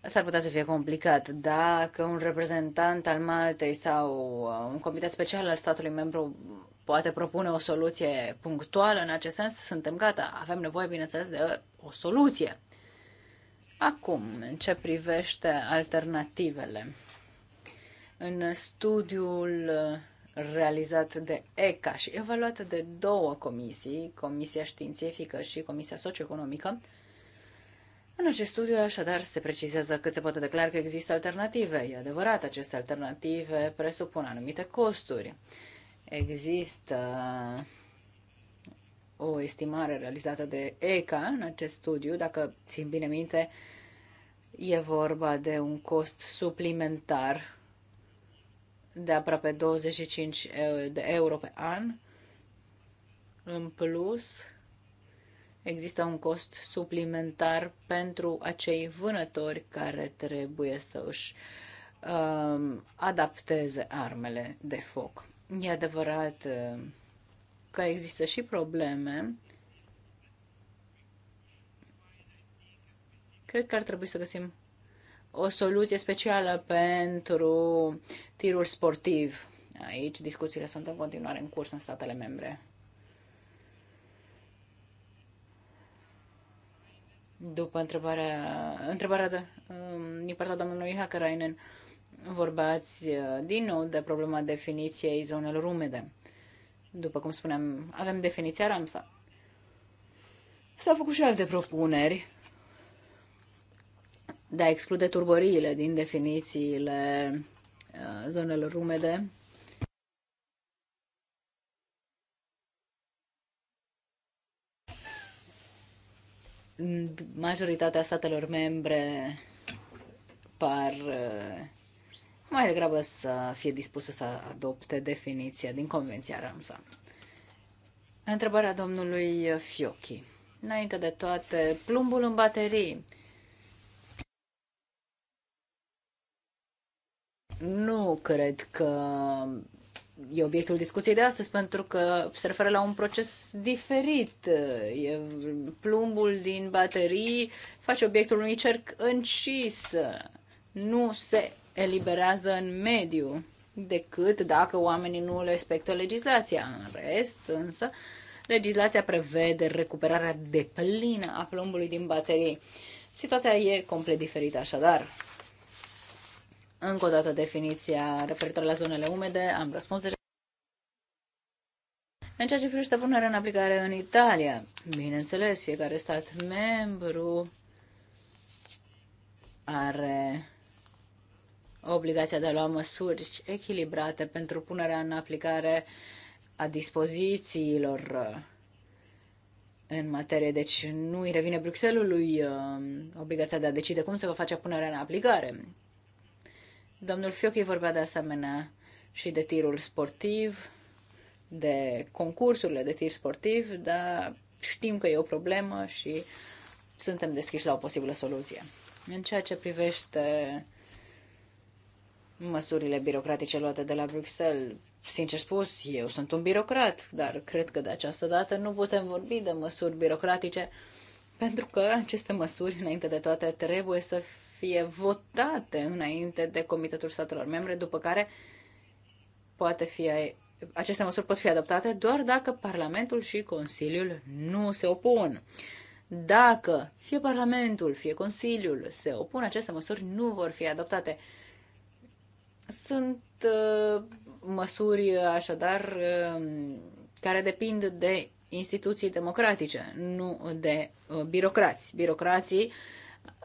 s-ar putea să fie complicat. Dacă un reprezentant al Maltei sau uh, un comitet special al statului membru poate propune o soluție punctuală în acest sens, suntem gata. Avem nevoie, bineînțeles, de o soluție. Acum, în ce privește alternativele, în studiul uh, realizat de ECA și evaluat de două comisii, Comisia Științifică și Comisia Socioeconomică. În acest studiu, așadar, se precizează cât se poate declara că există alternative. E adevărat, aceste alternative presupun anumite costuri. Există o estimare realizată de ECA în acest studiu, dacă țin bine minte, e vorba de un cost suplimentar de aproape 25 eh, de euro pe an. În plus, există un cost suplimentar pentru acei vânători care trebuie să își um, ehm, adapteze armele de foc. E adevărat eh, că există și probleme. Cred că ar trebui să găsim o soluție specială pentru tirul sportiv. Aici discuțiile sunt în continuare în curs în statele membre. După întrebarea, întrebarea de, um, din partea domnului Hackerainen, vorbați uh, din nou de problema definiției zonelor umede. După cum spuneam, avem definiția Ramsa. S-au făcut și alte propuneri de a exclude turbăriile din definițiile uh, zonelor umede. Majoritatea statelor membre par uh, mai degrabă să fie dispusă să adopte definiția din Convenția Ramsa. Întrebarea domnului Fiocchi. Înainte de toate, plumbul în baterii nu cred că e obiectul discuției de astăzi, pentru că se referă la un proces diferit. E plumbul din baterii face obiectul unui cerc încis. Nu se eliberează în mediu, decât dacă oamenii nu respectă legislația. În rest, însă, legislația prevede recuperarea deplină a plumbului din baterii. Situația e complet diferită, așadar. Încă o dată definiția referitoare la zonele umede, am răspuns deja. În ceea ce privește punerea în aplicare în Italia, bineînțeles, fiecare stat membru are obligația de a lua măsuri echilibrate pentru punerea în aplicare a dispozițiilor în materie. Deci nu îi revine Bruxellesului um, obligația de a decide cum se va face punerea în aplicare. Domnul Fiochi vorbea de asemenea și de tirul sportiv, de concursurile de tir sportiv, dar știm că e o problemă și suntem deschiși la o posibilă soluție. În ceea ce privește măsurile birocratice luate de la Bruxelles, sincer spus, eu sunt un birocrat, dar cred că de această dată nu putem vorbi de măsuri birocratice, pentru că aceste măsuri, înainte de toate, trebuie să fie votate înainte de Comitetul Statelor Membre, după care poate fi, aceste măsuri pot fi adoptate doar dacă Parlamentul și Consiliul nu se opun. Dacă fie Parlamentul, fie Consiliul se opun, aceste măsuri nu vor fi adoptate. Sunt uh, măsuri, așadar, uh, care depind de instituții democratice, nu de uh, birocrați. Birocrații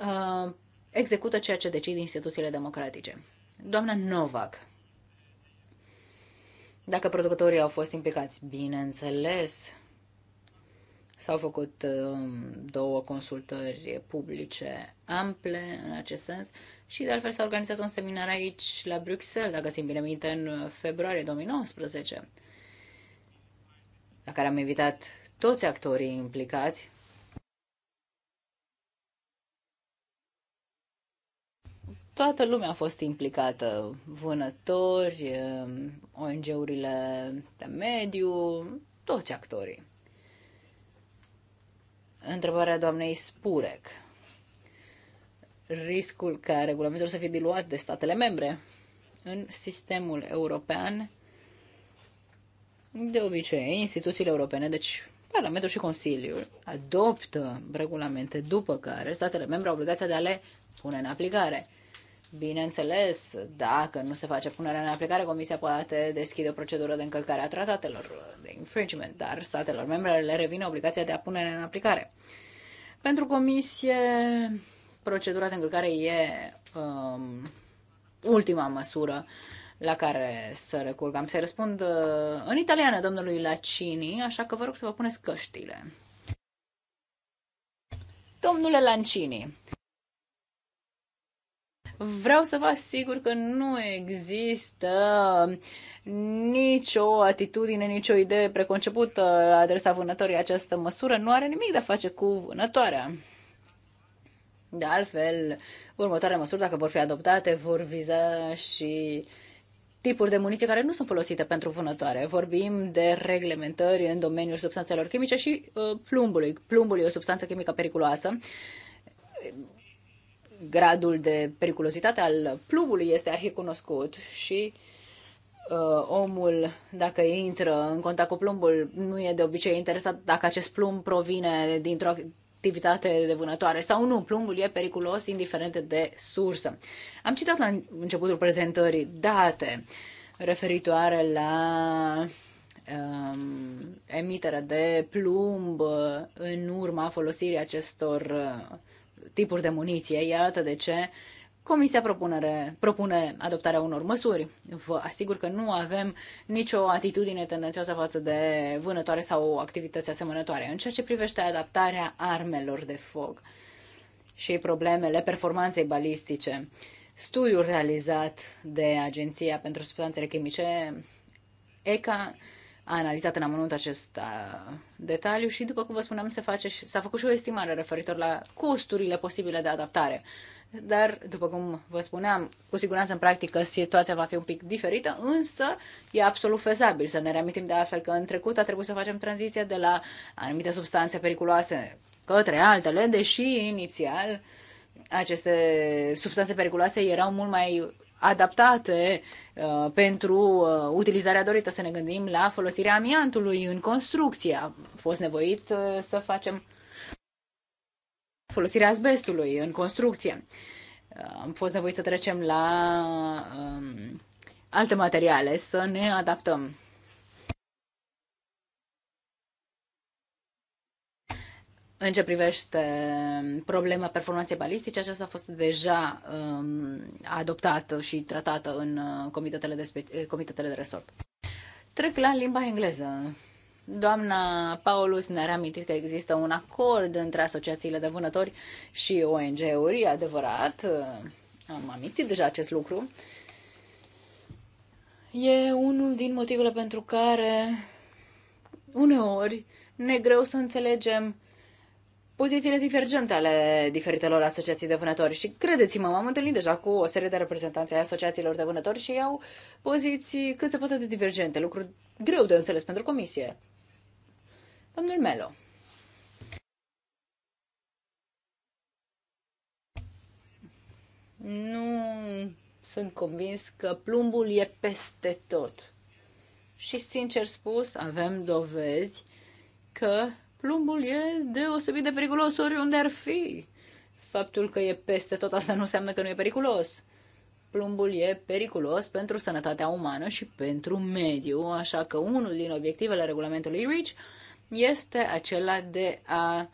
uh, execută ceea ce decid instituțiile democratice. Doamna Novak, dacă producătorii au fost implicați, bineînțeles, s-au făcut um, două consultări publice ample în acest sens și de altfel s-a organizat un seminar aici la Bruxelles, dacă țin bine minte, în februarie 2019, la care am invitat toți actorii implicați, Toată lumea a fost implicată, vânători, um, ONG-urile de mediu, toți actorii. Întrebarea doamnei Spurec. Riscul ca regulamentul să fie diluat de statele membre în sistemul european, de obicei, instituțiile europene, deci Parlamentul și Consiliul, adoptă regulamente după care statele membre au obligația de a le pune în aplicare. Bineînțeles, dacă nu se face punerea în aplicare, Comisia poate deschide o procedură de încălcare a tratatelor, de infringement, dar statelor membre le revine obligația de a pune în aplicare. Pentru Comisie, procedura de încălcare e um, ultima măsură la care să recurg. Am să răspund uh, în italiană domnului Lacini, așa că vă rog să vă puneți căștile. Domnule Lancini, Vreau să vă asigur că nu există nicio atitudine, nicio idee preconcepută la adresa vânătorii. Această măsură nu are nimic de a face cu vânătoarea. De altfel, următoarele măsuri, dacă vor fi adoptate, vor viza și tipuri de muniție care nu sunt folosite pentru vânătoare. Vorbim de reglementări în domeniul substanțelor chimice și uh, plumbului. Plumbul e o substanță chimică periculoasă gradul de periculozitate al plumului este arhicunoscut și uh, omul, dacă intră în contact cu plumbul, nu e de obicei interesat dacă acest plumb provine dintr-o activitate de vânătoare sau nu. Plumbul e periculos indiferent de sursă. Am citat la începutul prezentării date referitoare la um, emiterea de plumb în urma folosirii acestor uh, tipuri de muniție. Iată de ce Comisia propunere, propune adoptarea unor măsuri. Vă asigur că nu avem nicio atitudine tendențioasă față de vânătoare sau activități asemănătoare. În ceea ce privește adaptarea armelor de foc și problemele performanței balistice, studiul realizat de Agenția pentru Substanțele Chimice ECA analizat în amănunt acest uh, detaliu și, după cum vă spuneam, se face și, s-a făcut și o estimare referitor la costurile posibile de adaptare. Dar, după cum vă spuneam, cu siguranță în practică situația va fi un pic diferită, însă e absolut fezabil să ne reamintim de altfel că în trecut a trebuit să facem tranziția de la anumite substanțe periculoase către altele, deși inițial aceste substanțe periculoase erau mult mai adaptate uh, pentru uh, utilizarea dorită, să ne gândim la folosirea amiantului în construcție. A fost nevoit uh, să facem folosirea asbestului în construcție. Am fost nevoit să trecem la um, alte materiale, să ne adaptăm. În ce privește um, problema performanței balistice, aceasta a fost deja um, adoptată și tratată în uh, comitetele de, eh, comitetele de resort. Trec la limba engleză. Doamna Paulus ne-a reamintit că există un acord între asociațiile de vânători și ONG-uri, adevărat, uh, am amintit deja acest lucru. E unul din motivele pentru care uneori ne greu să înțelegem pozițiile divergente ale diferitelor asociații de vânători și credeți-mă, m-am întâlnit deja cu o serie de reprezentanți ai asociațiilor de vânători și au poziții cât se poate de divergente, lucruri greu de înțeles pentru comisie. Domnul Melo. Nu sunt convins că plumbul e peste tot. Și sincer spus, avem dovezi că plumbul e deosebit de periculos oriunde ar fi. Faptul că e peste tot asta nu înseamnă că nu e periculos. Plumbul e periculos pentru sănătatea umană și pentru mediu, așa că unul din obiectivele regulamentului REACH este acela de a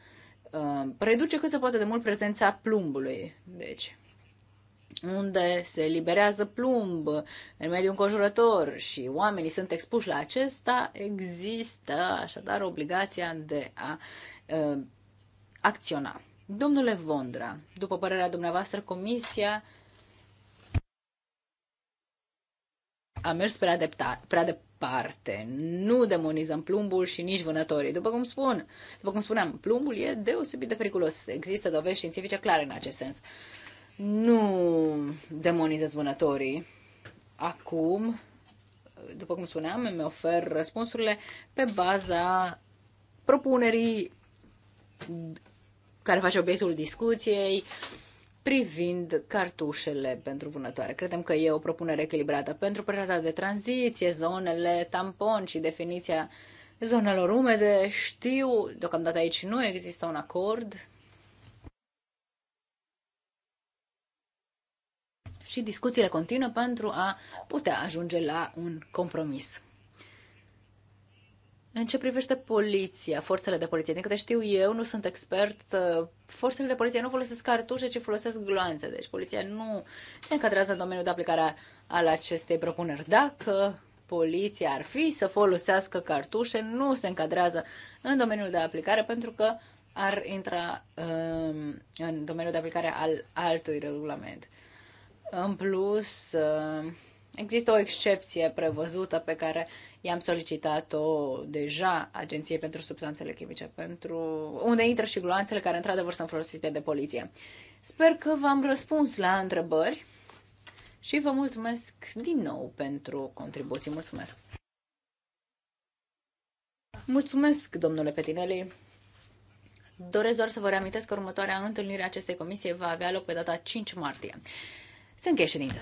uh, reduce cât se poate de mult prezența plumbului. Deci, unde se liberează plumb în mediul înconjurător și oamenii sunt expuși la acesta, există așadar obligația de a uh, acționa. Domnule Vondra, după părerea dumneavoastră, Comisia a mers prea, depta, prea departe. Nu demonizăm plumbul și nici vânătorii. După cum spun, după cum spuneam, plumbul e deosebit de periculos. Există dovezi științifice clare în acest sens. Uh, nu demonizez vânătorii. Acum, după cum spuneam, îmi ofer răspunsurile pe baza propunerii care face obiectul discuției privind cartușele pentru vânătoare. Credem că e o propunere echilibrată pentru perioada de tranziție, zonele tampon și definiția zonelor umede. Știu, deocamdată aici nu există un acord și discuțiile continuă pentru a putea ajunge la un compromis. În ce privește poliția, forțele de poliție, din câte știu eu, nu sunt expert, ă, forțele de poliție nu folosesc cartușe, ci folosesc gloanțe. Deci poliția nu se încadrează în domeniul de aplicare al acestei propuneri. Dacă poliția ar fi să folosească cartușe, nu se încadrează în domeniul de aplicare pentru că ar intra um, în domeniul de aplicare al altui regulament. În plus, uh, există o excepție prevăzută pe care i-am solicitat-o deja Agenției pentru Substanțele Chimice, pentru unde intră și gloanțele care într-adevăr sunt folosite de poliție. Sper că v-am răspuns la întrebări și vă mulțumesc din nou pentru contribuții. Mulțumesc! Mulțumesc, domnule Petinelli. Doresc doar să vă reamintesc că următoarea întâlnire a acestei comisii va avea loc pe data 5 martie. Se încheie ședința.